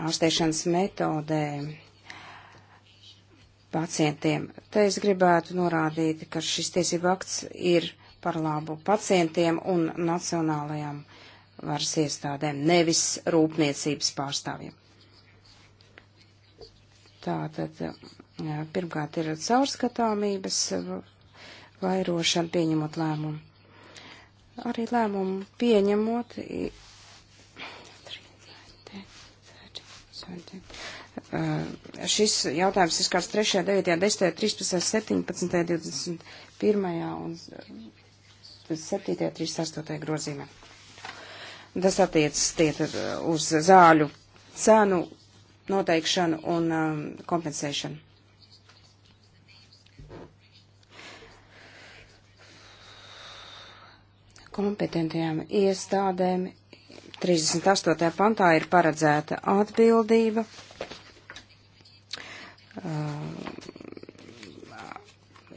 ārstēšanas metodēm pacientiem. Te es gribētu norādīt, ka šis tiesība akts ir par labu pacientiem un nacionālajām varas iestādēm, nevis rūpniecības pārstāvjiem. Tātad pirmkārt ir caurskatāmības vairošana pieņemot lēmumu. Arī lēmumu pieņemot Eh, šis jautājums ir kāds 3., 9., 10., 13., 17., 21. un 7., eh, 38. grozīmē. Tas attiecas eh, uz zāļu cenu noteikšanu un um, kompensēšanu. Kompetentajām iestādēm 38. pantā ir paredzēta atbildība. Uh,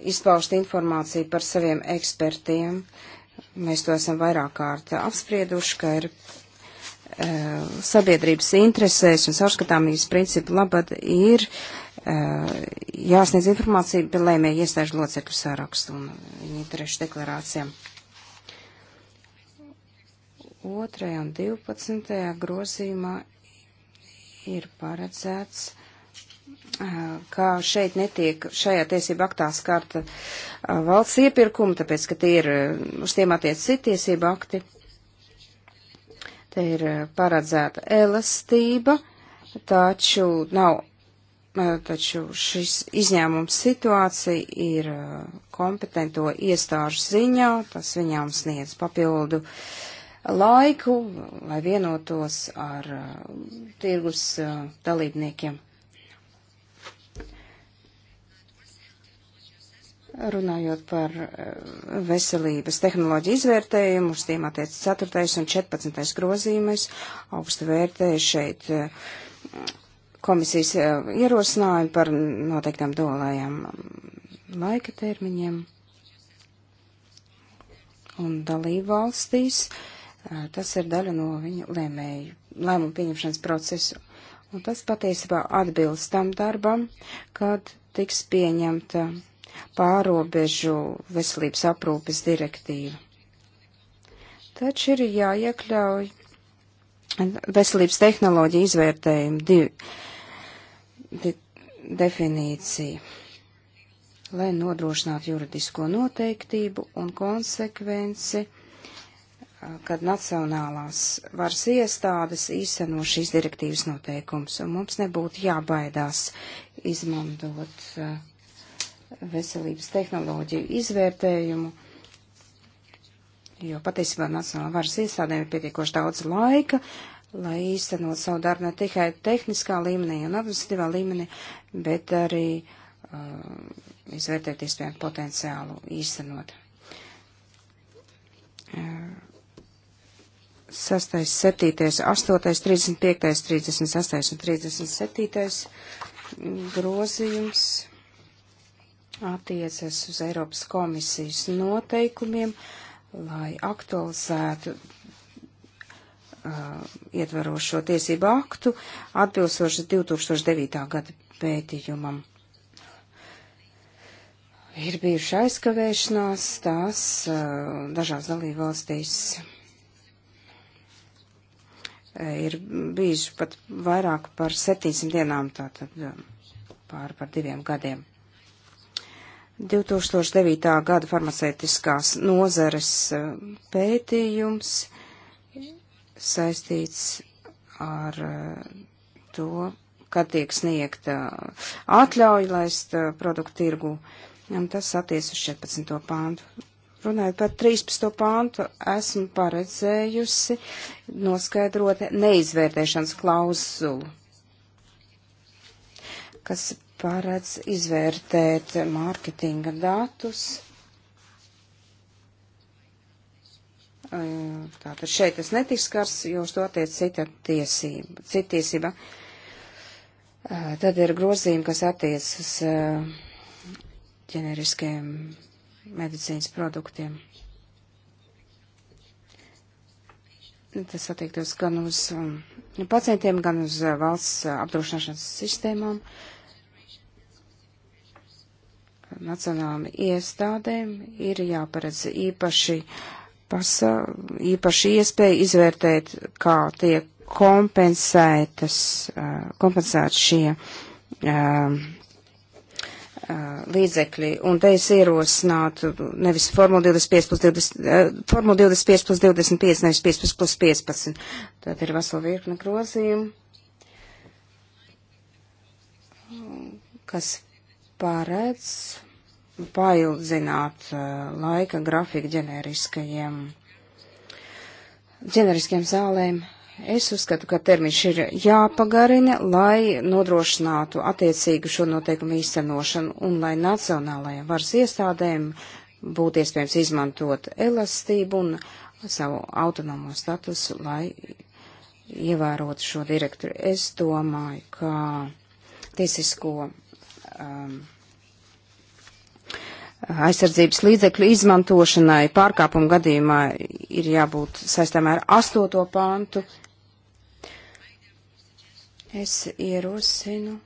izpaust informāciju par saviem ekspertiem. Mēs to esam vairāk kārt apsprieduši, ka ir uh, sabiedrības interesēs un saurskatāmības principu labad ir uh, jāsniedz informācija, bet lēmē iestāžu locekļu sārakstu un viņu interešu deklarācijām. 2. un 12. grozījumā ir paredzēts, ka šeit netiek šajā tiesība aktā skarta valsts iepirkuma, tāpēc, ka tie ir, uz tiem attiec citi tiesība akti. Te ir paredzēta elastība, taču nav, taču šis izņēmums situācija ir kompetento iestāžu ziņā, tas viņām sniedz papildu uh, laiku, lai vienotos ar uh, tirgus uh, dalībniekiem. Runājot par uh, veselības tehnoloģiju izvērtējumu, uz tiem attiec 4. un 14. grozījumies, augstu vērtēju šeit komisijas ierosinājumu par noteiktām dolējām um, laika termiņiem un dalību valstīs. Uh, Tas ir daļa no viņa lēmēju lēmumu pieņemšanas procesu. Un tas patiesībā atbilst tam darbam, kad tiks pieņemta pārobežu veselības aprūpes direktīva. Taču ir jāiekļauj veselības tehnoloģija izvērtējuma div, di, definīcija, lai nodrošinātu juridisko noteiktību un konsekvenci kad nacionālās varas iestādes īsteno šīs direktīvas noteikums, un mums nebūtu jābaidās izmantot veselības tehnoloģiju izvērtējumu, jo patiesībā nacionālā varas iestādēm ir pietiekoši daudz laika, lai īstenot savu darbu ne tikai tehniskā līmenī un administratīvā līmenī, bet arī uh, izvērtēt iespējami potenciālu īstenot. Uh, 6, 7, 8, 35, 36 un 37 grozījums attiecas uz Eiropas komisijas noteikumiem, lai aktualizētu uh, ietvarošo tiesību aktu atbilstoši 2009. gada pētījumam. Ir bijuši aizkavēšanās tās uh, dažās dalībvalstīs. valstīs Eh, ir bijuši pat vairāk par 700 dienām, tātad pār par diviem gadiem. 2009. gada farmaceitiskās nozares eh, pētījums saistīts ar eh, to, kad tiek sniegta atļauja laist produktu tirgu, un tas attiec uz 14. pāntu Runājot par 13. pāntu, esmu paredzējusi noskaidrot neizvērtēšanas klauzulu, kas paredz izvērtēt mārketinga datus. Tātad šeit tas netiks skars, jo uz to attiec cita tiesība. Cita tiesība. Tad ir grozījumi, kas attiecas ģeneriskiem medicīnas produktiem. Tas attiektos gan uz um, pacientiem, gan uz uh, valsts uh, apdrošināšanas sistēmām, nacionālām iestādēm ir jāparedz īpaši, pasa, īpaši iespēja izvērtēt, kā tiek kompensētas, uh, kompensēt šie līdzekļi, un te es ierosinātu nevis Formula 25 plus 20, uh, Formula 25 plus 25, nevis 15 plus 15. Tad ir vesela virkne grozījumu, kas paredz paildzināt uh, laika grafiku ģeneriskajiem, ģeneriskiem zālēm. Es uzskatu, ka termiņš ir jāpagarina, lai nodrošinātu attiecīgu šo noteikumu īstenošanu un lai nacionālajiem varas iestādēm būtu iespējams izmantot elastību un savu autonomo statusu, lai ievērotu šo direktoru. Es domāju, ka tiesisko um, aizsardzības līdzekļu izmantošanai pārkāpuma gadījumā ir jābūt saistāmā ar astoto pāntu Es ierosinu,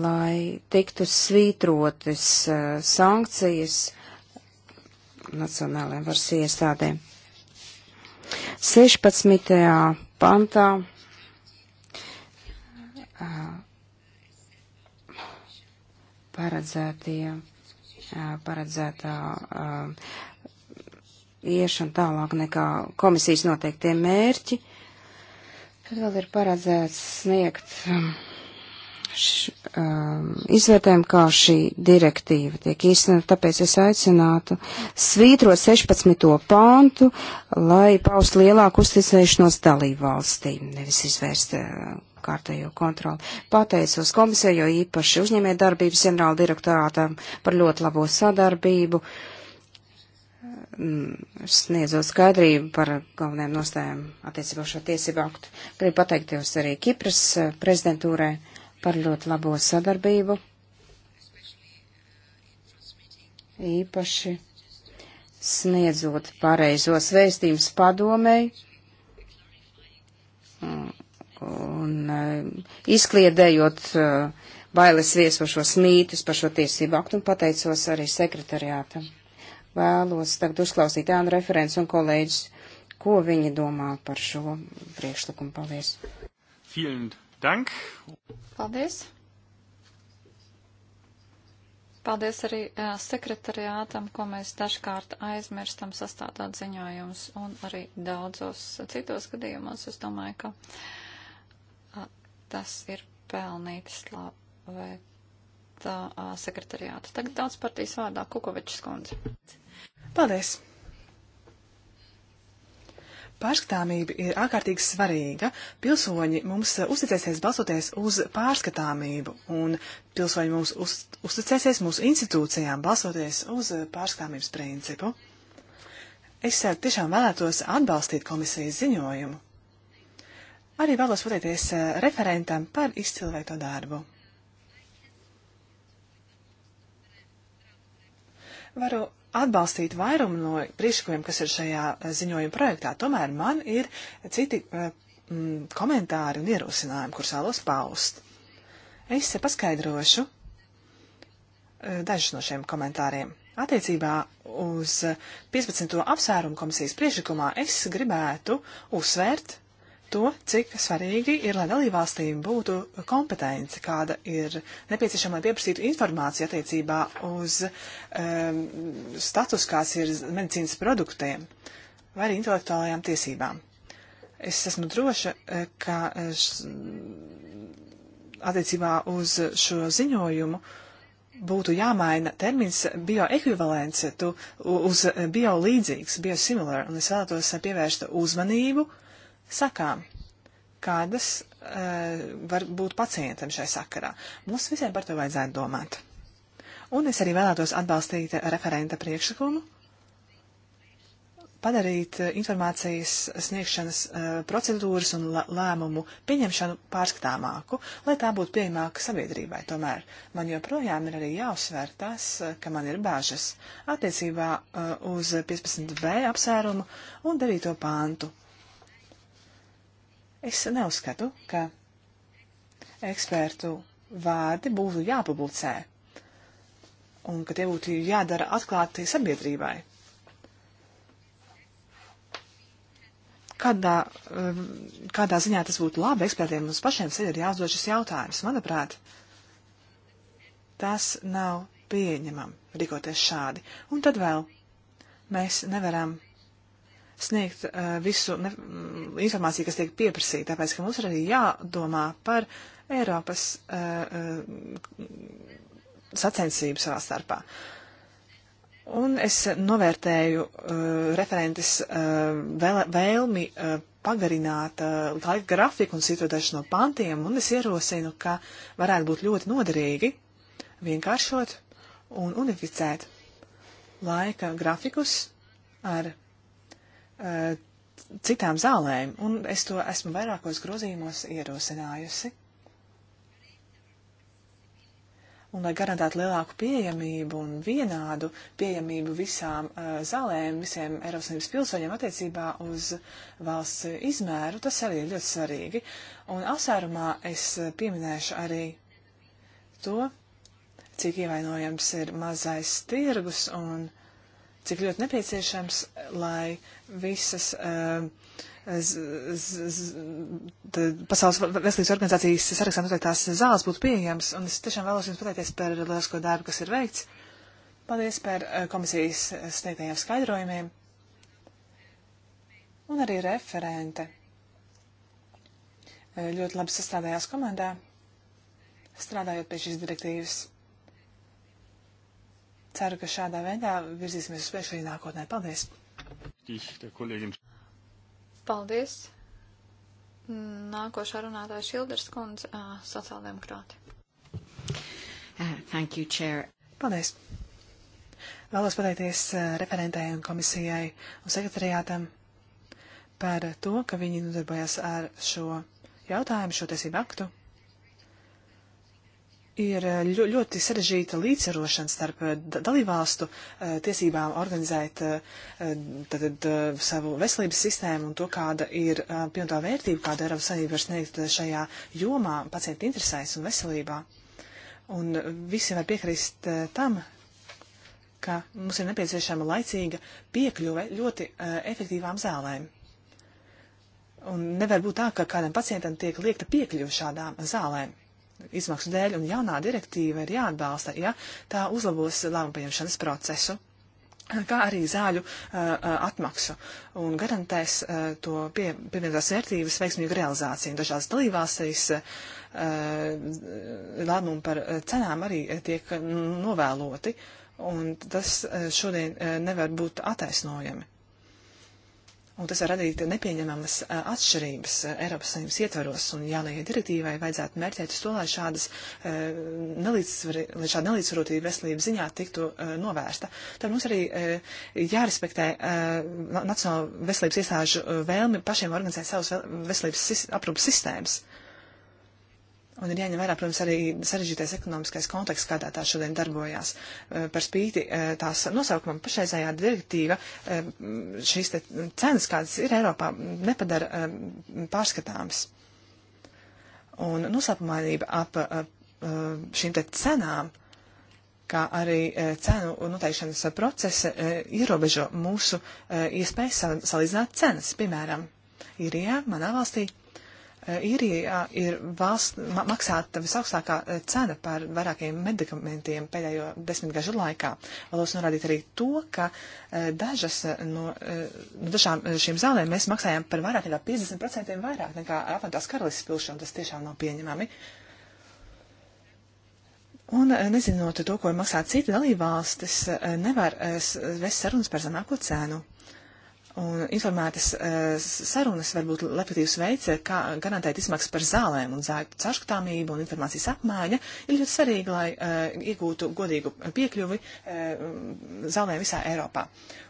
lai tiktu svītrotas sankcijas nacionālajiem varas iestādēm. 16. pantā paredzētie, paredzētā iešana tālāk nekā komisijas noteiktie mērķi Vēl ir paredzēts sniegt um, š, um, izvērtējumu, kā šī direktīva tiek īstenot, tāpēc es aicinātu svītrot 16. pāntu, lai paust lielāku uzticēšanos dalību valstīm, nevis izvērst uh, kārtējo kontroli. Pateicos komisē, jo īpaši uzņēmē darbības ģenerāla direktorātam par ļoti labo sadarbību. Uh, Mm, sniedzot skaidrību par galvenajām nostājām attiecībā šo tiesību aktu. Gribu pateikties arī Kipras eh, prezidentūrai par ļoti labo sadarbību, īpaši sniedzot pareizos vēstījumus padomēji mm, un eh, izkliedējot eh, bailes viesošos mītus par šo tiesību aktu un pateicos arī sekretariātam. Vēlos tagad uzklausīt Ānu referents un kolēģis, ko viņi domā par šo priekšlikumu. Paldies! Vielen dank! Paldies! Paldies arī uh, sekretariātam, ko mēs dažkārt aizmirstam sastādāt ziņojumus un arī daudzos citos gadījumos. Es domāju, ka uh, tas ir pelnīti slavēt uh, sekretariātu. Tagad daudz partijas vārdā Kukovičs kundze. Paldies! Pārskatāmība ir ārkārtīgi svarīga. Pilsoņi mums uzticēsies balsoties uz pārskatāmību, un pilsoņi mums uz, uzticēsies mūsu institūcijām balsoties uz pārskatāmības principu. Es eh, tiešām vēlētos atbalstīt komisijas ziņojumu. Arī vēlos pateikties eh, referentam par izcilvēto darbu. Varu atbalstīt vairumu no priekšlikumiem, kas ir šajā eh, ziņojuma projektā. Tomēr man ir citi eh, mm, komentāri un ierosinājumi, kurus vēlos paust. Es paskaidrošu eh, dažus no šiem komentāriem. Attiecībā uz 15. apsvērumu komisijas priekšlikumā es gribētu uzsvērt to, cik svarīgi ir, lai dalībvalstīm būtu kompetence, kāda ir nepieciešama, lai pieprasītu informāciju attiecībā uz um, status, kāds ir medicīnas produktiem vai arī intelektuālajām tiesībām. Es esmu droša, eh, ka eh, š, attiecībā uz šo ziņojumu būtu jāmaina termins bioekvivalents tu, uz eh, biolīdzīgs, biosimilar, un es vēlētos pievērst uzmanību uh, sakām, kādas uh, var būt pacientam šai sakarā. Mums visiem par to vajadzētu domāt. Un es arī vēlētos atbalstīt referenta priekšlikumu, padarīt eh, informācijas sniegšanas uh, procedūras un lēmumu pieņemšanu pārskatāmāku, lai tā būtu pieejamāka sabiedrībai. Tomēr man joprojām ir arī jāuzsver tas, ka man ir bāžas attiecībā uh, uz 15b apsvērumu un 9. pāntu Es neuzskatu, ka ekspertu vārdi būtu jāpublicē un ka tie būtu jādara atklāti sabiedrībai. Kādā, um, kādā ziņā tas būtu labi ekspertiem mums pašiem sev ir jāuzdod šis jautājums. Manuprāt, tas nav pieņemam rīkoties šādi. Un tad vēl mēs nevaram sniegt uh, visu ne, mm, informāciju, kas tiek pieprasīta, tāpēc, ka mums ir arī jādomā par Eiropas uh, uh, sacensību savā starpā. Un es novērtēju uh, referentes uh, vēl, vēlmi uh, pagarināt uh, laika grafiku un citu dažu no pantiem, un es ierosinu, ka varētu būt ļoti noderīgi vienkāršot un unificēt laika grafikus ar Eh, citām zālēm, un es to esmu vairākos grozījumos ierosinājusi. Un, lai garantētu lielāku pieejamību un vienādu pieejamību visām uh, zālēm, visiem Eiropas Savienības pilsoņiem attiecībā uz valsts izmēru, tas arī ir ļoti svarīgi. Un asērumā es eh, pieminēšu arī to, cik ievainojams ir mazais tirgus un uh, cik ļoti nepieciešams, lai visas uh, z, z, z, Pasaules veselības organizācijas sarakstā noteiktās zāles būtu pieejams, un es tiešām vēlos jums pateikties par lielisko darbu, kas ir veikts. Paldies par eh, komisijas sniegtajiem skaidrojumiem un arī referente. Eh, ļoti labi sastādājās komandā, strādājot pie šīs direktīvas. Ceru, ka šādā veidā virzīsimies uz priekšu arī nākotnē. Paldies! Paldies! Nākošā runātāja Šilders kundze, sociāldemokrāti. Uh, thank you, Chair. Paldies! Vēlos pateikties referentēji un komisijai un sekretariātam par to, ka viņi nodarbojās ar šo jautājumu, šo tiesību aktu. Ir eh, ļoti sarežģīta līdzsvarošana starp eh, dalībvalstu eh, tiesībām organizēt tad, savu veselības sistēmu un to, kāda ir pilnā vērtība, kāda Eiropas Savienība var sniegt šajā jomā pacientu interesēs un veselībā. Un visi var piekrist tam, ka mums ir nepieciešama laicīga piekļuve ļoti efektīvām zālēm. Un nevar būt tā, ka kādam pacientam tiek liekta piekļuve šādām zālēm izmaksu dēļ, un jaunā direktīva ir jāatbalsta, ja tā uzlabos lēmumu pieņemšanas procesu kā arī zāļu uh, atmaksu un garantēs uh, to pie, pievienotās vērtības veiksmīgu realizāciju. Dažās dalībvalstīs uh, lēmumi par cenām arī tiek novēloti, un tas šodien nevar būt attaisnojami. Un tas var radīt nepieņemamas atšķirības Eiropas Savienības ietvaros, un jaunajai direktīvai vajadzētu mērķēt uz to, lai, šādas, nelīdzsvari, lai šāda nelīdzsvarotība veselības ziņā tiktu novērsta. Tad mums arī jārespektē Nacionālo veselības iestāžu vēlmi pašiem organizēt savus veselības aprūpas sistēmas. Un ir jāņem vērā, protams, arī sarežģītais ekonomiskais konteksts, kādā tā šodien darbojās. Eh, par spīti eh, tās nosaukumam pašreizējā direktīva eh, šīs cenas, kādas ir Eiropā, nepadara pārskatāmas. Un nosaukumainība ap šīm te cenām, kā arī cenu noteikšanas procesa, ierobežo mūsu iespējas salīdzināt cenas. Piemēram, Irijā, manā valstī, Īrijā ir valsts ma maksāta visaugstākā e, cena par vairākiem medikamentiem pēdējo desmitgažu laikā. Vēlos norādīt arī to, ka e, dažas e, no, no dažām šīm zālēm mēs maksājām par vairāk nekā 50% vairāk nekā apvienotās karalistas pilšana. Tas tiešām nav pieņemami. Un nezinot to, ko maksā citi dalībvalstis, nevar vest sarunas par zemāko cenu. Un informētas eh, sarunas var būt lepatīvs veids, eh, kā garantēt izmaksas par zālēm un zēku caškatāmību un informācijas apmaiņa ir ļoti svarīgi, lai eh, iegūtu godīgu piekļuvi zālēm visā Eiropā.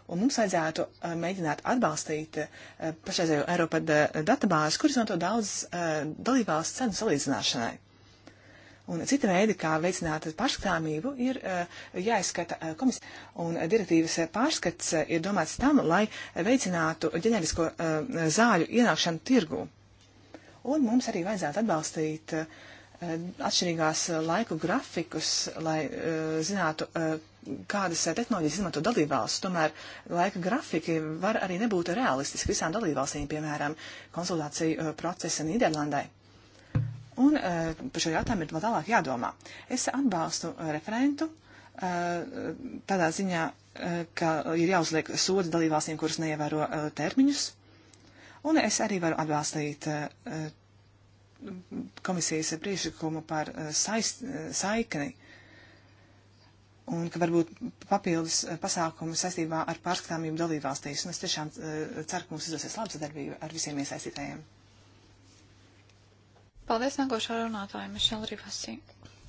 Un mums vajadzētu mēģināt atbalstīt pašreizējo Eiropa databāzi, kur izmanto daudz dalībvalsts cenu salīdzināšanai. Un cita veida, kā veicināt pārskatāmību, ir eh, jāizskata eh, komisija. Un direktīvas eh, pārskats ir domāts tam, lai veicinātu ģenerisko zāļu ienākšanu tirgū. Un mums arī vajadzētu atbalstīt atšķirīgās laiku grafikus, lai zinātu, kādas tehnoloģijas izmanto dalībvalsts. Tomēr laika grafiki var arī nebūt realistiski visām dalībvalstīm, piemēram, konsultāciju procesa Nīderlandai Un eh, par šo jautājumu ir vēl tālāk jādomā. Es atbalstu eh, referentu eh, tādā ziņā, ka ir jāuzliek sodi dalībvalstīm, kuras neievēro termiņus. Un es arī varu atbalstīt komisijas priekšlikumu par saist, saikni un ka varbūt papildus pasākumu saistībā ar pārskatāmību dalībvalstīs. Un es tiešām ceru, ka mums izdosies laba sadarbība ar visiem iesaistītajiem. Paldies nākošā runātāja Mišela Rivasī.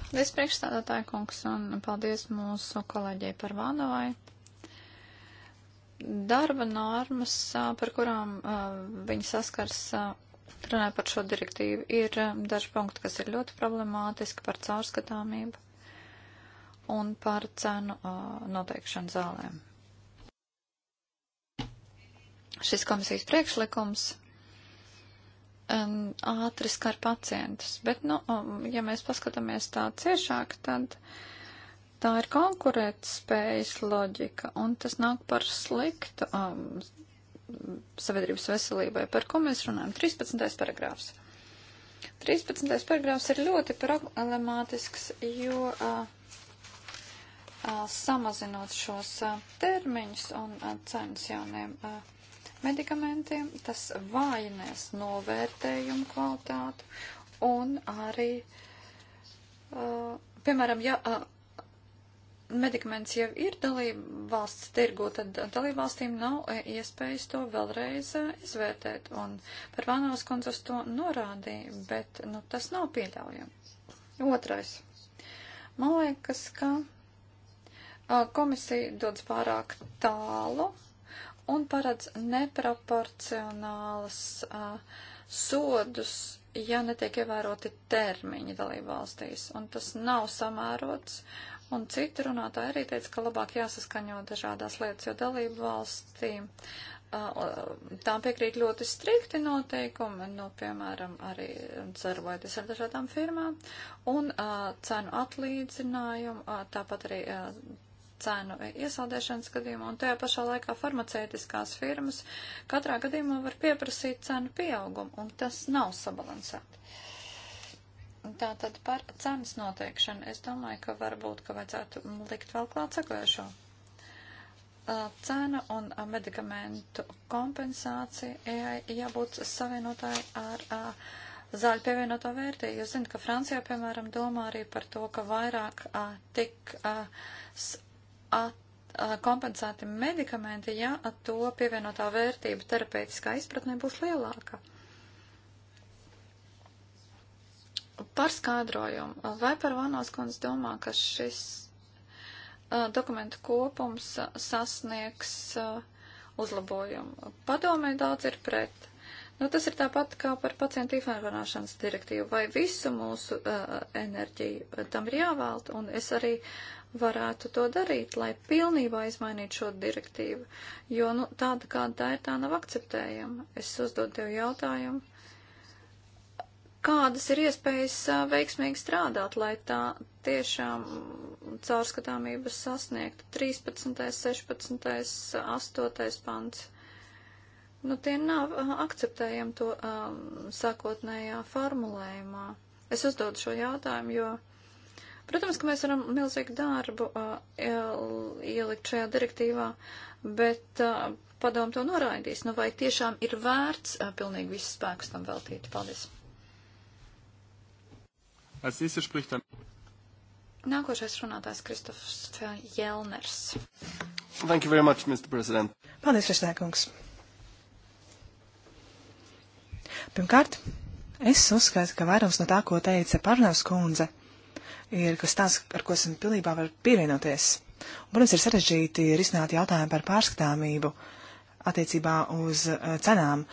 Paldies priekšstādātāja kungs un paldies mūsu kolēģei par Vānavai. Darba normas, par kurām viņi saskars runāja par šo direktīvu, ir daži punkti, kas ir ļoti problemātiski par caurskatāmību un par cenu noteikšanu zālēm. Šis komisijas priekšlikums um, ātri skar pacientus. Bet, nu, um, ja mēs paskatāmies tā ciešāk, tad tā ir konkurētspējas loģika, un tas nāk par sliktu um, sabiedrības veselībai. Par ko mēs runājam? 13. paragrāfs. 13. paragrāfs ir ļoti problemātisks, jo. Uh, uh, samazinot šos uh, termiņus un uh, cenas jauniem uh, medikamentiem, tas vājinās novērtējumu kvalitāti un arī, uh, piemēram, ja uh, medikaments jau ir dalība valsts tirgu, tad dalība valstīm nav uh, iespējas to vēlreiz uh, izvērtēt. Un par Vānavas kundze uz to norādīja, bet nu, tas nav pieļaujami. Otrais. Man liekas, ka uh, komisija dodas pārāk tālu un paredz neproporcionālas uh, sodus, ja netiek ievēroti termiņi dalībvalstīs, un tas nav samērots. Un citi runātāji arī teica, ka labāk jāsaskaņo dažādās lietas, jo dalību valstīm tām piekrīt ļoti strikti noteikumi, nu, piemēram, arī sarbojoties ar dažādām firmām, un uh, cenu atlīdzinājumu, uh, tāpat arī uh, cenu iesaldēšanas gadījumā, un tajā pašā laikā farmaceitiskās firmas katrā gadījumā var pieprasīt cenu pieaugumu, un tas nav sabalansēti. Tātad par cenas noteikšanu es domāju, ka varbūt, ka vajadzētu likt vēl klāt sekojošo. Cena un medikamentu kompensācija jābūt savienotāji ar. A, zaļu pievienoto vērtību. Jūs zināt, ka Francijā, piemēram, domā arī par to, ka vairāk a, tiks at, uh, kompensēti medikamenti, ja to pievienotā vērtība terapeitiskā izpratnē būs lielāka. Par skaidrojumu. Vai par Vanos kundze domā, ka šis uh, dokumentu kopums uh, sasniegs uh, uzlabojumu? Padomē daudz ir pret. Nu, tas ir tāpat kā par pacientu informēšanas direktīvu, vai visu mūsu uh, enerģiju tam ir jāvēlta, un es arī varētu to darīt, lai pilnībā izmainītu šo direktīvu, jo nu, tāda, kāda tā ir, tā nav akceptējama. Es uzdod tev jautājumu, kādas ir iespējas veiksmīgi strādāt, lai tā tiešām caurskatāmības sasniegtu 13., 16., 8. pants. Nu, tie nav akceptējami to um, sākotnējā formulējumā. Es uzdodu šo jautājumu, jo Protams, ka mēs varam milzīgu darbu ielikt šajā direktīvā, bet padomu to noraidīs. Nu, vai tiešām ir vērts pilnīgi visus spēkus tam veltīt? Paldies. Nākošais runātājs Kristofs Jelners. Thank you very much, Mr. President. Paldies, Rišnēkungs. Pirmkārt, es uzskatu, ka vairums no tā, ko teica Parnavs kundze, ir kas tāds, ar ko esam pilnībā var pievienoties. Un, protams, ir sarežģīti risināt jautājumu par pārskatāmību attiecībā uz eh, cenām,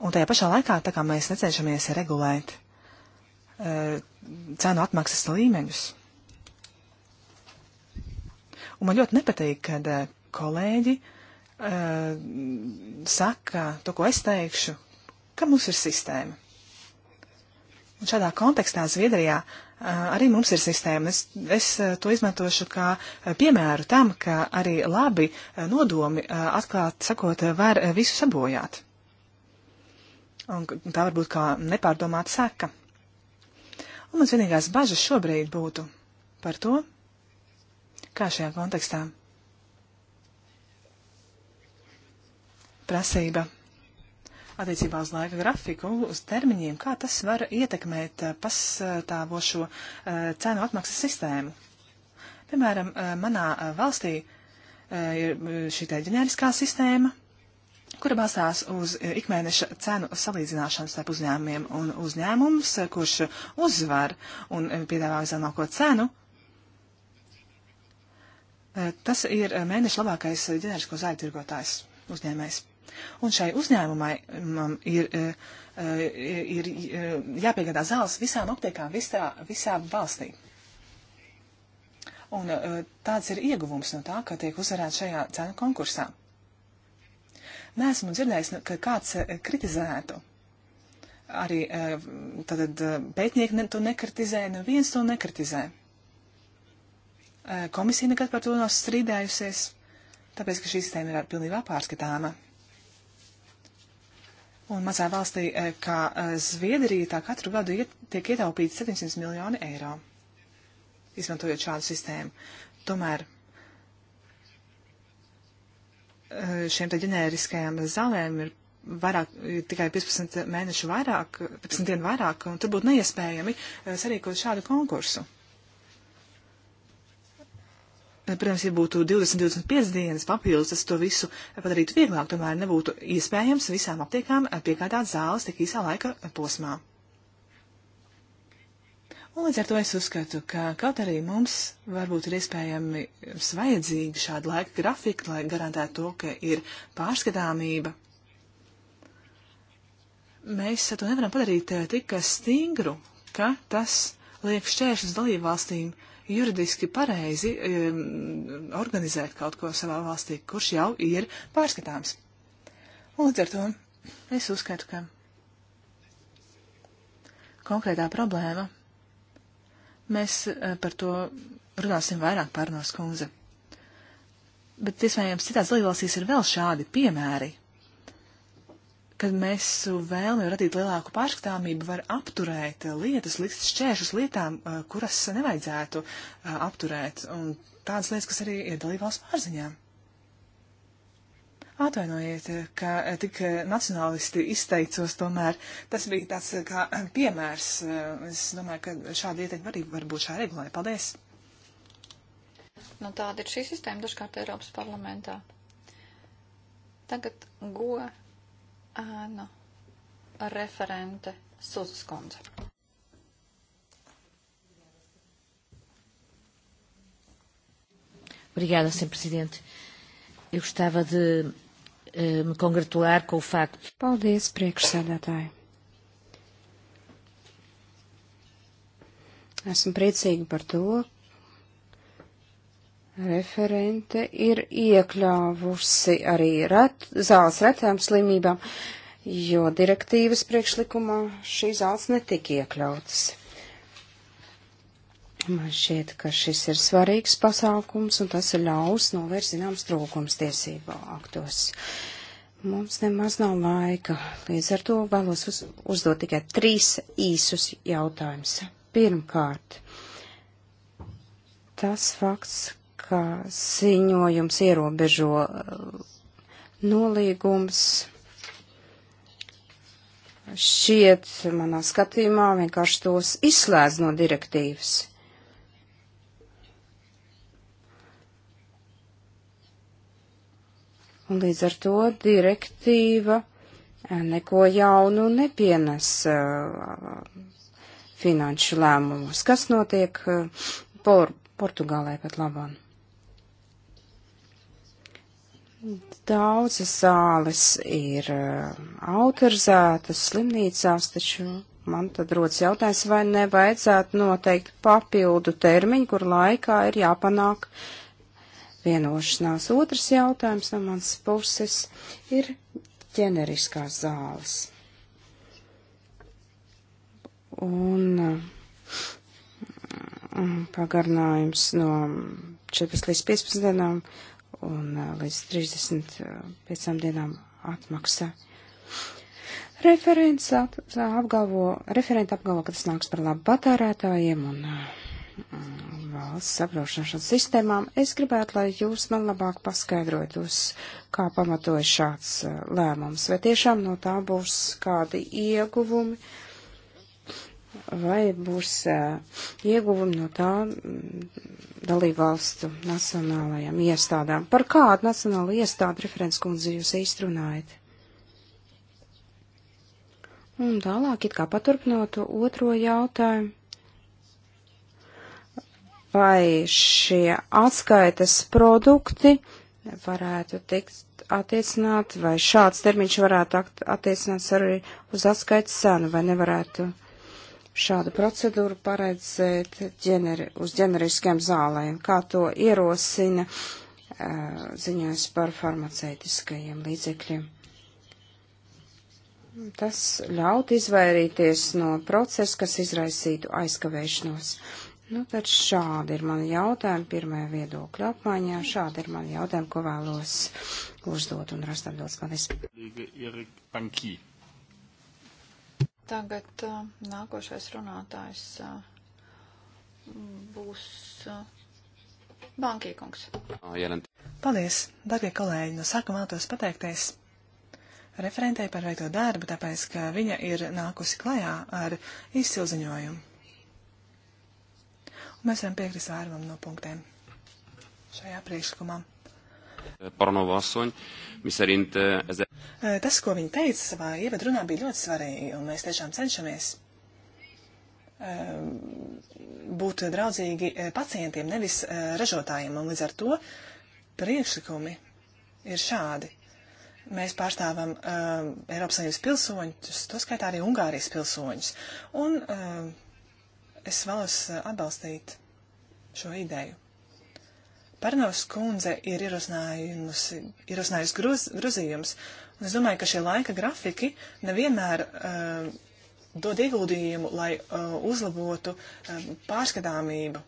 un tajā pašā laikā, tā kā mēs necenšamies regulēt eh, cenu atmaksas līmeņus. Un man ļoti nepatīk, kad eh, kolēģi uh, saka to, ko es teikšu, ka mums ir sistēma. Un šādā kontekstā Zviedrijā Arī mums ir sistēma. Es, es to izmantošu kā piemēru tam, ka arī labi nodomi atklāt sakot var visu sabojāt. Un tā var būt kā nepārdomāta seka. Un mans vienīgās bažas šobrīd būtu par to, kā šajā kontekstā prasība attiecībā uz laika grafiku, uz termiņiem, kā tas var ietekmēt eh, pastāvošo eh, cenu atmaksas sistēmu. Piemēram, eh, manā valstī ir šī tā ģeneriskā sistēma, kura balstās uz ikmēneša cenu salīdzināšanu starp uzņēmumiem un uzņēmums, kurš uzvar un piedāvā viszemāko cenu. Tas ir mēneša labākais ģenerisko zāļu tirgotājs uzņēmējs. Un šai uzņēmumam mm, ir, e, e, ir, ir e, jāpiegādā zāles visām aptiekām visā, visā valstī. Un tāds ir ieguvums no tā, ka tiek uzvarēts šajā cenu konkursā. Nesmu dzirdējis, nu, ka kāds kritizētu. Arī tātad pētnieki ne, to nekritizē, neviens to nekritizē. Komisija nekad par to nav strīdējusies, tāpēc, ka šī sistēma ir pilnībā pārskatāma. Un mazā valstī, e, kā e, Zviedrija, tā katru gadu iet, tiek ietaupīta 700 miljoni eiro, izmantojot šādu sistēmu. Tomēr e, šiem te ģenēriskajām zālēm ir vairāk, ir tikai 15 mēnešu vairāk, 15 dienu vairāk, un tur būtu neiespējami sarīkot šādu konkursu. Protams, ja būtu 20, 25 dienas papildus, tas to visu padarītu vieglāk, tomēr nebūtu iespējams visām aptiekām piegādāt zāles tik īsā laika posmā. Un līdz ar to es uzskatu, ka kaut arī mums varbūt ir iespējami vajadzīgi šāda laika grafika, lai garantētu to, ka ir pārskatāmība. Mēs to nevaram padarīt eh, tik stingru, ka tas liek šķēršus dalībvalstīm valstīm juridiski pareizi um, organizēt kaut ko savā valstī, kurš jau ir pārskatāms. Un līdz ar to es uzskatu, ka konkrētā problēma. Mēs eh, par to runāsim vairāk pārnos kundze. Bet, iespējams, citās lielvalstīs ir vēl šādi piemēri, kad mēs vēlmi radīt lielāku pārskatāmību, var apturēt lietas, likt šķēršus lietām, eh, kuras nevajadzētu eh, apturēt, un tādas lietas, kas arī ir dalībvalsts pārziņā. Atvainojiet, ka eh, tik nacionālisti izteicos tomēr. Tas bija tāds kā piemērs. Es domāju, ka šāda ieteikuma arī var būt šā regulē. Paldies! Nu, tāda ir šī sistēma dažkārt Eiropas parlamentā. Tagad go ēnu referente Suzas kundze. Obrigada, Sr. Presidente. Eu gostava de uh, me congratular com o facto. Paldies, priekšsēdētāji. Esmu priecīga par to, Referente ir iekļāvusi arī ret, zāles retām slimībām, jo direktīvas priekšlikumā šīs zāles netika iekļautas. Man šķiet, ka šis ir svarīgs pasākums, un tas ir ļaus novērst zināms trūkums tiesību aktos. Mums nemaz nav laika, līdz ar to vēlos uz, uzdot tikai trīs īsus jautājumus. Pirmkārt, tas fakts, ka ziņojums ierobežo uh, nolīgums. Šiet, manā skatījumā, vienkārši tos izslēdz no direktīvas. Un līdz ar to direktīva uh, neko jaunu nepienes uh, finanšu lēmumus. Kas notiek por Portugālē pat labāk? Daudzas zāles ir eh, autorizētas slimnīcās, taču man tad rodas jautājums, vai nevajadzētu noteikt papildu termiņu, kur laikā ir jāpanāk vienošanās. Otrs jautājums no manas puses ir ģeneriskās zāles. Un eh, pagarinājums no 14 līdz 15 dienām un līdz 35 dienām atmaksā. Referents at, apgalvo, referenta apgalvo, ka tas nāks par labu patērētājiem un valsts apdrošināšanas sistēmām. Es gribētu, lai jūs man labāk paskaidrojat, uz kā pamatoja šāds lēmums, vai tiešām no tā būs kādi ieguvumi. Uh, vai būs ieguvumi no tā dalībvalstu nacionālajām iestādām. Par kādu nacionālu iestādu referents kundze jūs īstrunājat? Un tālāk it kā paturpinot otro jautājumu. Vai šie atskaites produkti varētu tikt attiecināti, vai šāds termiņš varētu attiecināt arī uz atskaites cenu, vai nevarētu uh, šādu procedūru paredzēt ģeneri, uz ģeneriskiem zālēm, kā to ierosina uh, ziņojums par farmaceitiskajiem līdzekļiem. Tas ļaut izvairīties no procesa, kas izraisītu aizkavēšanos. Nu, tad šādi ir mani jautājumi pirmajā viedokļa apmaiņā, šādi ir mani jautājumi, ko vēlos uzdot un rast atbildes. Paldies. Tagad uh, nākošais runātājs uh, būs uh, Bankīkungs. Oh, Paldies, darbie kolēģi! No sākuma vēlētos pateikties referentei par veikto darbu, tāpēc, ka viņa ir nākusi klajā ar izcilziņojumu. Un mēs varam piekrist vērvam no punktiem šajā priekšlikumā. Parnova asoņ, miserint. Eh, eh, tas, ko viņa teica savā ievadrunā, bija ļoti svarīgi, un mēs tiešām cenšamies eh, būt draudzīgi pacientiem, nevis ražotājiem, un līdz ar to priekšlikumi ir šādi. Mēs pārstāvam uh, Eiropas Savienības pilsoņus, to skaitā arī Ungārijas pilsoņus. Un uh, es vēlos atbalstīt šo ideju. Parnovas kundze ir ierosinājusi gruz, grozījums, un es domāju, ka šie laika grafiki nevienmēr uh, dod ieguldījumu, lai uh, uzlabotu uh, pārskatāmību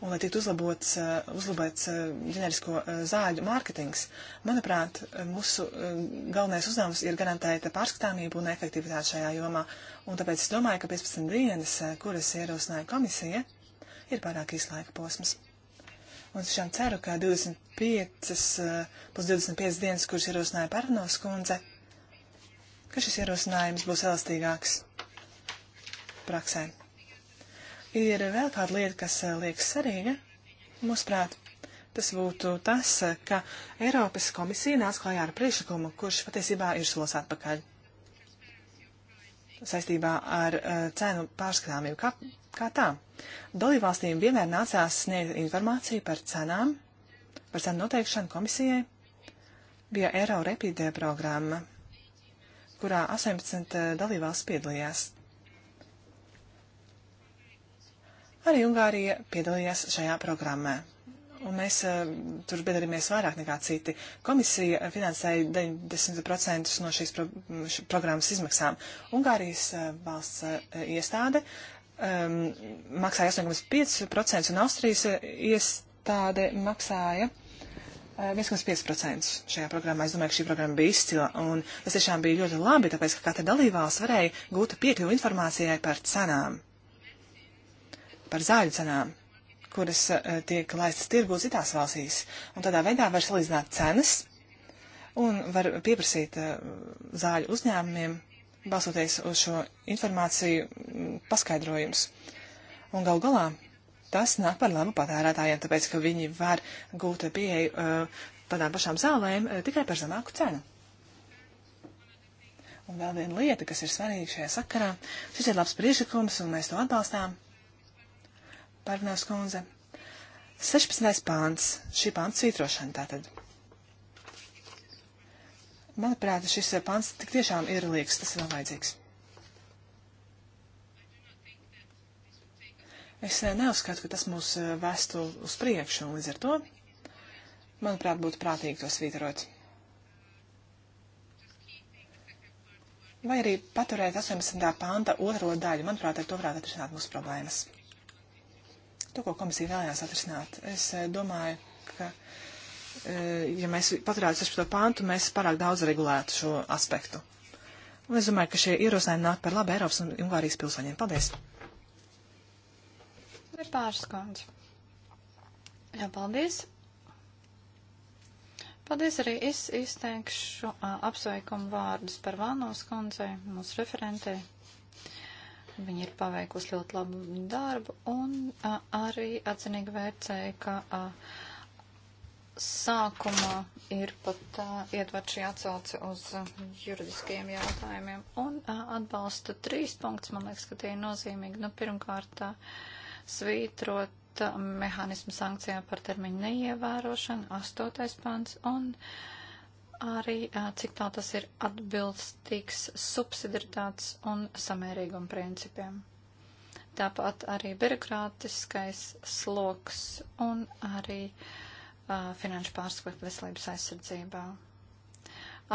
un lai tiktu uzlabots, uh, uzlabots uh, ģenerisko uh, zāļu mārketings. Manuprāt, mūsu uh, galvenais uzdevums ir garantēt pārskatāmību un efektivitāti šajā jomā, un tāpēc es domāju, ka 15 dienas, uh, kuras ierosināja komisija, ir pārāk īsts laika posms. Un es tiešām ceru, ka 25 plus 25 dienas, kuras ierosināja Parnos kundze, ka šis ierosinājums būs elastīgāks praksē. Ir vēl kāda lieta, kas eh, liekas svarīga, mūsuprāt, tas būtu tas, eh, ka Eiropas komisija nāca klājā ar priekšlikumu, kurš patiesībā ir solis atpakaļ saistībā ar uh, cenu pārskatāmību. Kā kā tā. Dalībvalstīm vienmēr nācās sniegt informāciju par cenām, par cenu noteikšanu komisijai. Bija Eiro repīdē programma, kurā 18 eh, dalībvalsts piedalījās. Arī Ungārija piedalījās šajā programmā. Un mēs uh, tur piedalījāmies vairāk nekā citi. Komisija finansēja 90% no šīs pro, programmas izmaksām. Ungārijas uh, valsts uh, iestāde uh, um, maksāja 8,5% un Austrijas uh, iestāde maksāja. 1,5% uh, šajā programmā. Es domāju, ka šī programma bija izcila, un tas tiešām bija ļoti labi, tāpēc, ka katra dalībvalsts varēja gūt piekļuvu informācijai par cenām, par zāļu cenām, kuras uh, tiek laistas tirgū citās valstīs, un tādā veidā var salīdzināt cenas un var pieprasīt uh, zāļu uzņēmumiem balsoties uz šo informāciju, mm, paskaidrojums. Un gal galā tas nāk par labu patērētājiem, tāpēc, ka viņi var gūt pieeju uh, tādām pašām zālēm uh, tikai par zemāku cenu. Un vēl viena lieta, kas ir svarīga šajā sakarā, šis ir labs priekšlikums, un mēs to atbalstām. Parunās kundze. 16. pāns, šī pāns cītrošana tātad. Manuprāt, šis pants tik tiešām ir liekas, tas vēl vajadzīgs. Es eh, neuzskatu, ka tas mūs eh, vestu uz priekšu, un līdz ar to, manuprāt, būtu prātīgi to svītrot. Vai arī paturēt 18. panta otro daļu, manuprāt, ar to varētu atrisināt mūsu problēmas. To, ko komisija vēlējās atrisināt, es eh, domāju, ka E, ja mēs paturētu 16. pāntu, mēs pārāk daudz regulētu šo aspektu. Un es domāju, ka šie ierosinājumi nāk par labu Eiropas un Ungārijas pilsoņiem. Paldies! Ir pāris kundze. Jā, paldies! Paldies arī es izteikšu a, apsveikumu vārdus par Vānos kundzei, mūsu referentei. Viņa ir paveikusi ļoti labu darbu un a, arī atzinīgi vērtēja, ka a, sākumā ir pat uh, ietverts šī atsauce uz uh, juridiskiem jautājumiem un uh, atbalsta trīs punktus. Man liekas, ka tie ir nozīmīgi. Nu, pirmkārt, uh, svītrot uh, mehānismu sankcijām par termiņu neievērošanu, astotais pants, un arī uh, cik tā tas ir atbilstīgs subsidiritātes un samērīguma principiem. Tāpat arī birokrātiskais sloks un arī uh, uh, finanšu pārskatu veselības aizsardzībā.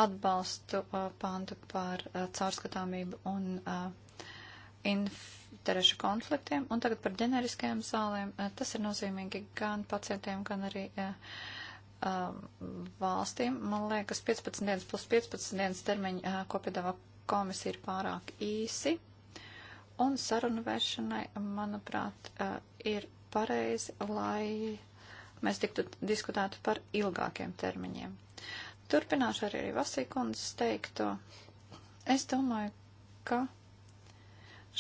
Atbalstu uh, pantu par uh, caurskatāmību un uh, interešu konfliktiem. Un tagad par ģeneriskajām zālēm. Uh, tas ir nozīmīgi gan pacientiem, gan arī. Uh, um, valstīm. Man liekas, 15 dienas plus 15 dienas termiņi, uh, ko piedāvā komisija, ir pārāk īsi. Un sarunu vēršanai, manuprāt, uh, ir pareizi, lai mēs tiktu diskutētu par ilgākiem termiņiem. Turpināšu arī Vasīkundas teikto. Es domāju, ka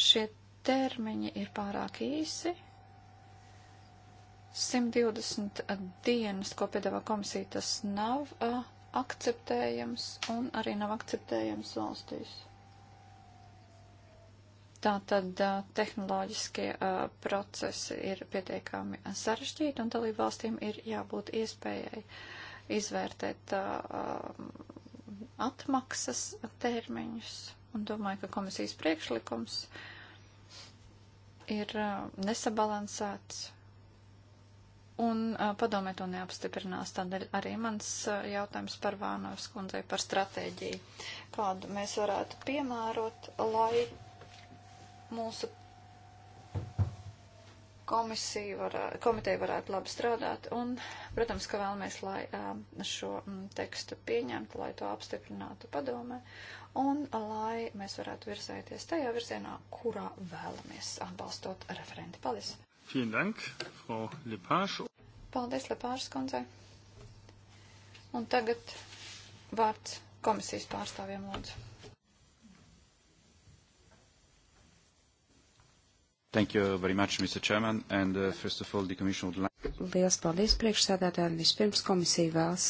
šie termiņi ir pārāk īsi. 120 dienas, ko piedāvā komisija, tas nav uh, akceptējams un arī nav akceptējams valstīs. Tātad tehnoloģiskie uh, procesi ir pietiekami sarežģīti un dalību valstīm ir jābūt iespējai izvērtēt uh, atmaksas termiņus. Un domāju, ka komisijas priekšlikums ir uh, nesabalansēts un padomē to neapstiprinās. Tādēļ arī mans jautājums par Vānovas kundzei par stratēģiju, kādu mēs varētu piemērot, lai mūsu komisija varētu, komiteja varētu labi strādāt un, protams, ka vēlamies, lai um, šo mm, tekstu pieņemtu, lai to apstiprinātu padomē un lai mēs varētu virzēties tajā virzienā, kurā vēlamies atbalstot referenti. Paldies! Vielen Dank, Frau Lepāšu. Paldies, Lepāšas kundzei. Un tagad vārds komisijas pārstāvjiem lūdzu. Thank you very much, Mr. Chairman. And uh, first of all, the Commission would like... Lielas paldies priekšsēdētājiem. Vispirms komisija vēlas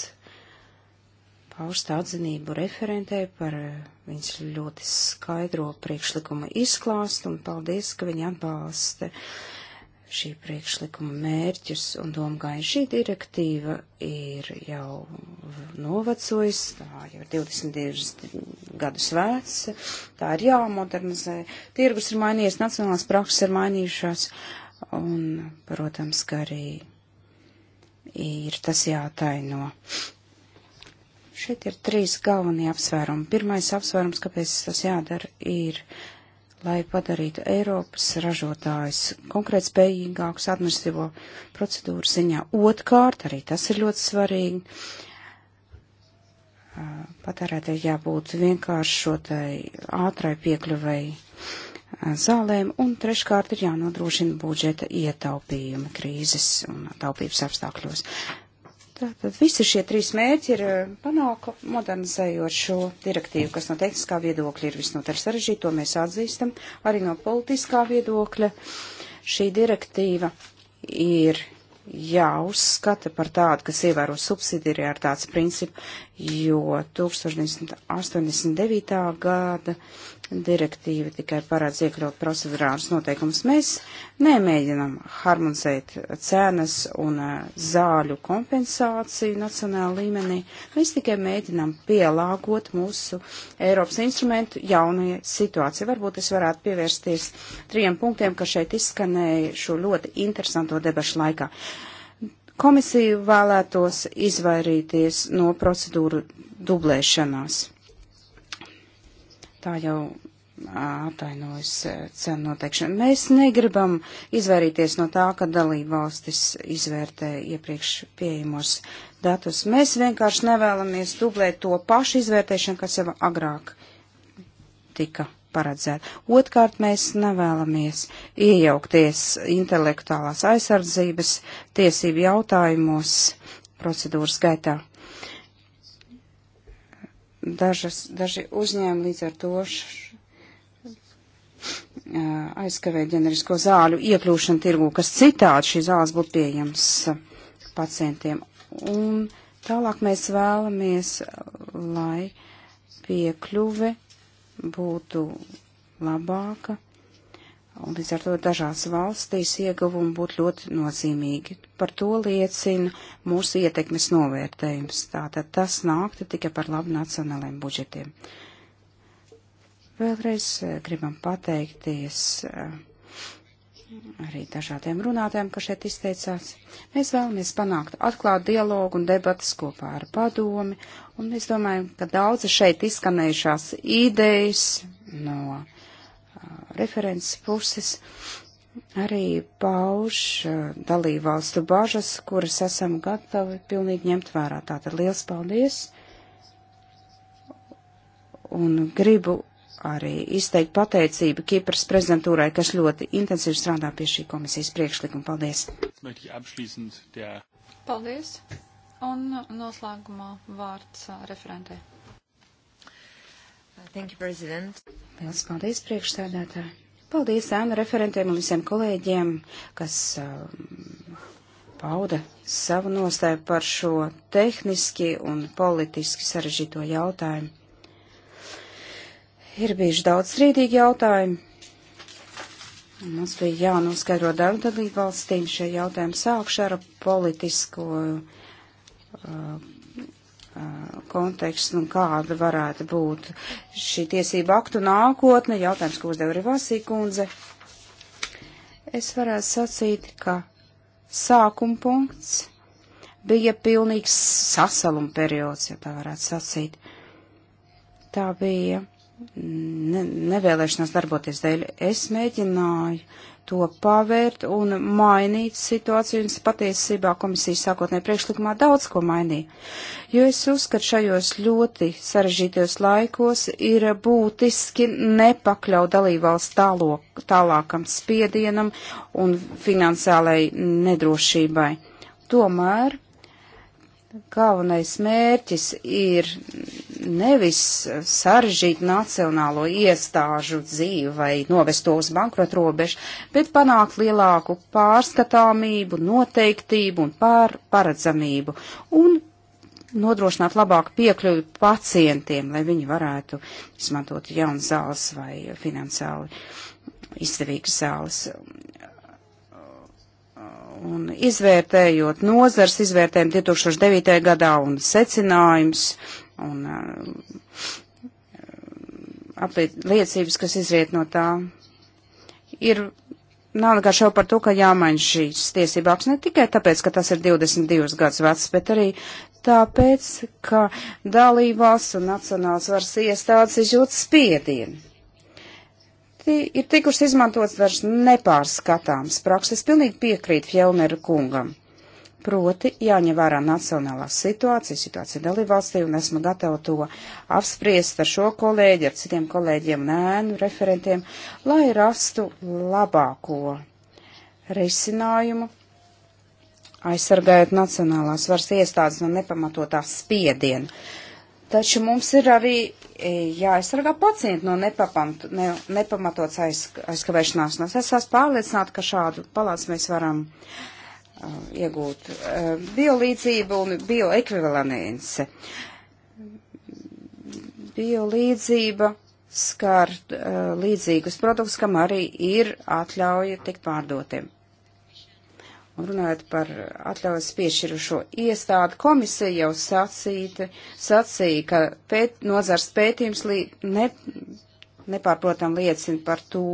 paust atzinību referentē par uh, viņas ļoti skaidro priekšlikuma izklāstu un paldies, ka viņa atbalsta uh, šī priekšlikuma mērķus un domgāju. Šī direktīva ir jau novecojusi, tā jau ir 22 gadus veca, tā ir jāmodernizē, tirgus ir mainījies, nacionālās prakses ir mainījušās, un, protams, ka arī ir tas jātaino. Šeit ir trīs galvenie apsvērumi. Pirmais apsvērums, kāpēc tas jādara, ir lai padarītu Eiropas ražotājs konkrēt spējīgākus administratīvo procedūru ziņā. Otkārt, arī tas ir ļoti svarīgi, patērētai jābūt vienkāršotai, ātrai piekļuvai zālēm, un treškārt ir jānodrošina budžeta ietaupījumi krīzes un taupības apstākļos. Tātad visi šie trīs mērķi ir eh, panāka modernizējot šo direktīvu, kas no tehniskā viedokļa ir visnotaļ sarežģīta, to mēs atzīstam, arī no politiskā viedokļa. Šī direktīva ir jāuzskata par tādu, kas ievēro subsidiaritātes principu, jo 1989. gada direktīva tikai parāds iekļaut procedurālus noteikumus. Mēs nemēģinam harmonizēt cenas un eh, zāļu kompensāciju nacionāla līmenī. Mēs tikai mēģinam pielāgot mūsu Eiropas instrumentu jaunajai situācijai. Varbūt es varētu pievērsties trijiem punktiem, kas šeit izskanēja šo ļoti interesanto debašu laikā. Komisija vēlētos izvairīties no procedūru dublēšanās tā jau atainojas cenu noteikšana. Mēs negribam izvairīties no tā, ka dalība valstis izvērtē iepriekš pieejamos datus. Mēs vienkārši nevēlamies dublēt to pašu izvērtēšanu, kas jau agrāk tika paredzēta. Otkārt, mēs nevēlamies iejaukties intelektuālās aizsardzības tiesību jautājumos procedūras gaitā dažas, daži uzņēmumi līdz ar to aizkavē ģenerisko zāļu iekļūšanu tirgu, kas citādi šīs zāles būtu pieejams pacientiem. Un tālāk mēs vēlamies, lai piekļuve būtu labāka Un līdz ar to dažās valstīs ieguvumi būtu ļoti nozīmīgi. Par to liecina mūsu ietekmes novērtējums. Tātad tas nāktu tikai par labu nacionālajiem budžetiem. Vēlreiz eh, gribam pateikties eh, arī dažādiem runātājiem, kas šeit izteicās. Mēs vēlamies panākt atklātu dialogu un debatas kopā ar padomi, un mēs domājam, ka daudzi šeit izskanējušās idejas no referents puses arī pauž dalībvalstu bažas, kuras esam gatavi pilnīgi ņemt vērā. Tātad liels paldies! Un gribu arī izteikt pateicību Kipras prezidentūrai, kas ļoti intensīvi strādā pie šī komisijas priekšlikuma. Paldies! Paldies! Un noslēgumā vārds referentē. Thank you, President. Lielas paldies, priekšstādātāji. Paldies ēnu referentiem un visiem kolēģiem, kas uh, pauda savu nostāju par šo tehniski un politiski sarežģīto jautājumu. Ir bijuši daudz strīdīgi jautājumi. Mums bija jānoskaidro darba dalību valstīm šie jautājumi sākšu ar politisko uh, konteksts un kāda varētu būt šī tiesība aktu nākotne, jautājums, ko uzdeva Rivasī kundze. Es varētu sacīt, ka sākuma punkts bija pilnīgs sasaluma periods, ja tā varētu sacīt. Tā bija ne, nevēlēšanās darboties dēļ. Es mēģināju to pavērt un mainīt situāciju, un patiesībā komisijas sākotnē priekšlikumā daudz ko mainīja. Jo es uzskatu, šajos ļoti sarežģītajos laikos ir būtiski nepakļaut dalībvalsts tālākam spiedienam un finansiālai nedrošībai. Tomēr galvenais mērķis ir nevis sarežģīt nacionālo iestāžu dzīvi vai novest to uz bankrotu robežu, bet panākt lielāku pārskatāmību, noteiktību un pār paredzamību un nodrošināt labāku piekļuvi pacientiem, lai viņi varētu izmantot jaunas zāles vai finansiāli izdevīgas zāles un izvērtējot nozars izvērtējumu 2009. gadā un secinājums un uh, apliecības, kas izriet no tā, ir nav nekā šau par to, ka jāmaina šīs tiesība apsne ne tikai tāpēc, ka tas ir 22 gadus vecs, bet arī tāpēc, ka dalībvalsts un nacionāls varas iestādes izjūt spiedienu. Ir tikuši izmantots dažs nepārskatāms prakses, pilnīgi piekrīt Fjellneru kungam. Proti, jāņem vērā nacionālā situācija, situācija dalībvalstī, un esmu gatava to apspriest ar šo kolēģi, ar citiem kolēģiem, nēnu referentiem, lai rastu labāko risinājumu, aizsargājot nacionālās varas iestādes no nepamatotā spiediena. Taču mums ir arī e, jāaizsargā pacienti no nepapamt, ne, nepamatots aiz, aizkavēšanās. Es esmu pārliecināta, ka šādu palāts mēs varam uh, Uh, iegūt uh, biolīdzība un bioekvivalenēnce. Biolīdzība skar uh, līdzīgus produktus, kam arī ir atļauja tikt pārdotiem. Un runājot par atļaujas piešķirušo iestādi, komisija jau sacīta, sacīja, ka pēt, nozars pētījums li, ne, nepārprotam liecina par to,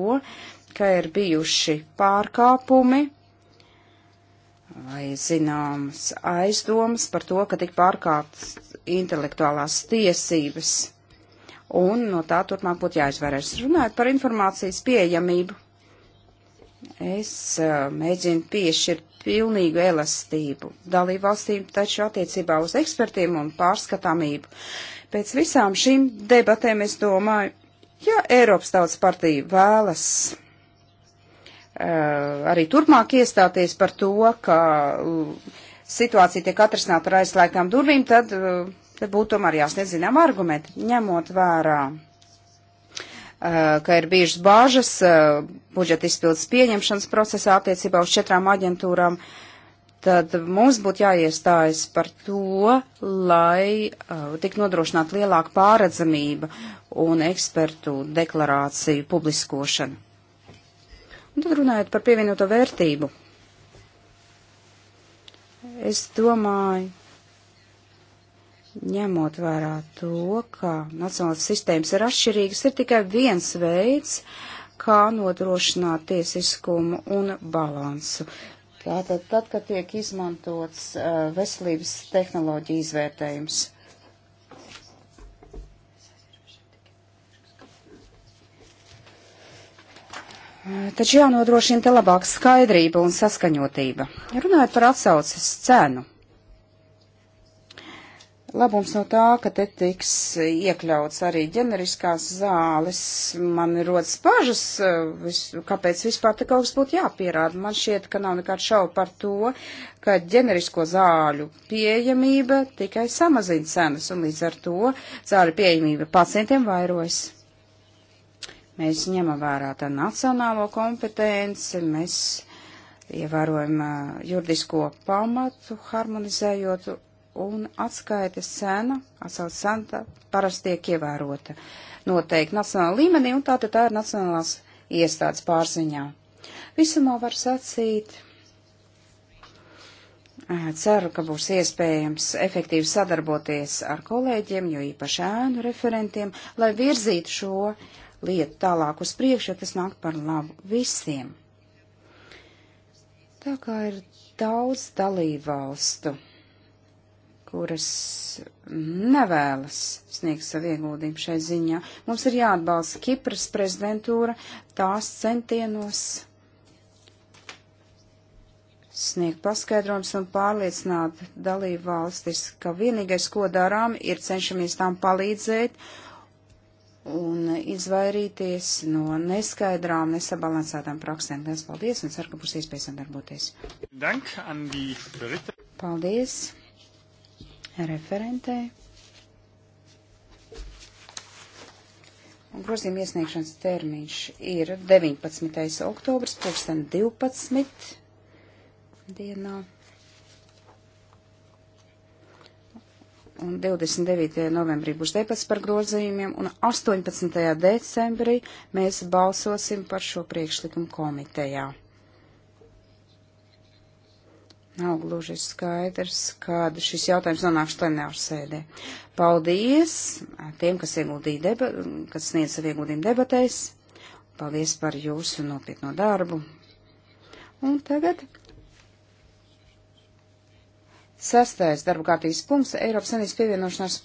ka ir bijuši pārkāpumi vai zināmas aizdomas par to, ka tik pārkāptas intelektuālās tiesības, un no tā turpmāk būtu jāizvērās. Runājot par informācijas pieejamību, es uh, mēģinu piešķirt pilnīgu elastību dalībvalstīm, taču attiecībā uz ekspertiem un pārskatāmību. Pēc visām šīm debatēm es domāju, ja Eiropas tautas partija vēlas Eh, arī turpmāk iestāties par to, ka situācija tiek atrasināta ar aizslēgtām durvīm, tad te būtu tomēr jāsniedz zinām argumenti, ņemot vērā, eh, ka ir bijušas bāžas eh, budžeta izpildes pieņemšanas procesā attiecībā uz četrām aģentūrām. Tad mums būtu jāiestājas par to, lai uh, tik nodrošinātu lielāku pāredzamību un ekspertu deklarāciju publiskošanu. Un tad runājot par pievienoto vērtību. Es domāju, ņemot vērā to, ka nacionālās sistēmas ir atšķirīgas, ir tikai viens veids, kā nodrošināt tiesiskumu un balansu. Tātad, tad, kad tiek izmantots eh, veselības tehnoloģija izvērtējums. Taču jānodrošina te labāka skaidrība un saskaņotība. Runājot par atsauces cenu. Labums no tā, ka te tiks iekļauts arī ģeneriskās zāles, man rodas bažas, eh, vis, kāpēc vispār te kaut kas būtu jāpierāda. Man šķiet, ka nav nekāds šaubu par to, ka ģenerisko zāļu pieejamība tikai samazina cenas, un līdz ar to zāļu pieejamība pacientiem vairojas. Mēs ņemam vērā tā nacionālo kompetenci, mēs ievērojam juridisko pamatu, harmonizējot un atskaites cena, atsauc cena, parasti tiek ievērota noteikti nacionāla līmenī, un tātad tā ir nacionālās iestādes pārziņā. Visumā var sacīt, ceru, ka būs iespējams efektīvi sadarboties ar kolēģiem, jo īpaši ēnu referentiem, lai virzītu šo lietu tālāk uz priekšu, jo tas nāk par labu visiem. Tā kā ir daudz dalībvalstu, kuras nevēlas sniegt savu ieguldījumu šai ziņā, mums ir jāatbalsta Kipras prezidentūra tās centienos sniegt paskaidrojums un pārliecināt dalību valstis, ka vienīgais, ko darām, ir cenšamies tām palīdzēt un izvairīties no neskaidrām, nesabalansētām praksēm. Liels paldies un ceru, ka būs iespējas sadarboties. Paldies referentē. Un grozījuma iesniegšanas termiņš ir 19. oktobris, pulksten 12. dienā. un 29. novembrī būs debats par grozījumiem, un 18. decembrī mēs balsosim par šo priekšlikumu komitejā. Nav gluži skaidrs, kad šis jautājums nonāks plenāru sēdē. Paldies tiem, kas, deba, kas sniedz savu ieguldījumu debatēs. Paldies par jūsu nopietno darbu. Un tagad Sestais darba kārtības punkts - Eiropas Savienības pievienošanās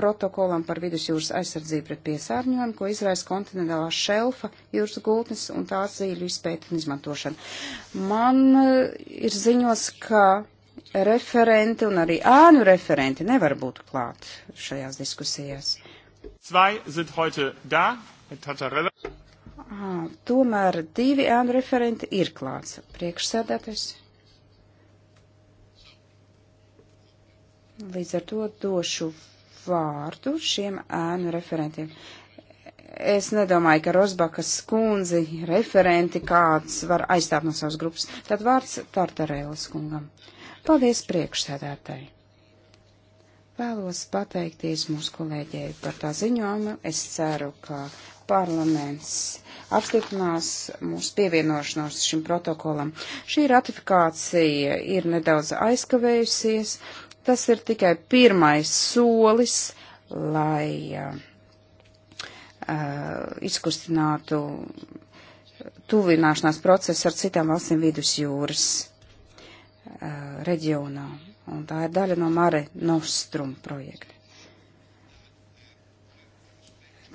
protokolam par vidusjūras aizsardzību pret piesārņojumu, ko izraisa kontinentālā šelfa, jūras gultnes un tās zīļu izpēta un izmantošana. Man eh, ir ziņos, ka referenti un arī ānu referenti nevar būt klāt šajās diskusijās. Zwei sind heute da, Tatarella. Ah, tomēr divi ānu referenti ir klāts. Priekšsēdētājs. Līdz ar to došu vārdu šiem ēnu referentiem. Es nedomāju, ka Rosbakas kundzi referenti kāds var aizstāt no savas grupas. Tad vārds Tartarēlas kungam. Paldies priekšsēdētāji. Vēlos pateikties mūsu kolēģei par tā ziņojumu. Es ceru, ka parlaments apstiprinās mūsu pievienošanos šim protokolam. Šī ratifikācija ir nedaudz aizkavējusies Tas ir tikai pirmais solis, lai uh, uh, izkustinātu tuvināšanās procesu ar citām valstīm vidusjūras uh, reģionā. Un tā ir daļa no Mare Nostrum projekta.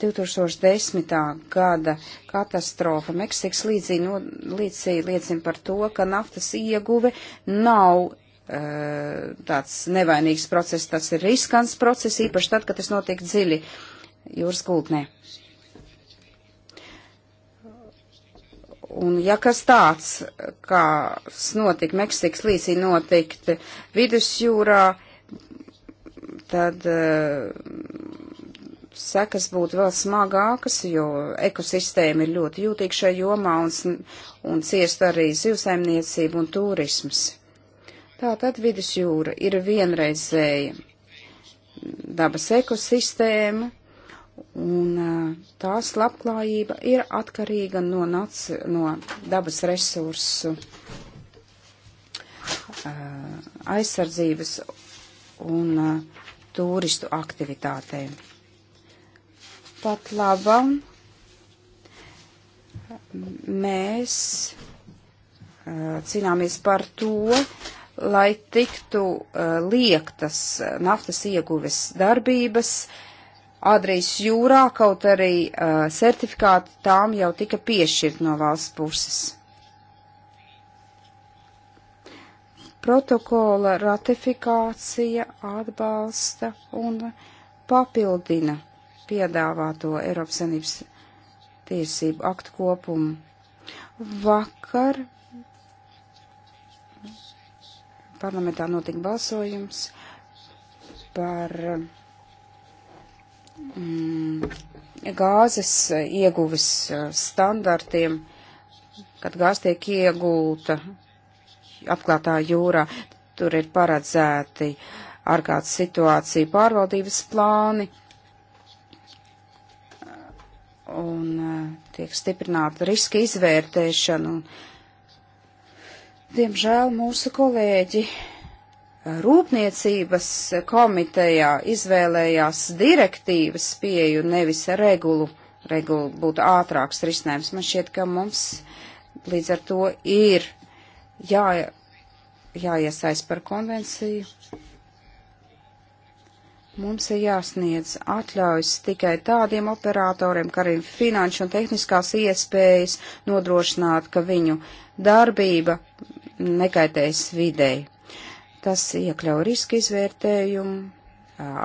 2010. gada katastrofa Meksikas līdzī, no, līdzī liecina par to, ka naftas ieguve nav Eh, tāds nevainīgs process, tas ir riskants process, īpaši tad, kad tas notiek dziļi jūras gultnē. Un ja kas tāds, kāds notika Meksikas līcī notikt vidusjūrā, tad uh, sekas būtu vēl smagākas, jo ekosistēma ir ļoti jūtīga šajā jomā un, un ciest arī zivsaimniecība un turisms. Tātad vidusjūra ir vienreizēja dabas ekosistēma, un tās labklājība ir atkarīga no, nac, no dabas resursu aizsardzības un turistu aktivitātēm. Pat labam mēs cīnāmies par to, lai tiktu uh, liektas naftas ieguves darbības Adrijas jūrā, kaut arī uh, certifikāti tām jau tika piešķirt no valsts puses. Protokola ratifikācija atbalsta un papildina piedāvāto Eiropas Savienības tiesību aktu kopumu. Vakar parlamentā notika balsojums par mm, gāzes ieguves eh, standartiem, kad gāze tiek iegūta atklātā jūrā. Tur ir paredzēti ārkārtas situācija pārvaldības plāni un eh, tiek stiprināta riska izvērtēšana. Un, Diemžēl mūsu kolēģi Rūpniecības komitejā izvēlējās direktīvas pieju nevis regulu. Regula būtu ātrāks risinājums. Man šķiet, ka mums līdz ar to ir jā, jāiesaist par konvenciju. Mums ir jāsniedz atļaujas tikai tādiem operatoriem, kā arī finanšu un tehniskās iespējas nodrošināt, ka viņu darbība nekaitēs videi. Tas iekļauj riska izvērtējumu,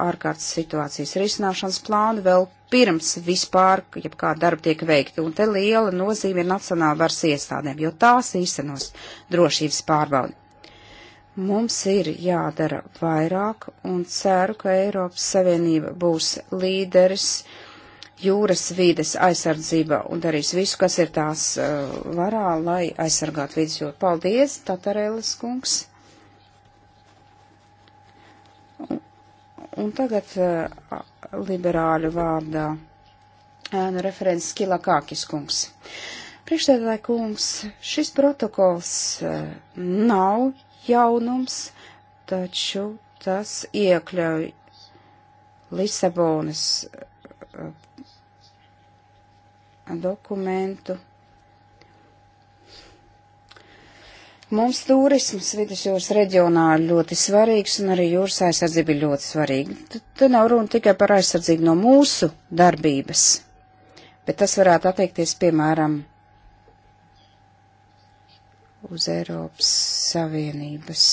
ārkārtas situācijas risināšanas plānu vēl pirms vispār, ja kāda darba tiek veikta, un te liela nozīme ir nacionāla varas iestādēm, jo tās īstenos drošības pārbaudi. Mums ir jādara vairāk, un ceru, ka Eiropas Savienība būs līderis uh, jūras vīdes aizsardzība un darīs visu, kas ir tās uh, varā, lai aizsargātu vīdes jūru. Paldies, Tatarēlis kungs! Un, un tagad uh, liberāļu vārdā ēnu uh, referents Kilakākis kungs. Priekšstādāja kungs, šis protokols uh, nav jaunums, taču tas iekļauj Lisabonas uh, dokumentu. Mums turisms vidusjūras reģionā ir ļoti svarīgs, un arī jūras aizsardzība ir ļoti svarīga. Te nav runa tikai par aizsardzību no mūsu darbības, bet tas varētu attiekties, piemēram, uz Eiropas Savienības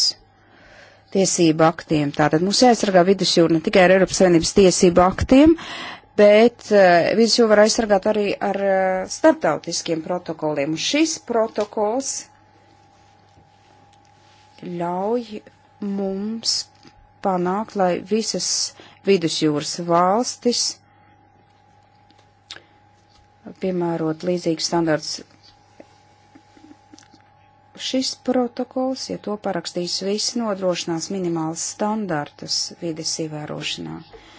tiesību aktiem. Tātad mums jāaizsargā vidusjūra ne tikai ar Eiropas Savienības tiesību aktiem, bet eh, vidus jau var aizsargāt arī ar eh, starptautiskiem protokoliem. Šis protokols ļauj mums panākt, lai visas vidusjūras valstis piemērot līdzīgs standarts. Šis protokols, ja to parakstīs visi, nodrošinās minimālas standartus vides ievērošanā. Uh,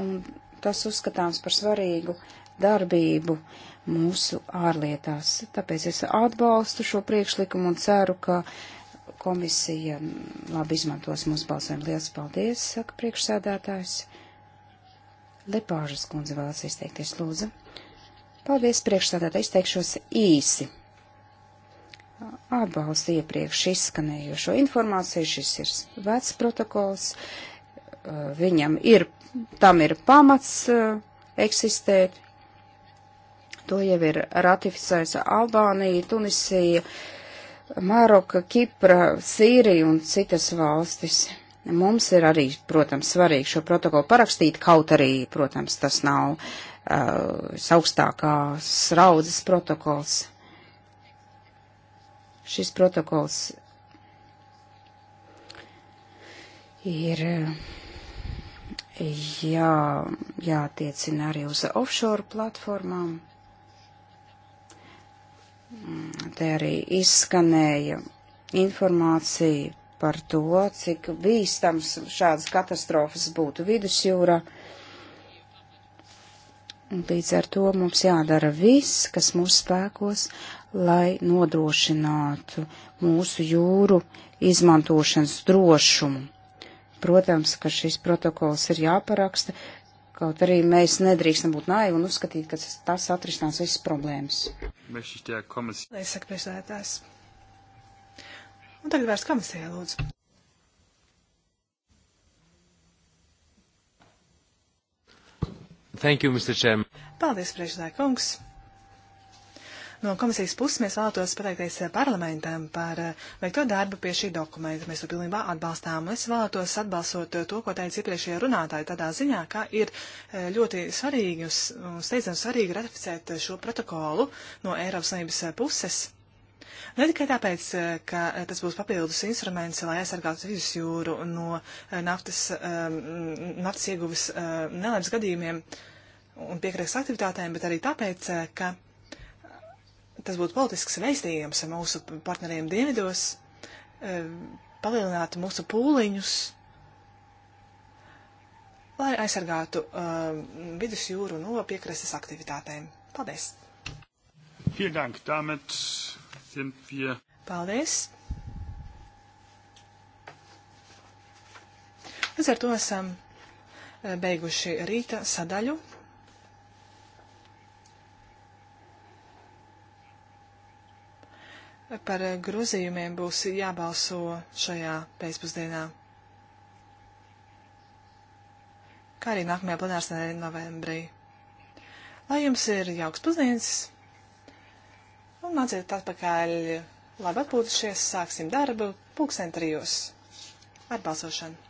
un tas uzskatāms par svarīgu darbību mūsu ārlietās. Tāpēc es atbalstu šo priekšlikumu un ceru, ka komisija labi izmantos mūsu balsojumu. Lielas paldies, saka priekšsēdētājs. Lepāžas kundze vēlas izteikties, lūdzu. Paldies, priekšsēdētāji, izteikšos īsi. Atbalstu iepriekš izskanējošo informāciju, šis ir vecs protokols, Eh, viņam ir, tam ir pamats eh, eksistēt. To jau ir ratificējusi Albānija, Tunisija, Maroka, Kipra, Sīrija un citas valstis. Mums ir arī, protams, svarīgi šo protokolu parakstīt, kaut arī, protams, tas nav uh, augstākās raudzes protokols. Šis protokols ir. Uh, jā, jātiecina arī uz offshore platformām. Mm, te arī izskanēja informācija par to, cik bīstams šādas katastrofas būtu vidusjūrā. Līdz ar to mums jādara viss, kas mūsu spēkos, lai nodrošinātu mūsu jūru izmantošanas drošumu. Protams, ka šis protokols ir jāparaksta, kaut arī mēs nedrīkstam būt naivi un uzskatīt, ka tas atrisinās visas problēmas. Mēs šīs tie komisijas. Es saku priekšsēdētājs. Un tagad vairs komisijā, lūdzu. Thank you, Mr. Chairman. Paldies, priekšsēdētāj kungs. No komisijas puses mēs vēlētos pateikties parlamentam par eh, veikto darbu pie šī dokumenta. Mēs to pilnībā atbalstām. Es vēlētos atbalstot eh, to, ko teica iepriekšējie runātāji, tādā ziņā, ka ir eh, ļoti svarīgi un steidzami svarīgi ratificēt šo protokolu no Eiropas Savienības puses. Ne tikai tāpēc, ka tas būs papildus instruments, lai aizsargātu vidusjūru no naftas, ehm, naftas ieguves ehm, nelēmas gadījumiem un piekrastes aktivitātēm, bet arī tāpēc, ka tas būtu politisks veistījums mūsu partneriem dienvidos, eh, palielināt mūsu pūliņus, lai aizsargātu uh, vidusjūru no piekrastes aktivitātēm. Paldies! Dank, damit sind wir... Paldies! Līdz ar to esam eh, beiguši rīta sadaļu. par eh, grozījumiem būs jābalso šajā pēcpusdienā. Kā arī nākamajā plenārsnē novembrī. Lai jums ir jauks pusdienas un māciet atpakaļ, labi atpūtušies, sāksim darbu pulksten trijos ar balsošanu.